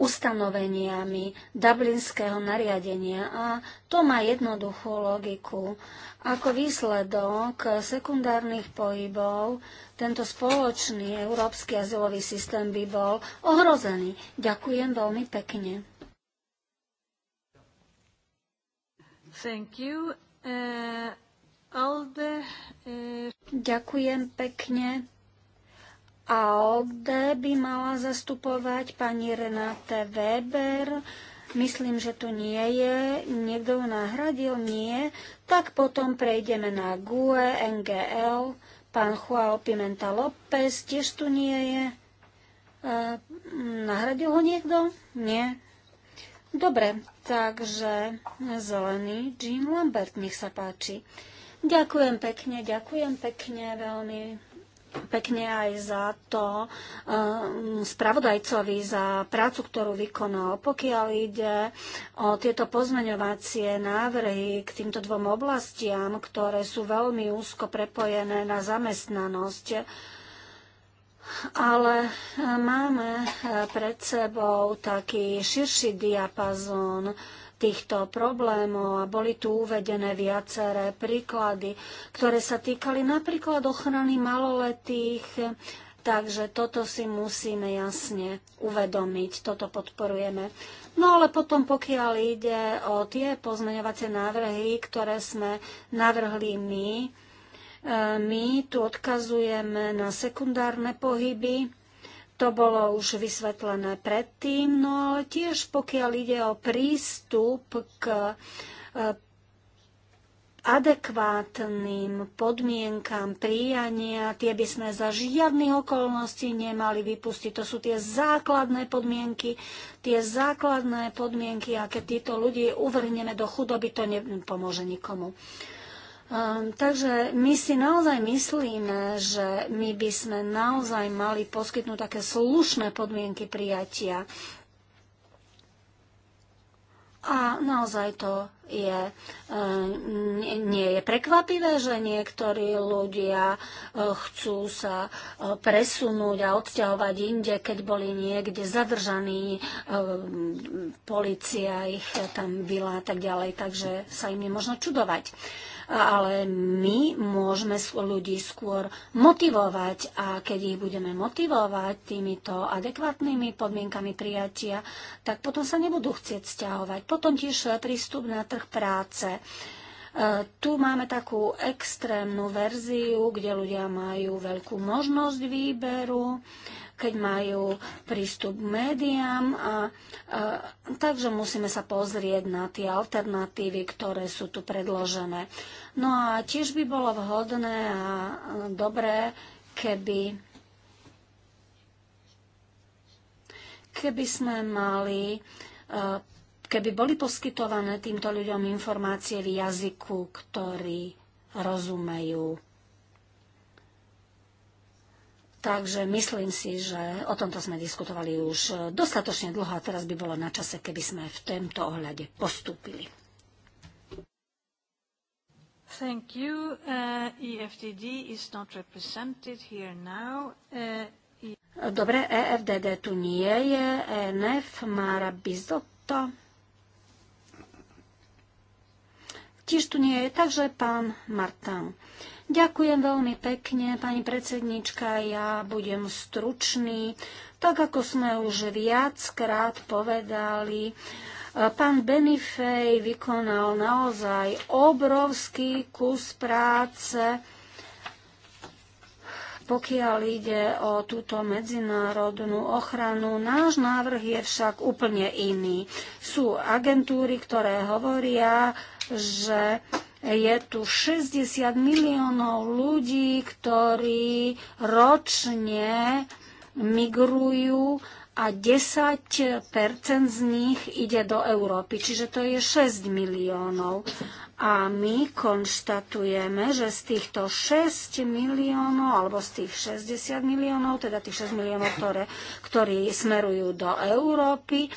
ustanoveniami Dublinského nariadenia a to má jednoduchú logiku. Ako výsledok sekundárnych pohybov tento spoločný európsky azylový systém by bol ohrozený. Ďakujem veľmi pekne. Thank you. Uh, Alde, uh... Ďakujem pekne. A OD by mala zastupovať pani Renáte Weber. Myslím, že tu nie je. Niekto ju nahradil? Nie. Tak potom prejdeme na GUE, NGL. Pán Juan Pimenta López tiež tu nie je. E, nahradil ho niekto? Nie. Dobre, takže zelený Jean Lambert, nech sa páči. Ďakujem pekne, ďakujem pekne veľmi pekne aj za to eh, spravodajcovi za prácu, ktorú vykonal. Pokiaľ ide o tieto pozmeňovacie návrhy k týmto dvom oblastiam, ktoré sú veľmi úzko prepojené na zamestnanosť, ale eh, máme eh, pred sebou taký širší diapazón týchto problémov a boli tu uvedené viaceré príklady, ktoré sa týkali napríklad ochrany maloletých, Takže toto si musíme jasne uvedomiť, toto podporujeme. No ale potom, pokiaľ ide o tie pozmeňovacie návrhy, ktoré sme navrhli my, e, my tu odkazujeme na sekundárne pohyby, to bolo už vysvetlené predtým, no ale tiež pokiaľ ide o prístup k e, adekvátnym podmienkam prijania, tie by sme za žiadnych okolností nemali vypustiť. To sú tie základné podmienky, tie základné podmienky a keď týchto ľudí uvrhneme do chudoby, to nepomôže nikomu. Uh, Um, takže my si naozaj myslíme, že my by sme naozaj mali poskytnúť také slušné podmienky prijatia. A naozaj to je, ehm, nie je prekvapivé, že niektorí ľudia eh, chcú sa eh, presunúť a odsťahovať inde, keď boli niekde zadržaní, eh, policia ich tam byla a tak ďalej, takže sa im je možno čudovať ale my môžeme ľudí skôr motivovať a keď ich budeme motivovať týmito adekvátnymi podmienkami prijatia, tak potom sa nebudú chcieť stiahovať. Potom tiež prístup na trh práce. E, tu máme takú extrémnu verziu, kde ľudia majú veľkú možnosť výberu keď majú prístup k médiám. A, a, takže musíme sa pozrieť na tie alternatívy, ktoré sú tu predložené. No a tiež by bolo vhodné a dobré, keby keby sme mali e, keby boli poskytované týmto ľuďom informácie v jazyku, ktorý rozumejú. Takže myslím si, že o tomto sme diskutovali už e, dostatočne dlho a teraz by bolo na čase, keby sme v tomto ohľade postúpili. Thank you. Uh, EFDD is not represented here now. Uh, e Dobre, EFDD tu nie je. ENF Mara Bizotto tiež tu nie je. Takže pán Martin. Uh, Ďakujem veľmi pekne, pani predsednička. Ja budem stručný. Tak ako sme už viackrát povedali, eh, Pán Benifej vykonal naozaj obrovský kus práce, pokiaľ ide o túto medzinárodnú ochranu. Náš návrh je však úplne iný. Sú agentúry, ktoré hovoria, že je tu 60 miliónov ľudí, ktorí ročne migrujú a 10 z nich ide do Európy, čiže to je 6 miliónov. A my konštatujeme, že z týchto 6 miliónov, alebo z tých 60 miliónov, teda tých 6 miliónov, ktoré, ktorí smerujú do Európy,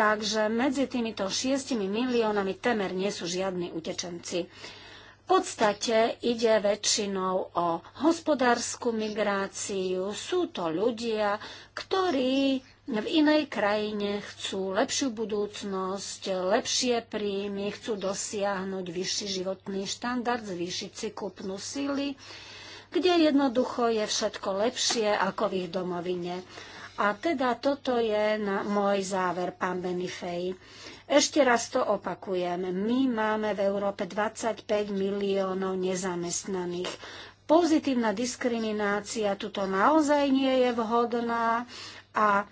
Takže medzi týmito 6 miliónami temer nie sú žiadni utečenci. V podstate ide väčšinou o hospodárskú migráciu. Sú to ľudia, ktorí v inej krajine chcú lepšiu budúcnosť, lepšie príjmy, chcú dosiahnuť vyšší životný štandard, zvýšiť si kúpnu síly, kde jednoducho je všetko lepšie ako v ich domovine. A teda toto je na môj záver, pán Benifej. Ešte raz to opakujem. My máme v Európe 25 miliónov nezamestnaných. Pozitívna diskriminácia tuto naozaj nie je vhodná a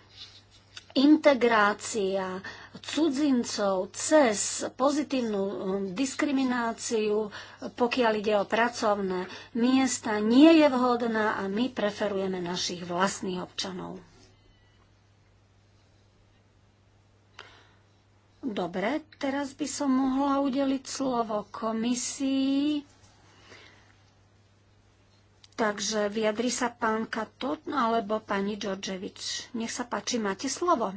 integrácia cudzincov cez pozitívnu um, diskrimináciu, pokiaľ ide o pracovné miesta, nie je vhodná a my preferujeme našich vlastných občanov. Dobre, teraz by som mohla udeliť slovo komisii. Takže vyjadri sa pán Katot alebo pani Džordževič. Nech sa páči, máte slovo.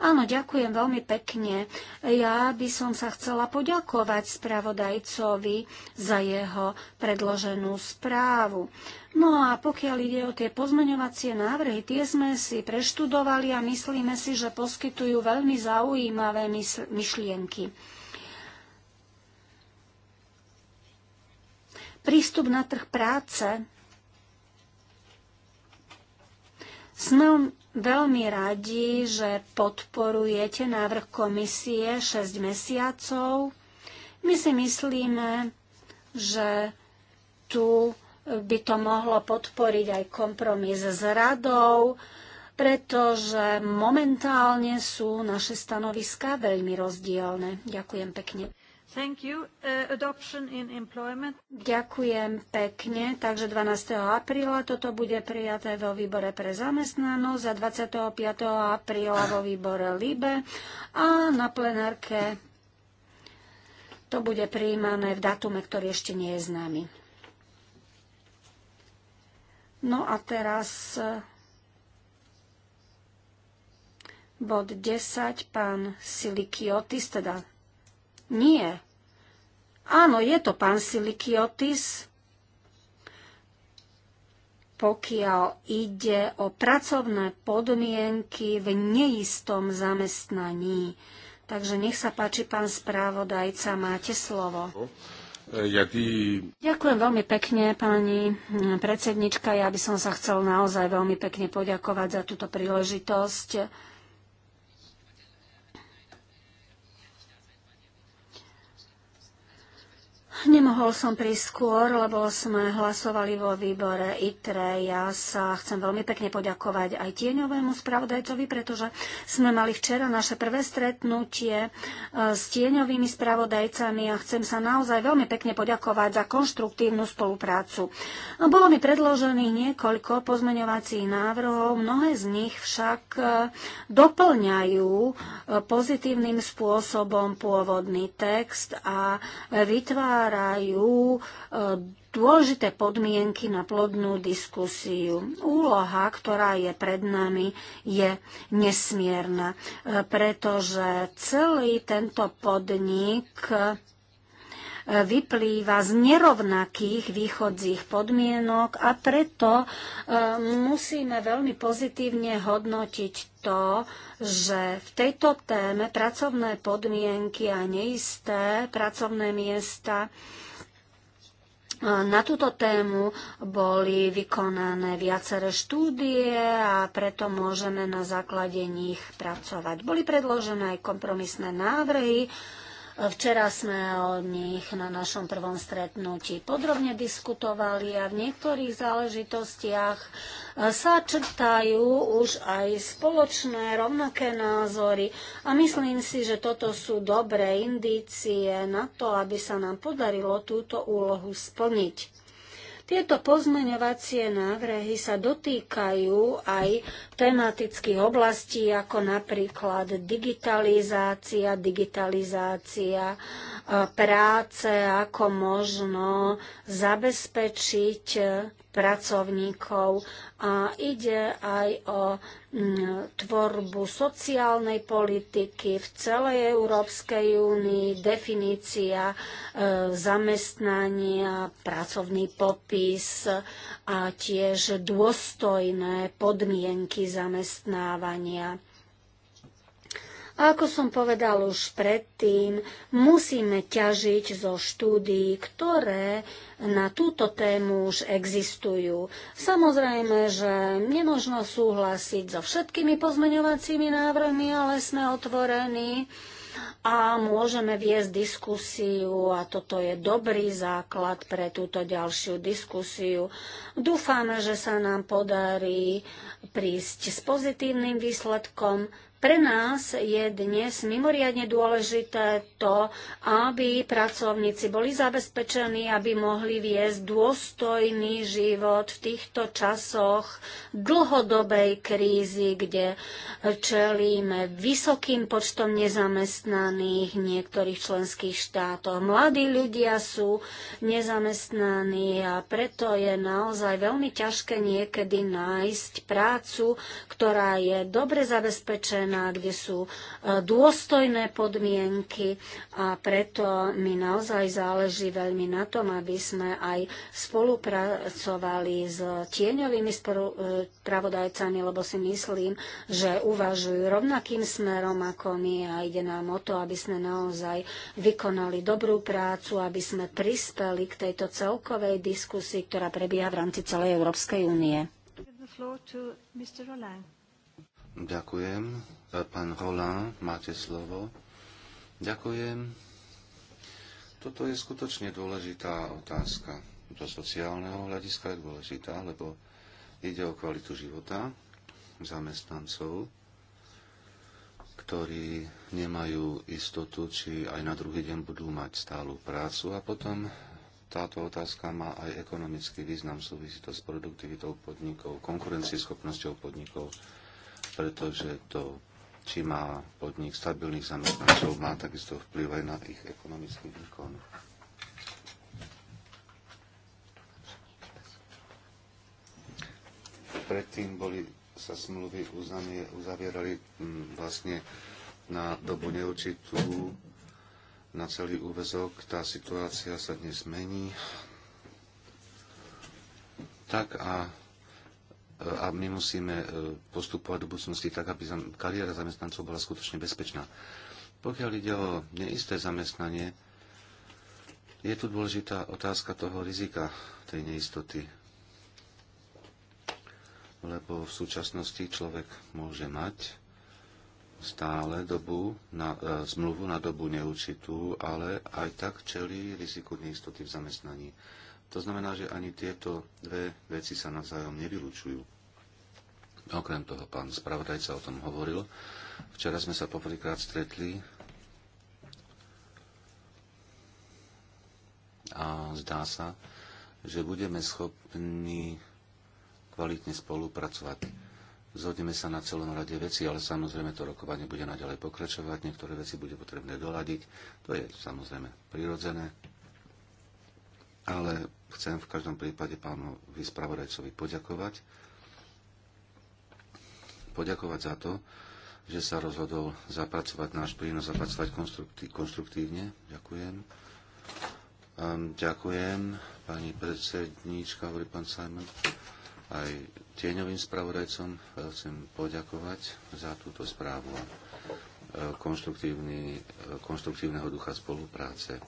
Áno, ďakujem veľmi pekne. Ja by som sa chcela poďakovať spravodajcovi za jeho predloženú správu. No a pokiaľ ide o tie pozmeňovacie návrhy, tie sme si preštudovali a myslíme si, že poskytujú veľmi zaujímavé myšlienky. Prístup na trh práce sme veľmi radi, že podporujete návrh komisie 6 mesiacov. My si myslíme, že tu by to mohlo podporiť aj kompromis s radou, pretože momentálne sú naše stanoviská veľmi rozdielne. Ďakujem pekne. Thank you. Uh, adoption in employment. Ďakujem pekne. Takže 12. apríla toto bude prijaté vo výbore pre zamestnanosť a 25. apríla vo výbore LIBE a na plenárke to bude prijímané v datume, ktorý ešte nie je známy. No a teraz eh, bod 10, pán Silikiotis, teda nie. Áno, je to pán Silikiotis, pokiaľ ide o pracovné podmienky v neistom zamestnaní. Takže nech sa páči, pán správodajca, máte slovo. Ja ty... Ďakujem veľmi pekne, pani predsednička. Ja by som sa chcel naozaj veľmi pekne poďakovať za túto príležitosť Nemohol som prísť skôr, lebo sme hlasovali vo výbore ITRE. Ja sa chcem veľmi pekne poďakovať aj tieňovému spravodajcovi, pretože sme mali včera naše prvé stretnutie eh, s tieňovými spravodajcami a chcem sa naozaj veľmi pekne poďakovať za konštruktívnu spoluprácu. No, bolo mi predložených niekoľko pozmeňovacích návrhov, mnohé z nich však eh, doplňajú eh, pozitívnym spôsobom pôvodný text a vytvárajú vytvárajú e, dôležité podmienky na plodnú diskusiu. Úloha, ktorá je pred nami, je nesmierna, e, pretože celý tento podnik vyplýva z nerovnakých východzích podmienok a preto e, musíme veľmi pozitívne hodnotiť to, že v tejto téme pracovné podmienky a neisté pracovné miesta e, na túto tému boli vykonané viaceré štúdie a preto môžeme na základe nich pracovať. Boli predložené aj kompromisné návrhy Včera sme o nich na našom prvom stretnutí podrobne diskutovali a v niektorých záležitostiach e, sa črtajú už aj spoločné rovnaké názory a myslím si, že toto sú dobré indície na to, aby sa nám podarilo túto úlohu splniť. Tieto pozmeňovacie návrhy sa dotýkajú aj tematických oblastí, ako napríklad digitalizácia, digitalizácia e, práce, ako možno zabezpečiť e, pracovníkov a ide aj o mm, tvorbu sociálnej politiky v celej Európskej únii, definícia e, zamestnania, pracovný popis a tiež dôstojné podmienky zamestnávania. A ako som povedal už predtým, musíme ťažiť zo štúdií, ktoré na túto tému už existujú. Samozrejme, že nemožno súhlasiť so všetkými pozmeňovacími návrhmi, ale sme otvorení a môžeme viesť diskusiu a toto je dobrý základ pre túto ďalšiu diskusiu. Dúfame, že sa nám podarí prísť s pozitívnym výsledkom pre nás je dnes mimoriadne dôležité to, aby pracovníci boli zabezpečení, aby mohli viesť dôstojný život v týchto časoch dlhodobej krízy, kde čelíme vysokým počtom nezamestnaných v niektorých členských štátoch. Mladí ľudia sú nezamestnaní a preto je naozaj veľmi ťažké niekedy nájsť prácu, ktorá je dobre zabezpečená zelená, kde sú e, dôstojné podmienky a preto mi naozaj záleží veľmi na tom, aby sme aj spolupracovali s tieňovými e, spravodajcami, lebo si myslím, že uvažujú rovnakým smerom ako my a ide nám o to, aby sme naozaj vykonali dobrú prácu, aby sme prispeli k tejto celkovej diskusii, ktorá prebieha v rámci celej Európskej únie. Ďakujem. Pán Roland, máte slovo. Ďakujem. Toto je skutočne dôležitá otázka. Do sociálneho hľadiska je dôležitá, lebo ide o kvalitu života zamestnancov, ktorí nemajú istotu, či aj na druhý deň budú mať stálu prácu a potom táto otázka má aj ekonomický význam, súvisí to s produktivitou podnikov, konkurencieschopnosťou podnikov, pretože to či má podnik stabilných zamestnancov, má takisto vplyv aj na ich ekonomický výkon. Predtým boli, sa smluvy uzavierali mm, vlastne na dobu neurčitú, na celý úvezok. Tá situácia sa dnes mení. Tak a a my musíme e, postupovať do budúcnosti tak, aby kariéra zamestnancov bola skutočne bezpečná. Pokiaľ ide o neisté zamestnanie, je tu dôležitá otázka toho rizika, tej neistoty. Lebo v súčasnosti človek môže mať stále dobu na, e, zmluvu na dobu neurčitú, ale aj tak čelí riziku neistoty v zamestnaní. To znamená, že ani tieto dve veci sa navzájom nevylučujú. Okrem toho, pán spravodajca o tom hovoril. Včera sme sa poprvýkrát stretli a zdá sa, že budeme schopní kvalitne spolupracovať. Zhodneme sa na celom rade veci, ale samozrejme to rokovanie bude naďalej pokračovať, niektoré veci bude potrebné doľadiť, to je samozrejme prirodzené ale chcem v každom prípade pánu vyspravodajcovi poďakovať. Poďakovať za to, že sa rozhodol zapracovať náš prínos, zapracovať konstruktívne. Ďakujem. Ehm, ďakujem, pani predsedníčka, hovorí pán Simon. Aj tieňovým spravodajcom chcem poďakovať za túto správu a e, e, konštruktívneho ducha spolupráce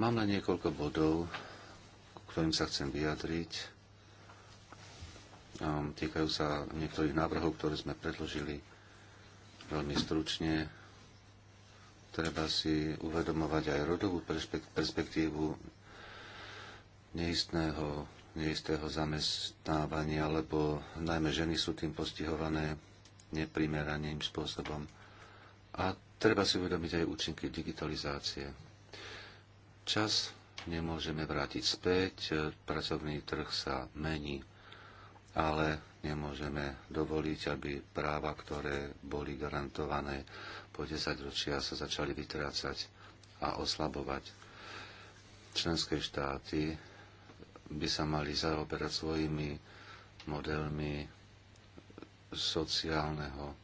Mám na niekoľko bodov, ktorým sa chcem vyjadriť. Ehm, týkajú sa niektorých návrhov, ktoré sme predložili veľmi stručne. Treba si uvedomovať aj rodovú perspektívu neistného, neistého zamestnávania, lebo najmä ženy sú tým postihované neprimeraným spôsobom. A treba si uvedomiť aj účinky digitalizácie čas nemôžeme vrátiť späť, e, pracovný trh sa mení, ale nemôžeme dovoliť, aby práva, ktoré boli garantované po 10 ročia, sa začali vytrácať a oslabovať. Členské štáty by sa mali zaoberať svojimi modelmi sociálneho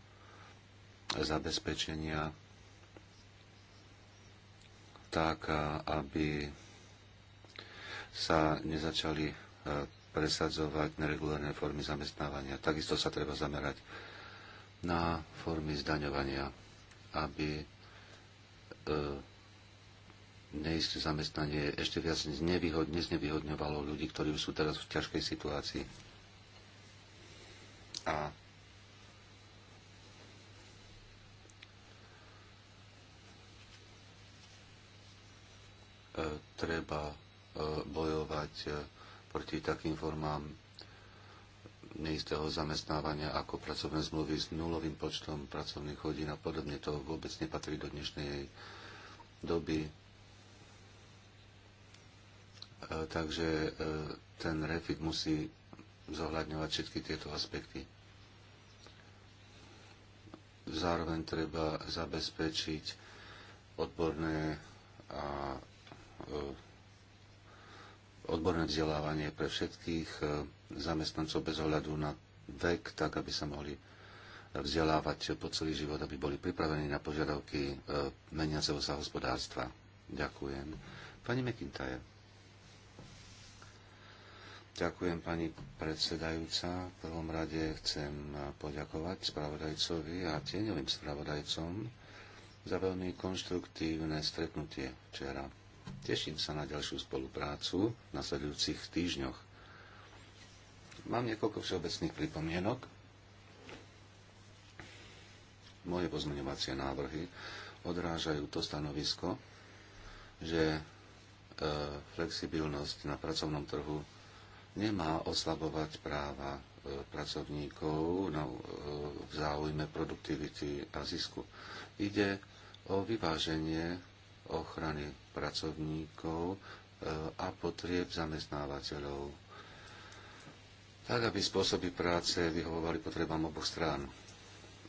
zabezpečenia tak, aby sa nezačali e, presadzovať neregulárne formy zamestnávania. Takisto sa treba zamerať na formy zdaňovania, aby e, neisté zamestnanie ešte viac znevýhodne, ľudí, ktorí sú teraz v ťažkej situácii. A treba e, bojovať e, proti takým formám neistého zamestnávania ako pracovné zmluvy s nulovým počtom pracovných hodín a podobne. To vôbec nepatrí do dnešnej doby. E, takže ten refit musí zohľadňovať všetky tieto aspekty. Zároveň treba zabezpečiť odborné a E, odborné vzdelávanie pre všetkých e, zamestnancov bez ohľadu na vek, tak aby sa mohli vzdelávať po celý život, aby boli pripravení na požiadavky e, meniaceho sa hospodárstva. Ďakujem. Pani McIntyre. Ďakujem, pani predsedajúca. V prvom rade chcem poďakovať spravodajcovi a tieňovým spravodajcom za veľmi konštruktívne stretnutie včera. Teším sa na ďalšiu spoluprácu v nasledujúcich týždňoch. Mám niekoľko všeobecných pripomienok. Moje pozmeňovacie návrhy odrážajú to stanovisko, že e, flexibilnosť na pracovnom trhu nemá oslabovať práva e, pracovníkov no, e, v záujme produktivity a zisku. Ide o vyváženie ochrany pracovníkov e, a potrieb zamestnávateľov, tak aby spôsoby práce vyhovovali potrebám oboch strán.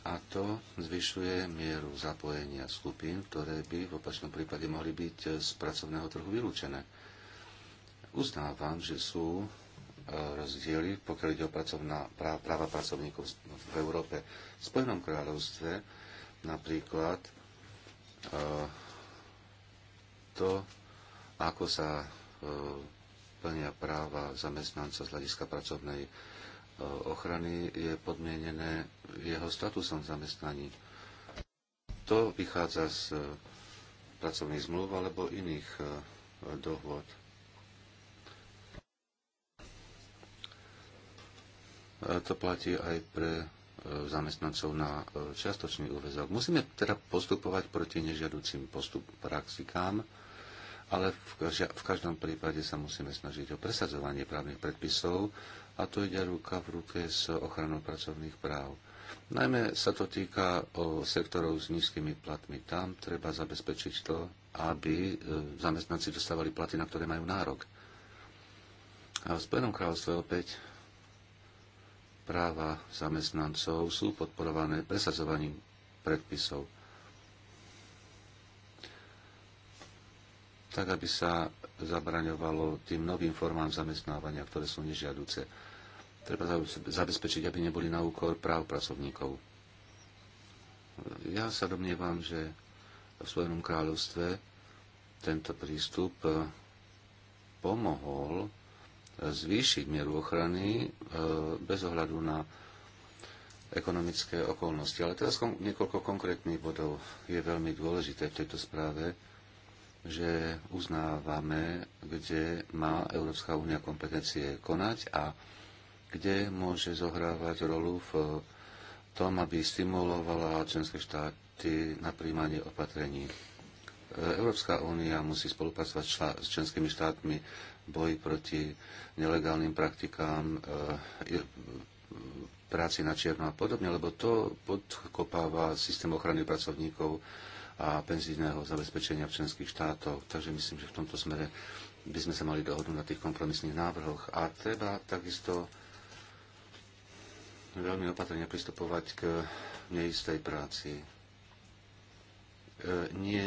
A to zvyšuje mieru zapojenia skupín, ktoré by v opačnom prípade mohli byť z pracovného trhu vylúčené. Uznávam, že sú e, rozdiely, pokiaľ ide o pracovná, práva pracovníkov v Európe. V Spojenom kráľovstve napríklad e, to, ako sa e, plnia práva zamestnanca z hľadiska pracovnej e, ochrany, je podmienené jeho statusom v zamestnaní. To vychádza z e, pracovných zmluv alebo iných dohôd. To platí aj pre zamestnancov na čiastočný úvezok. Musíme teda postupovať proti nežiaducim postup praxikám ale v, v každom prípade sa musíme snažiť o presadzovanie právnych predpisov a to ide ruka v ruke s ochranou pracovných práv. Najmä sa to týka o sektorov s nízkymi platmi. Tam treba zabezpečiť to, aby e, zamestnanci dostávali platy, na ktoré majú nárok. A v Spojenom kráľovstve opäť práva zamestnancov sú podporované presadzovaním predpisov. tak aby sa zabraňovalo tým novým formám zamestnávania, ktoré sú nežiaduce. Treba zabezpečiť, aby neboli na úkor práv pracovníkov. Ja sa domnievam, že v svojom kráľovstve tento prístup e, pomohol zvýšiť mieru ochrany e, bez ohľadu na ekonomické okolnosti. Ale teraz niekoľko konkrétnych bodov je veľmi dôležité v tejto správe že uznávame, kde má Európska únia kompetencie konať a kde môže zohrávať rolu v tom, aby stimulovala členské štáty na príjmanie opatrení. Európska únia musí spolupracovať s členskými štátmi v boji proti nelegálnym praktikám, eh, práci na čierno a podobne, lebo to podkopáva systém ochrany pracovníkov a penzijného zabezpečenia v členských štátoch. Takže myslím, že v tomto smere by sme sa mali dohodnúť na tých kompromisných návrhoch. A treba takisto veľmi opatrne pristupovať k neistej práci. E, nie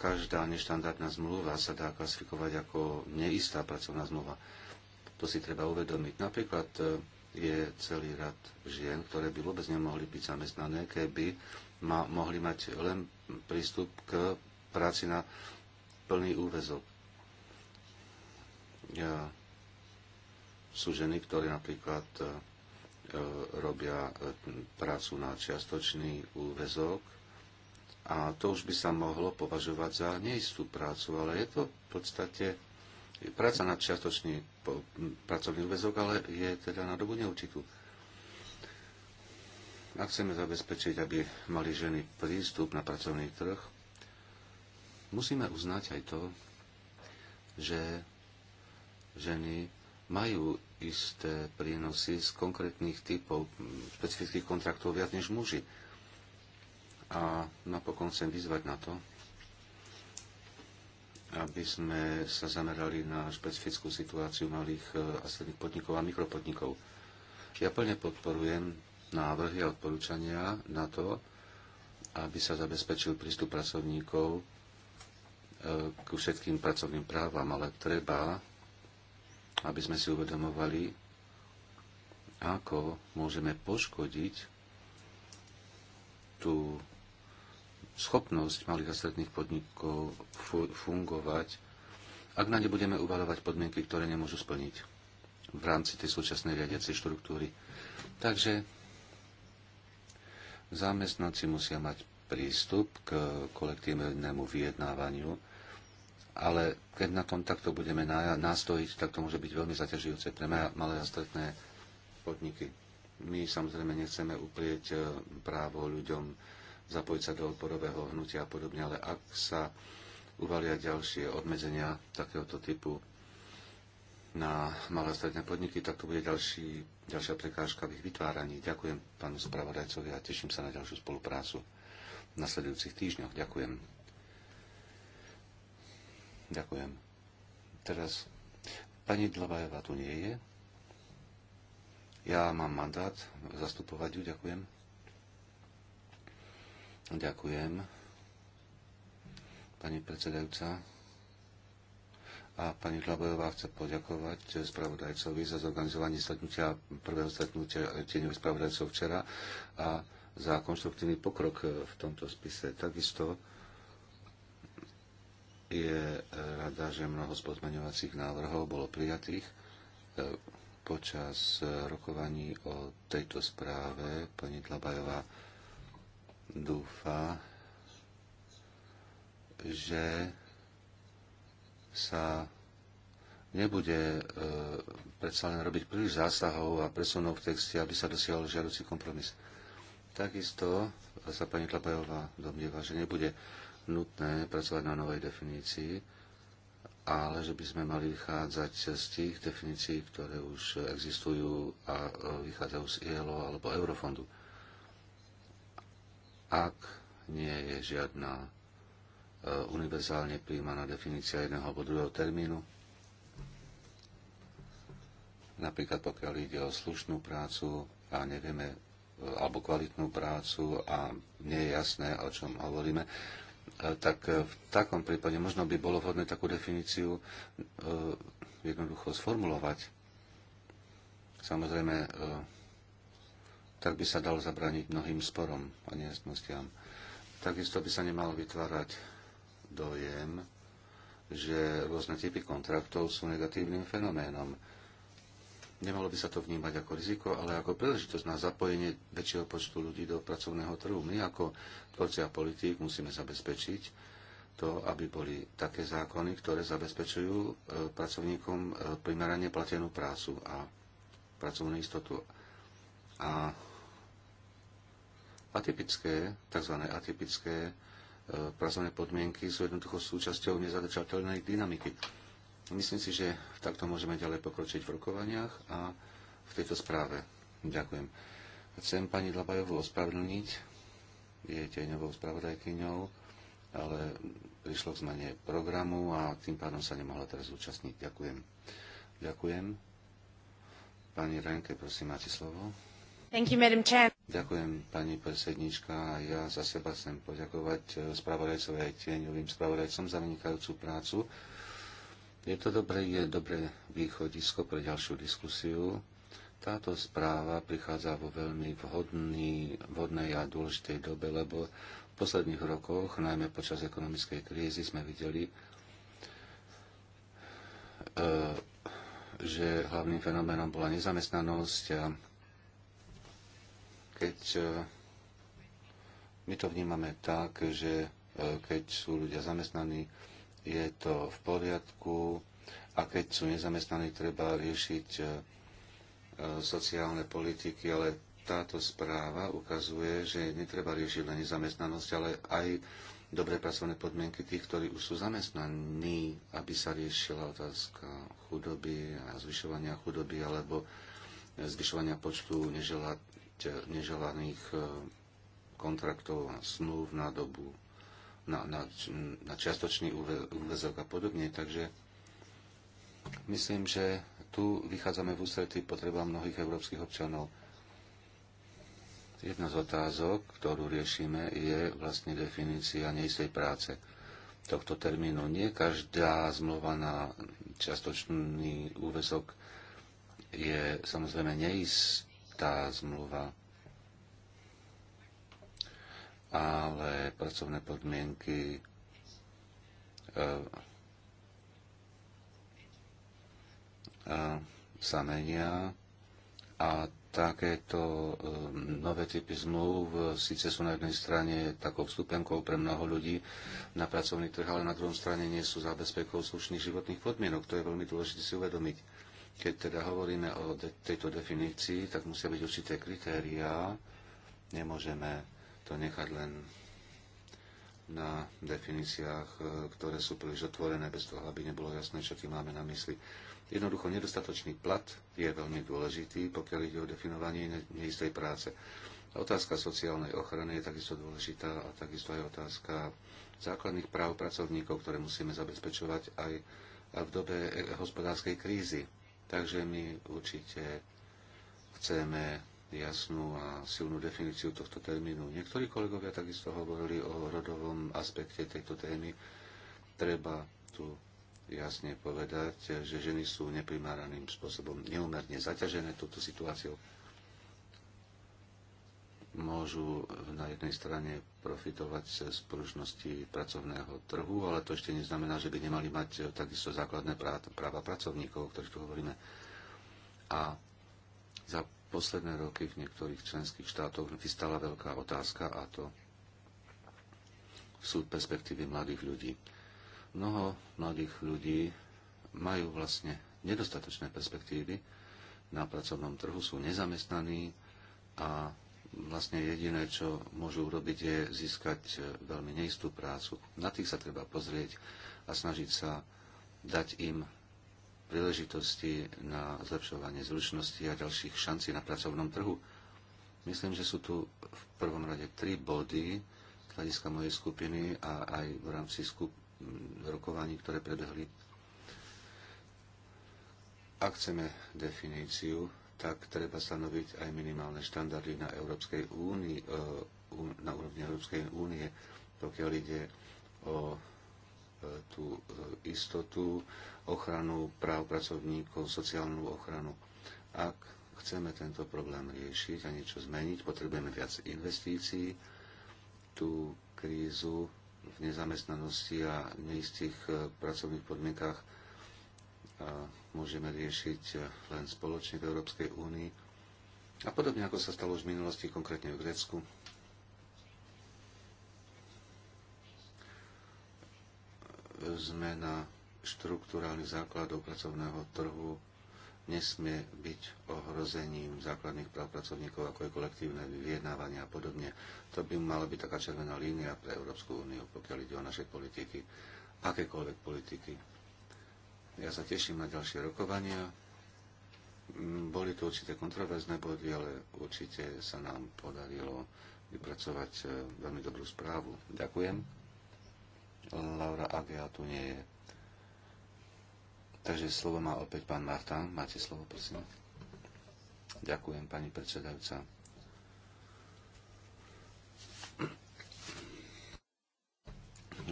každá neštandardná zmluva sa dá klasifikovať ako neistá pracovná zmluva. To si treba uvedomiť. Napríklad e, je celý rad žien, ktoré by vôbec nemohli byť zamestnané, keby ma, mohli mať len prístup k práci na plný úvezok. Ja, sú ženy, ktoré napríklad e, robia e, prácu na čiastočný úvezok a to už by sa mohlo považovať za neistú prácu, ale je to v podstate práca na čiastočný pracovný úvezok, ale je teda na dobu neurčitú. Ak chceme zabezpečiť, aby mali ženy prístup na pracovný trh, musíme uznať aj to, že ženy majú isté prínosy z konkrétnych typov špecifických kontraktov viac než muži. A napokon chcem vyzvať na to, aby sme sa zamerali na špecifickú situáciu malých eh, a stredných podnikov a mikropodnikov. Ja plne podporujem návrhy a odporúčania na to, aby sa zabezpečil prístup pracovníkov e, ku všetkým pracovným právam, ale treba, aby sme si uvedomovali, ako môžeme poškodiť tú schopnosť malých a stredných podnikov fungovať, ak na ne budeme uvalovať podmienky, ktoré nemôžu splniť v rámci tej súčasnej riadiacej štruktúry. Takže Zamestnanci musia mať prístup k kolektívnemu vyjednávaniu, ale keď na tom takto budeme nastojiť, tak to môže byť veľmi zaťažujúce pre malé a stredné podniky. My samozrejme nechceme uprieť e, právo ľuďom zapojiť sa do odporového hnutia a podobne, ale ak sa uvalia ďalšie obmedzenia takéhoto typu, na malé stredné podniky, tak to bude ďalší, ďalšia prekážka v ich vytváraní. Ďakujem pánu spravodajcovi a teším sa na ďalšiu spoluprácu v nasledujúcich týždňoch. Ďakujem. Ďakujem. Teraz pani Dlabajeva tu nie je. Ja mám mandát zastupovať ju. Ďakujem. Ďakujem. Pani predsedajúca, a pani Dlabojová chce poďakovať spravodajcovi za zorganizovanie stretnutia, prvého stretnutia tieňových spravodajcov včera a za konštruktívny pokrok v tomto spise. Takisto je rada, že mnoho z pozmeňovacích návrhov bolo prijatých e, počas rokovaní o tejto správe. Pani Tlabajová dúfa, že sa nebude e, predsa len robiť príliš zásahov a presunov v texte, aby sa dosiahol žiaduci kompromis. Takisto sa pani Klapajová domnieva, že nebude nutné pracovať na novej definícii, ale že by sme mali vychádzať z tých definícií, ktoré už existujú a e, vychádzajú z ILO alebo Eurofondu. Ak nie je žiadna E, univerzálne príjmaná definícia jedného alebo druhého termínu. Napríklad pokiaľ ide o slušnú prácu a nevieme, e, alebo kvalitnú prácu a nie je jasné, o čom hovoríme, e, tak v takom prípade možno by bolo vhodné takú definíciu jednoducho sformulovať. Samozrejme, tak by sa dalo zabrániť mnohým sporom a nejasnostiam. Takisto by sa nemalo vytvárať dojem, že rôzne typy kontraktov sú negatívnym fenoménom. Nemalo by sa to vnímať ako riziko, ale ako príležitosť na zapojenie väčšieho počtu ľudí do pracovného trhu. My ako tvorci a politík musíme zabezpečiť to, aby boli také zákony, ktoré zabezpečujú e, pracovníkom e, primerane platenú prácu a pracovnú istotu. A atypické, tzv. atypické pracovné podmienky sú jednoducho súčasťou nezadržateľnej dynamiky. Myslím si, že takto môžeme ďalej pokročiť v rokovaniach a v tejto správe. Ďakujem. Chcem pani Dlabajovu ospravedlniť, je tieňovou spravodajkyňou, ale prišlo k zmene programu a tým pádom sa nemohla teraz zúčastniť. Ďakujem. Ďakujem. Pani Renke, prosím, máte slovo. Thank you, Madam Chair. Ďakujem, pani predsednička. Ja za seba chcem poďakovať e, spravodajcovi aj tieňovým spravodajcom za vynikajúcu prácu. Je to dobré, je dobré východisko pre ďalšiu diskusiu. Táto správa prichádza vo veľmi vhodný, vhodnej a dôležitej dobe, lebo v posledných rokoch, najmä počas ekonomickej krízy, sme videli, e, že hlavným fenoménom bola nezamestnanosť a keď e, my to vnímame tak, že e, keď sú ľudia zamestnaní, je to v poriadku a keď sú nezamestnaní, treba riešiť e, sociálne politiky, ale táto správa ukazuje, že netreba riešiť len nezamestnanosť, ale aj dobré pracovné podmienky tých, ktorí už sú zamestnaní, aby sa riešila otázka chudoby a zvyšovania chudoby alebo zvyšovania počtu neželaných e, kontraktov a snúv na dobu, na, na, na čiastočný úvezok a podobne. Takže myslím, že tu vychádzame v ústretí potreba mnohých európskych občanov. Jedna z otázok, ktorú riešime, je vlastne definícia neistej práce tohto termínu. Nie každá zmluva na čiastočný úvezok je samozrejme neist tá zmluva, ale pracovné podmienky eh, eh, sa menia a takéto eh, nové typy zmluv síce sú na jednej strane takou vstupenkou pre mnoho ľudí na pracovný trh, ale na druhom strane nie sú zabezpekou slušných životných podmienok. To je veľmi dôležité si uvedomiť. Keď teda hovoríme o de- tejto definícii, tak musia byť určité kritériá. Nemôžeme to nechať len na definíciách, e, ktoré sú príliš otvorené, bez toho, aby nebolo jasné, čo tým máme na mysli. Jednoducho, nedostatočný plat je veľmi dôležitý, pokiaľ ide o definovanie neistej práce. A otázka sociálnej ochrany je takisto dôležitá a takisto aj otázka základných práv pracovníkov, ktoré musíme zabezpečovať aj v dobe e- e- hospodárskej krízy. Takže my určite chceme jasnú a silnú definíciu tohto termínu. Niektorí kolegovia takisto hovorili o rodovom aspekte tejto témy. Treba tu jasne povedať, že ženy sú neprimáraným spôsobom neumerne zaťažené túto situáciou môžu na jednej strane profitovať z pružnosti pracovného trhu, ale to ešte neznamená, že by nemali mať e, takisto základné práva pracovníkov, o ktorých tu hovoríme. A za posledné roky v niektorých členských štátoch vystala veľká otázka a to sú perspektívy mladých ľudí. Mnoho mladých ľudí majú vlastne nedostatočné perspektívy na pracovnom trhu, sú nezamestnaní a vlastne jediné, čo môžu urobiť, je získať e, veľmi neistú prácu. Na tých sa treba pozrieť a snažiť sa dať im príležitosti na zlepšovanie zručnosti a ďalších šancí na pracovnom trhu. Myslím, že sú tu v prvom rade tri body z hľadiska mojej skupiny a aj v rámci skup- rokovaní, ktoré prebehli. Ak chceme definíciu tak treba stanoviť aj minimálne štandardy na Európskej únii, e, na úrovni Európskej únie, pokiaľ ide o e, tú e, istotu, ochranu práv pracovníkov, sociálnu ochranu. Ak chceme tento problém riešiť a niečo zmeniť, potrebujeme viac investícií. Tú krízu v nezamestnanosti a neistých pracovných podmienkách môžeme riešiť e, len spoločne v Európskej únii. A podobne ako sa stalo už v minulosti, konkrétne v Grécku, zmena štruktúrálnych základov pracovného trhu nesmie byť ohrozením základných práv pracovníkov, ako je kolektívne vyjednávanie a podobne. To by mala byť taká červená línia pre Európsku úniu, pokiaľ ide o naše politiky, akékoľvek politiky. Ja sa teším na ďalšie rokovania. Mm, boli to určité kontroverzné body, ale určite sa nám podarilo vypracovať e, veľmi dobrú správu. Ďakujem. Laura Agia tu nie je. Takže slovo má opäť pán Martán. Máte slovo, prosím. Ďakujem, pani predsedajúca.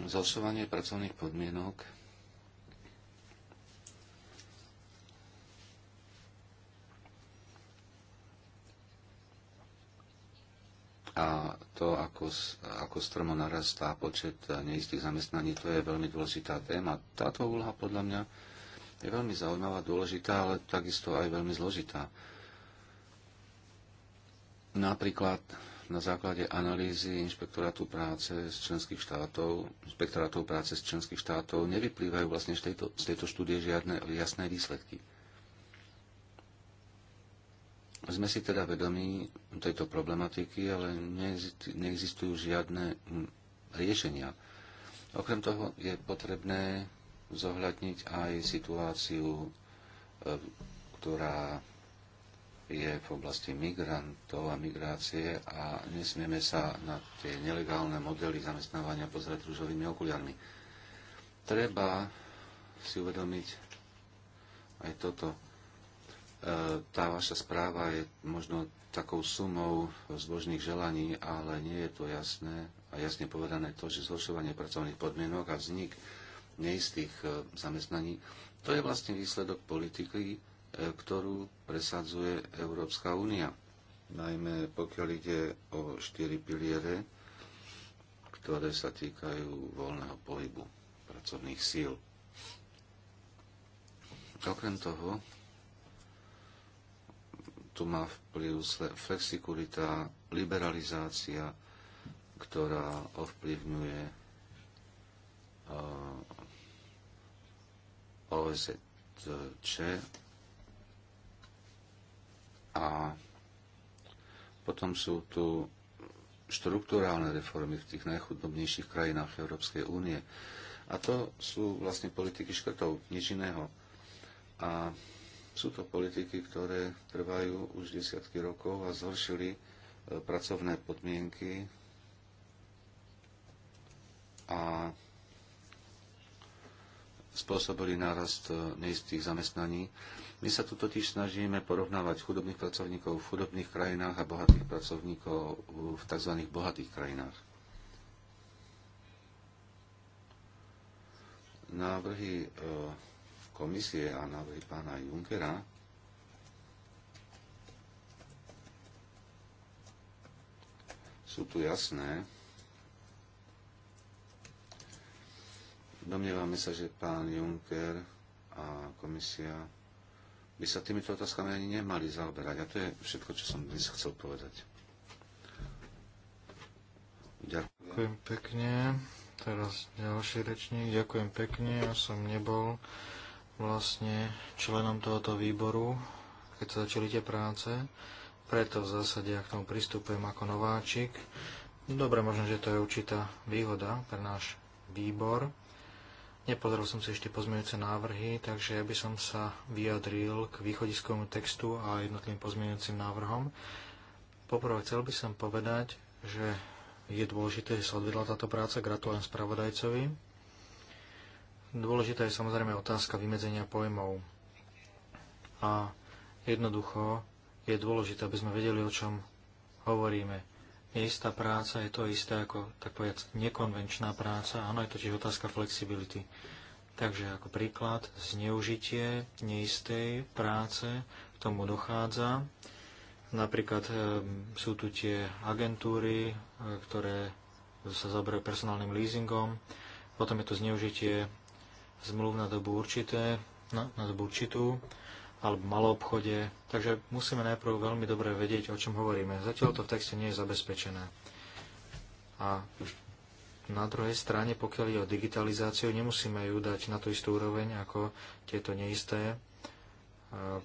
Zhoršovanie pracovných podmienok to, ako, ako stromo narastá počet neistých zamestnaní, to je veľmi dôležitá téma. Táto úloha podľa mňa je veľmi zaujímavá, dôležitá, ale takisto aj veľmi zložitá. Napríklad na základe analýzy inšpektorátu práce z členských štátov, inšpektorátov práce z členských štátov nevyplývajú vlastne z tejto, z tejto štúdie žiadne jasné výsledky. Sme si teda vedomí tejto problematiky, ale neexistujú žiadne hm, riešenia. Okrem toho je potrebné zohľadniť aj situáciu, e, ktorá je v oblasti migrantov a migrácie a nesmieme sa na tie nelegálne modely zamestnávania pozerať rúžovými okuliarmi. Treba si uvedomiť aj toto. E, tá vaša správa je možno takou sumou zbožných želaní, ale nie je to jasné a jasne povedané to, že zhoršovanie pracovných podmienok a vznik neistých e, zamestnaní, to je vlastne výsledok politiky, e, ktorú presadzuje Európska únia. Najmä pokiaľ ide o štyri piliere, ktoré sa týkajú voľného pohybu pracovných síl. Okrem toho, tu má vplyv flexikurita, liberalizácia, ktorá ovplyvňuje eh, OZČ e a potom sú tu štruktúrálne reformy v tých najchudobnejších krajinách Európskej únie. A to sú vlastne politiky škrtov, nič iného. A sú to politiky, ktoré trvajú už desiatky rokov a zhoršili e, pracovné podmienky a spôsobili nárast e, neistých zamestnaní. My sa tu totiž snažíme porovnávať chudobných pracovníkov v chudobných krajinách a bohatých pracovníkov v tzv. bohatých krajinách. Návrhy e, komisie a návrhy pána Junkera, sú tu jasné. Domnievame sa, že pán Juncker a komisia by sa týmito otázkami ani nemali zaoberať. A to je všetko, čo som dnes chcel povedať. Ďakujem. Ďakujem pekne. Teraz ďalší rečník. Ďakujem pekne. Ja som nebol vlastne členom tohoto výboru, keď sa začali tie práce, preto v zásade ja k tomu pristupujem ako nováčik. Dobre, možno, že to je určitá výhoda pre náš výbor. Nepozrel som si ešte pozmeňujúce návrhy, takže ja by som sa vyjadril k východiskovému textu a jednotlivým pozmeňujúcim návrhom. Poprvé chcel by som povedať, že je dôležité, že sa odvedla táto práca. Gratulujem spravodajcovi. Dôležitá je samozrejme otázka vymedzenia pojmov. A jednoducho je dôležité, aby sme vedeli, o čom hovoríme. Neistá práca je to isté ako, tak povedať, nekonvenčná práca. Áno, je to tiež otázka flexibility. Takže ako príklad, zneužitie neistej práce k tomu dochádza. Napríklad e, sú tu tie agentúry, e, ktoré sa zaberajú personálnym leasingom. Potom je to zneužitie zmluv na dobu určité, na, na dobu určitú, alebo malou obchode. Takže musíme najprv veľmi dobre vedieť, o čom hovoríme. Zatiaľ to v texte nie je zabezpečené. A na druhej strane, pokiaľ je o digitalizáciu, nemusíme ju dať na tú istú úroveň ako tieto neisté e,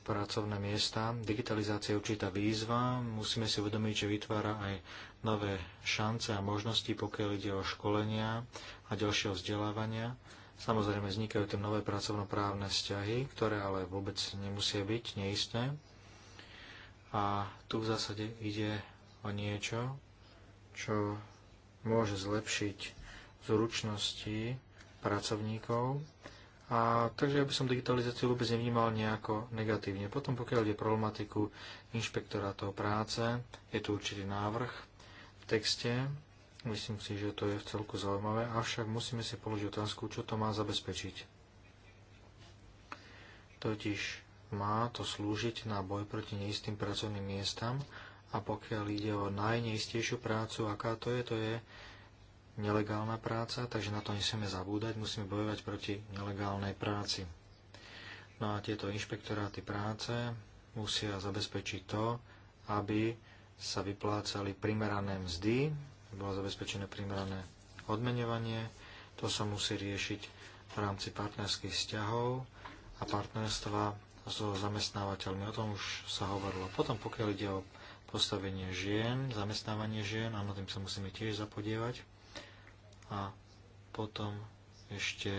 pracovné miesta. Digitalizácia je určitá výzva, musíme si uvedomiť, že vytvára aj nové šance a možnosti, pokiaľ ide o školenia a ďalšieho vzdelávania. Samozrejme vznikajú tam nové pracovnoprávne vzťahy, ktoré ale vôbec nemusia byť neistné. A tu v zásade ide o niečo, čo môže zlepšiť zručnosti pracovníkov. A takže ja by som digitalizáciu vôbec nevnímal nejako negatívne. Potom pokiaľ ide problematiku inšpektorátov práce, je tu určitý návrh v texte, Myslím si, že to je v celku zaujímavé, avšak musíme si položiť otázku, čo to má zabezpečiť. Totiž má to slúžiť na boj proti neistým pracovným miestam a pokiaľ ide o najneistejšiu prácu, aká to je, to je nelegálna práca, takže na to nesmieme zabúdať, musíme bojovať proti nelegálnej práci. No a tieto inšpektoráty práce musia zabezpečiť to, aby sa vyplácali primerané mzdy bolo zabezpečené primerané odmenovanie. To sa musí riešiť v rámci partnerských vzťahov a partnerstva so zamestnávateľmi. O tom už sa hovorilo. Potom, pokiaľ ide o postavenie žien, zamestnávanie žien, áno, tým sa musíme tiež zapodievať. A potom ešte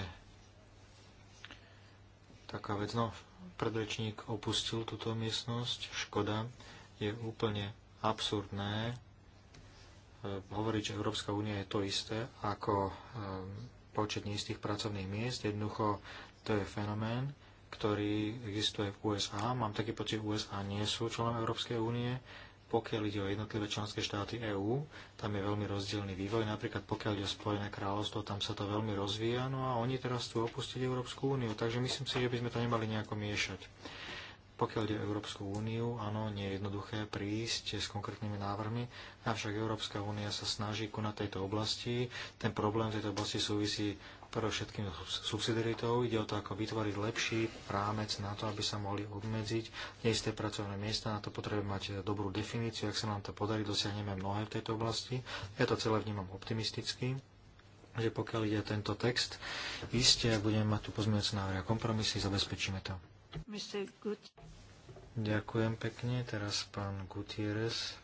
taká vec, no, predrečník opustil túto miestnosť, škoda, je úplne absurdné, E, hovoriť, že Európska únia je to isté ako e, počet neistých pracovných miest. Jednoducho to je fenomén, ktorý existuje v USA. Mám taký pocit, že USA nie sú členom Európskej únie. Pokiaľ ide o jednotlivé členské štáty EÚ, tam je veľmi rozdielný vývoj. Napríklad pokiaľ ide o Spojené kráľovstvo, tam sa to veľmi rozvíja. No a oni teraz chcú opustiť Európsku úniu, takže myslím si, že by sme to nemali nejako miešať. Pokiaľ ide o Európsku úniu, áno, nie je jednoduché prísť s konkrétnymi návrhmi, avšak Európska únia sa snaží konať tejto oblasti. Ten problém v tejto oblasti súvisí pre všetkým subsidiaritou. Ide o to, ako vytvoriť lepší rámec na to, aby sa mohli obmedziť neisté pracovné miesta. Na to potrebujeme mať dobrú definíciu. Ak sa nám to podarí, dosiahneme mnohé v tejto oblasti. Ja to celé vnímam optimisticky že pokiaľ ide tento text, iste budeme mať tu pozmeňujúce návrhy a kompromisy, zabezpečíme to. Ďakujem pekne. Teraz pán Gutierrez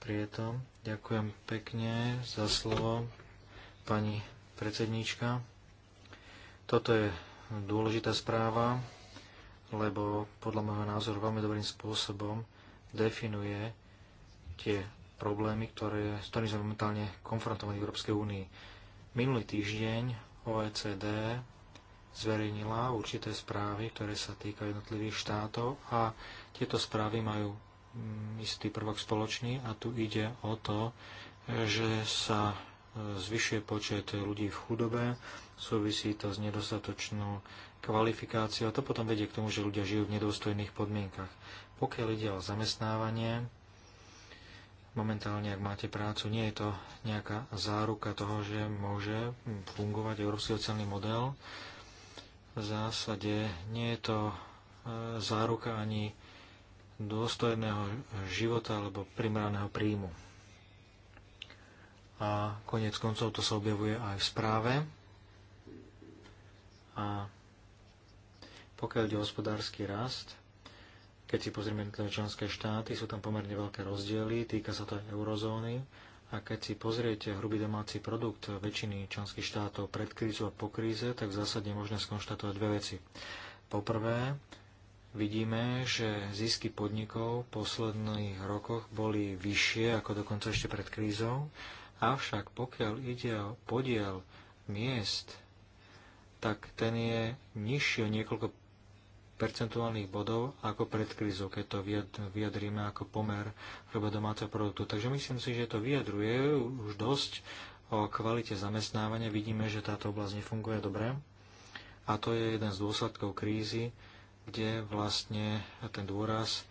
prietom. Ďakujem pekne za slovo, pani predsedníčka. Toto je dôležitá správa, lebo podľa môjho názoru veľmi dobrým spôsobom definuje tie problémy, ktoré, s ktorými sme momentálne konfrontovaní v Európskej únii. Minulý týždeň OECD zverejnila určité správy, ktoré sa týkajú jednotlivých štátov a tieto správy majú mm, istý prvok spoločný a tu ide o to, že sa e, zvyšuje počet ľudí v chudobe, súvisí to s nedostatočnou kvalifikáciou a to potom vedie k tomu, že ľudia žijú v nedôstojných podmienkach. Pokiaľ ide o zamestnávanie, momentálne, ak máte prácu, nie je to nejaká záruka toho, že môže mm, fungovať európsky sociálny model v zásade nie je to e, záruka ani dôstojného života alebo primeraného príjmu. A konec koncov to sa objavuje aj v správe. A pokiaľ ide hospodársky rast, keď si pozrieme členské štáty, sú tam pomerne veľké rozdiely, týka sa to aj eurozóny, a keď si pozriete hrubý domáci produkt väčšiny členských štátov pred krízou a po kríze, tak v zásade je možné skonštatovať dve veci. Poprvé, vidíme, že zisky podnikov v posledných rokoch boli vyššie ako dokonca ešte pred krízou, avšak pokiaľ ide o podiel miest, tak ten je nižší o niekoľko percentuálnych bodov ako pred krízou, keď to vyjadríme ako pomer hrubého domáceho produktu. Takže myslím si, že to vyjadruje už dosť o kvalite zamestnávania. Vidíme, že táto oblasť nefunguje dobre a to je jeden z dôsledkov krízy, kde vlastne ten dôraz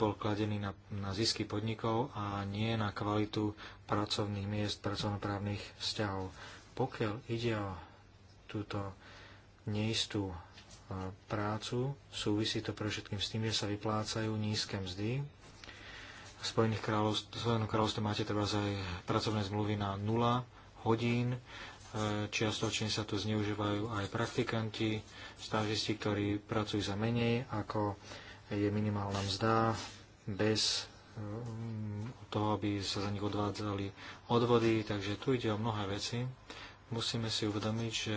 bol kladený na, na zisky podnikov a nie na kvalitu pracovných miest, pracovnoprávnych vzťahov. Pokiaľ ide o túto neistú prácu. Súvisí to pre všetkým s tým, že sa vyplácajú nízke mzdy. V Spojených kráľovstv, kráľovstve máte treba aj pracovné zmluvy na 0 hodín. E, Čiastočne sa tu zneužívajú aj praktikanti, stážisti, ktorí pracujú za menej, ako je minimálna mzda, bez e, toho, aby sa za nich odvádzali odvody, takže tu ide o mnohé veci. Musíme si uvedomiť, že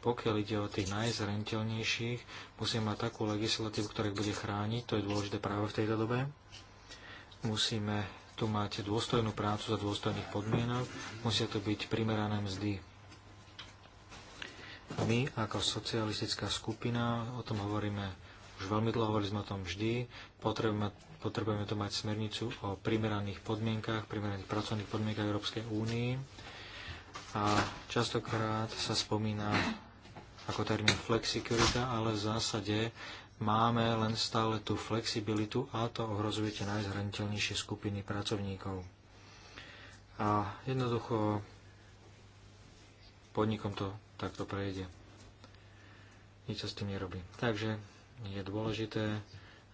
pokiaľ ide o tých najzraniteľnejších, musíme mať takú legislatívu, ktorá bude chrániť, to je dôležité práve v tejto dobe. Musíme tu mať dôstojnú prácu za dôstojných podmienok, musia to byť primerané mzdy. My ako socialistická skupina o tom hovoríme už veľmi dlho, hovorili sme o tom vždy, potrebujeme, potrebujeme tu mať smernicu o primeraných podmienkach, primeraných pracovných podmienkach Európskej únii a častokrát sa spomína ako termín flexikurita, ale v zásade máme len stále tú flexibilitu a to ohrozuje tie najzhraniteľnejšie skupiny pracovníkov. A jednoducho podnikom to takto prejde. Nič sa s tým nerobí. Takže je dôležité,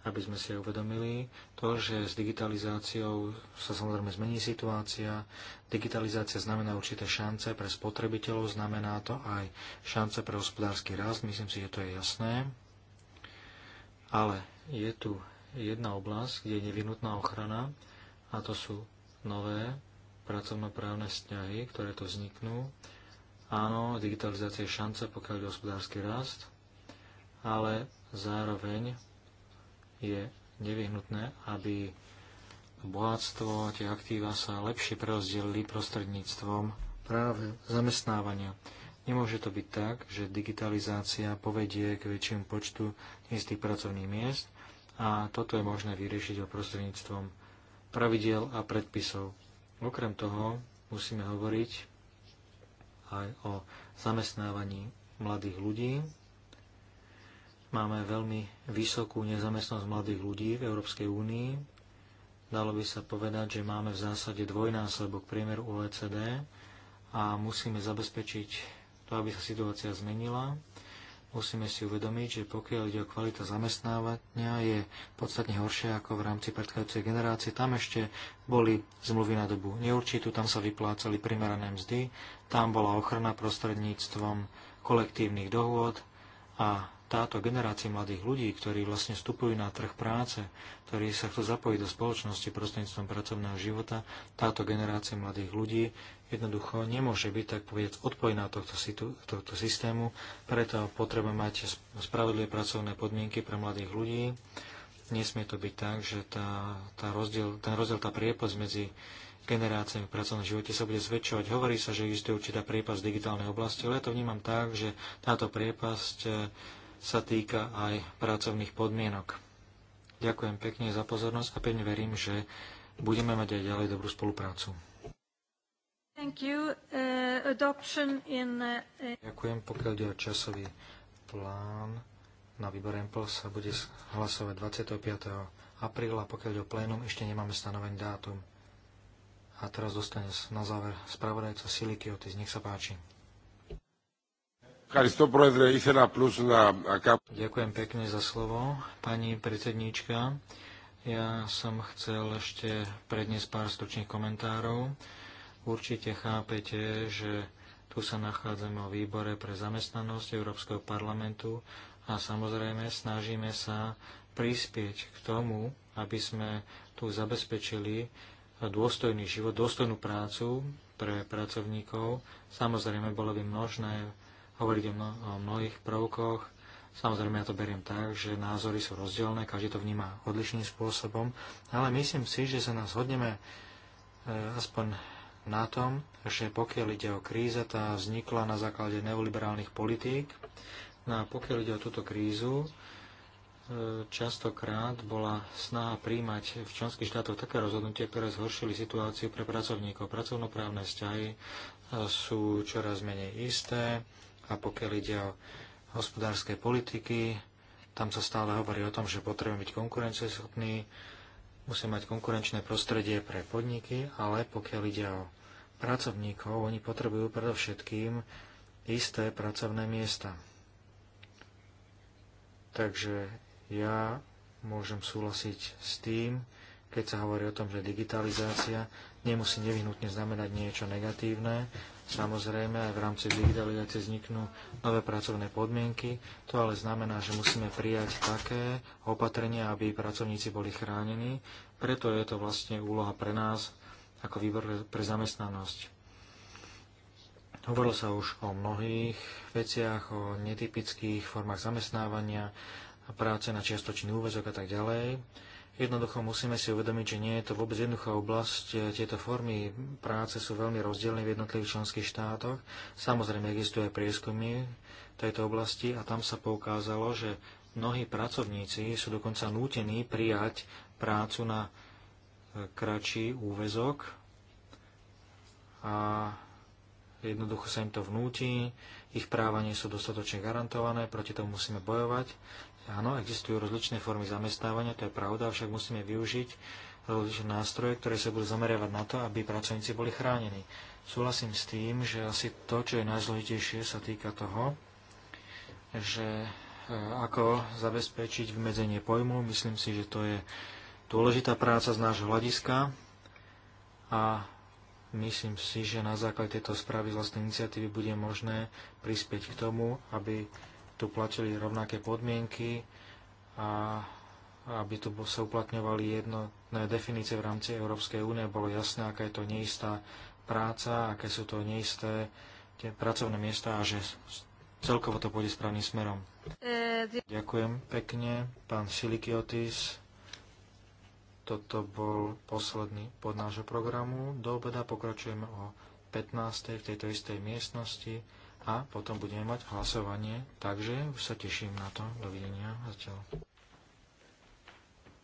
aby sme si uvedomili to, že s digitalizáciou sa samozrejme zmení situácia, Digitalizácia znamená určité šance pre spotrebiteľov, znamená to aj šance pre hospodársky rast, myslím si, že to je jasné. Ale je tu jedna oblasť, kde je nevinutná ochrana a to sú nové pracovnoprávne vzťahy, ktoré tu vzniknú. Áno, digitalizácia je šance, pokiaľ je hospodársky rast, ale zároveň je nevyhnutné, aby bohatstvo, a tie aktíva sa lepšie prerozdelili prostredníctvom práve zamestnávania. Nemôže to byť tak, že digitalizácia povedie k väčšiemu počtu istých pracovných miest a toto je možné vyriešiť prostredníctvom pravidel a predpisov. Okrem toho musíme hovoriť aj o zamestnávaní mladých ľudí. Máme veľmi vysokú nezamestnosť mladých ľudí v Európskej únii, Dalo by sa povedať, že máme v zásade dvojnásobok priemeru OECD a musíme zabezpečiť to, aby sa situácia zmenila. Musíme si uvedomiť, že pokiaľ ide o kvalita zamestnávania, je podstatne horšia ako v rámci predchádzajúcej generácie. Tam ešte boli zmluvy na dobu neurčitú, tam sa vyplácali primerané mzdy, tam bola ochrana prostredníctvom kolektívnych dohôd a táto generácia mladých ľudí, ktorí vlastne vstupujú na trh práce, ktorí sa chcú zapojiť do spoločnosti prostredníctvom pracovného života, táto generácia mladých ľudí jednoducho nemôže byť, tak povedať, odpojená tohto, situ, tohto systému, preto potreba mať spravodlivé pracovné podmienky pre mladých ľudí. Nesmie to byť tak, že tá, tá rozdiel, ten rozdiel, tá priepas medzi generáciami v pracovnom živote sa bude zväčšovať. Hovorí sa, že existuje určitá priepasť v digitálnej oblasti, ale ja to vnímam tak, že táto priepasť sa týka aj pracovných podmienok. Ďakujem pekne za pozornosť a pevne verím, že budeme mať aj ďalej dobrú spoluprácu. Thank you. Uh, adoption in, uh, Ďakujem, pokiaľ ide o časový plán. Na výbor EMPL sa bude hlasovať 25. apríla, pokiaľ ide o plénum, ešte nemáme stanovený dátum. A teraz dostane na záver spravodajca Silikiotis. Nech sa páči. Ďakujem pekne za slovo, pani predsedníčka. Ja som chcel ešte predniesť pár stručných komentárov. Určite chápete, že tu sa nachádzame o výbore pre zamestnanosť Európskeho parlamentu a samozrejme snažíme sa prispieť k tomu, aby sme tu zabezpečili dôstojný život, dôstojnú prácu pre pracovníkov. Samozrejme, bolo by možné hovoriť o, mno, o mnohých prvkoch. Samozrejme, ja to beriem tak, že názory sú rozdielne, každý to vníma odlišným spôsobom, ale myslím si, že sa nás hodneme e, aspoň na tom, že pokiaľ ide o kríza, tá vznikla na základe neoliberálnych politík. No a pokiaľ ide o túto krízu, e, častokrát bola snaha príjmať v členských štátoch také rozhodnutie, ktoré zhoršili situáciu pre pracovníkov. Pracovnoprávne vzťahy e, sú čoraz menej isté, a pokiaľ ide o hospodárske politiky, tam sa stále hovorí o tom, že potrebujeme byť konkurencieschopní, musíme mať konkurenčné prostredie pre podniky, ale pokiaľ ide o pracovníkov, oni potrebujú predovšetkým isté pracovné miesta. Takže ja môžem súhlasiť s tým, keď sa hovorí o tom, že digitalizácia nemusí nevyhnutne znamenať niečo negatívne, Samozrejme, aj v rámci digitalizácie vzniknú nové pracovné podmienky. To ale znamená, že musíme prijať také opatrenia, aby pracovníci boli chránení. Preto je to vlastne úloha pre nás ako výbor pre zamestnanosť. Hovorilo sa už o mnohých veciach, o netypických formách zamestnávania, práce na čiastočný úvezok a tak ďalej. Jednoducho musíme si uvedomiť, že nie je to vôbec jednoduchá oblasť. E, tieto formy práce sú veľmi rozdielne v jednotlivých členských štátoch. Samozrejme existujú aj prieskumy tejto oblasti a tam sa poukázalo, že mnohí pracovníci sú dokonca nútení prijať prácu na e, kratší úvezok a jednoducho sa im to vnúti, ich práva nie sú dostatočne garantované, proti tomu musíme bojovať. Áno, existujú rozličné formy zamestnávania, to je pravda, avšak musíme využiť rozličné nástroje, ktoré sa budú zameriavať na to, aby pracovníci boli chránení. Súhlasím s tým, že asi to, čo je najzložitejšie, sa týka toho, že e, ako zabezpečiť vymedzenie pojmu. Myslím si, že to je dôležitá práca z nášho hľadiska a myslím si, že na základe tejto správy z vlastnej iniciatívy bude možné prispieť k tomu, aby tu platili rovnaké podmienky a aby tu sa uplatňovali jednotné definície v rámci Európskej únie, bolo jasné, aká je to neistá práca, aké sú to neisté tie pracovné miesta a že celkovo to pôjde správnym smerom. Eh, Ďakujem pekne, pán Silikiotis. Toto bol posledný pod nášho programu. Do obeda pokračujeme o 15. v tejto istej miestnosti a potom budeme mať hlasovanie, takže už sa teším na to. Dovidenia. Zatiaľ.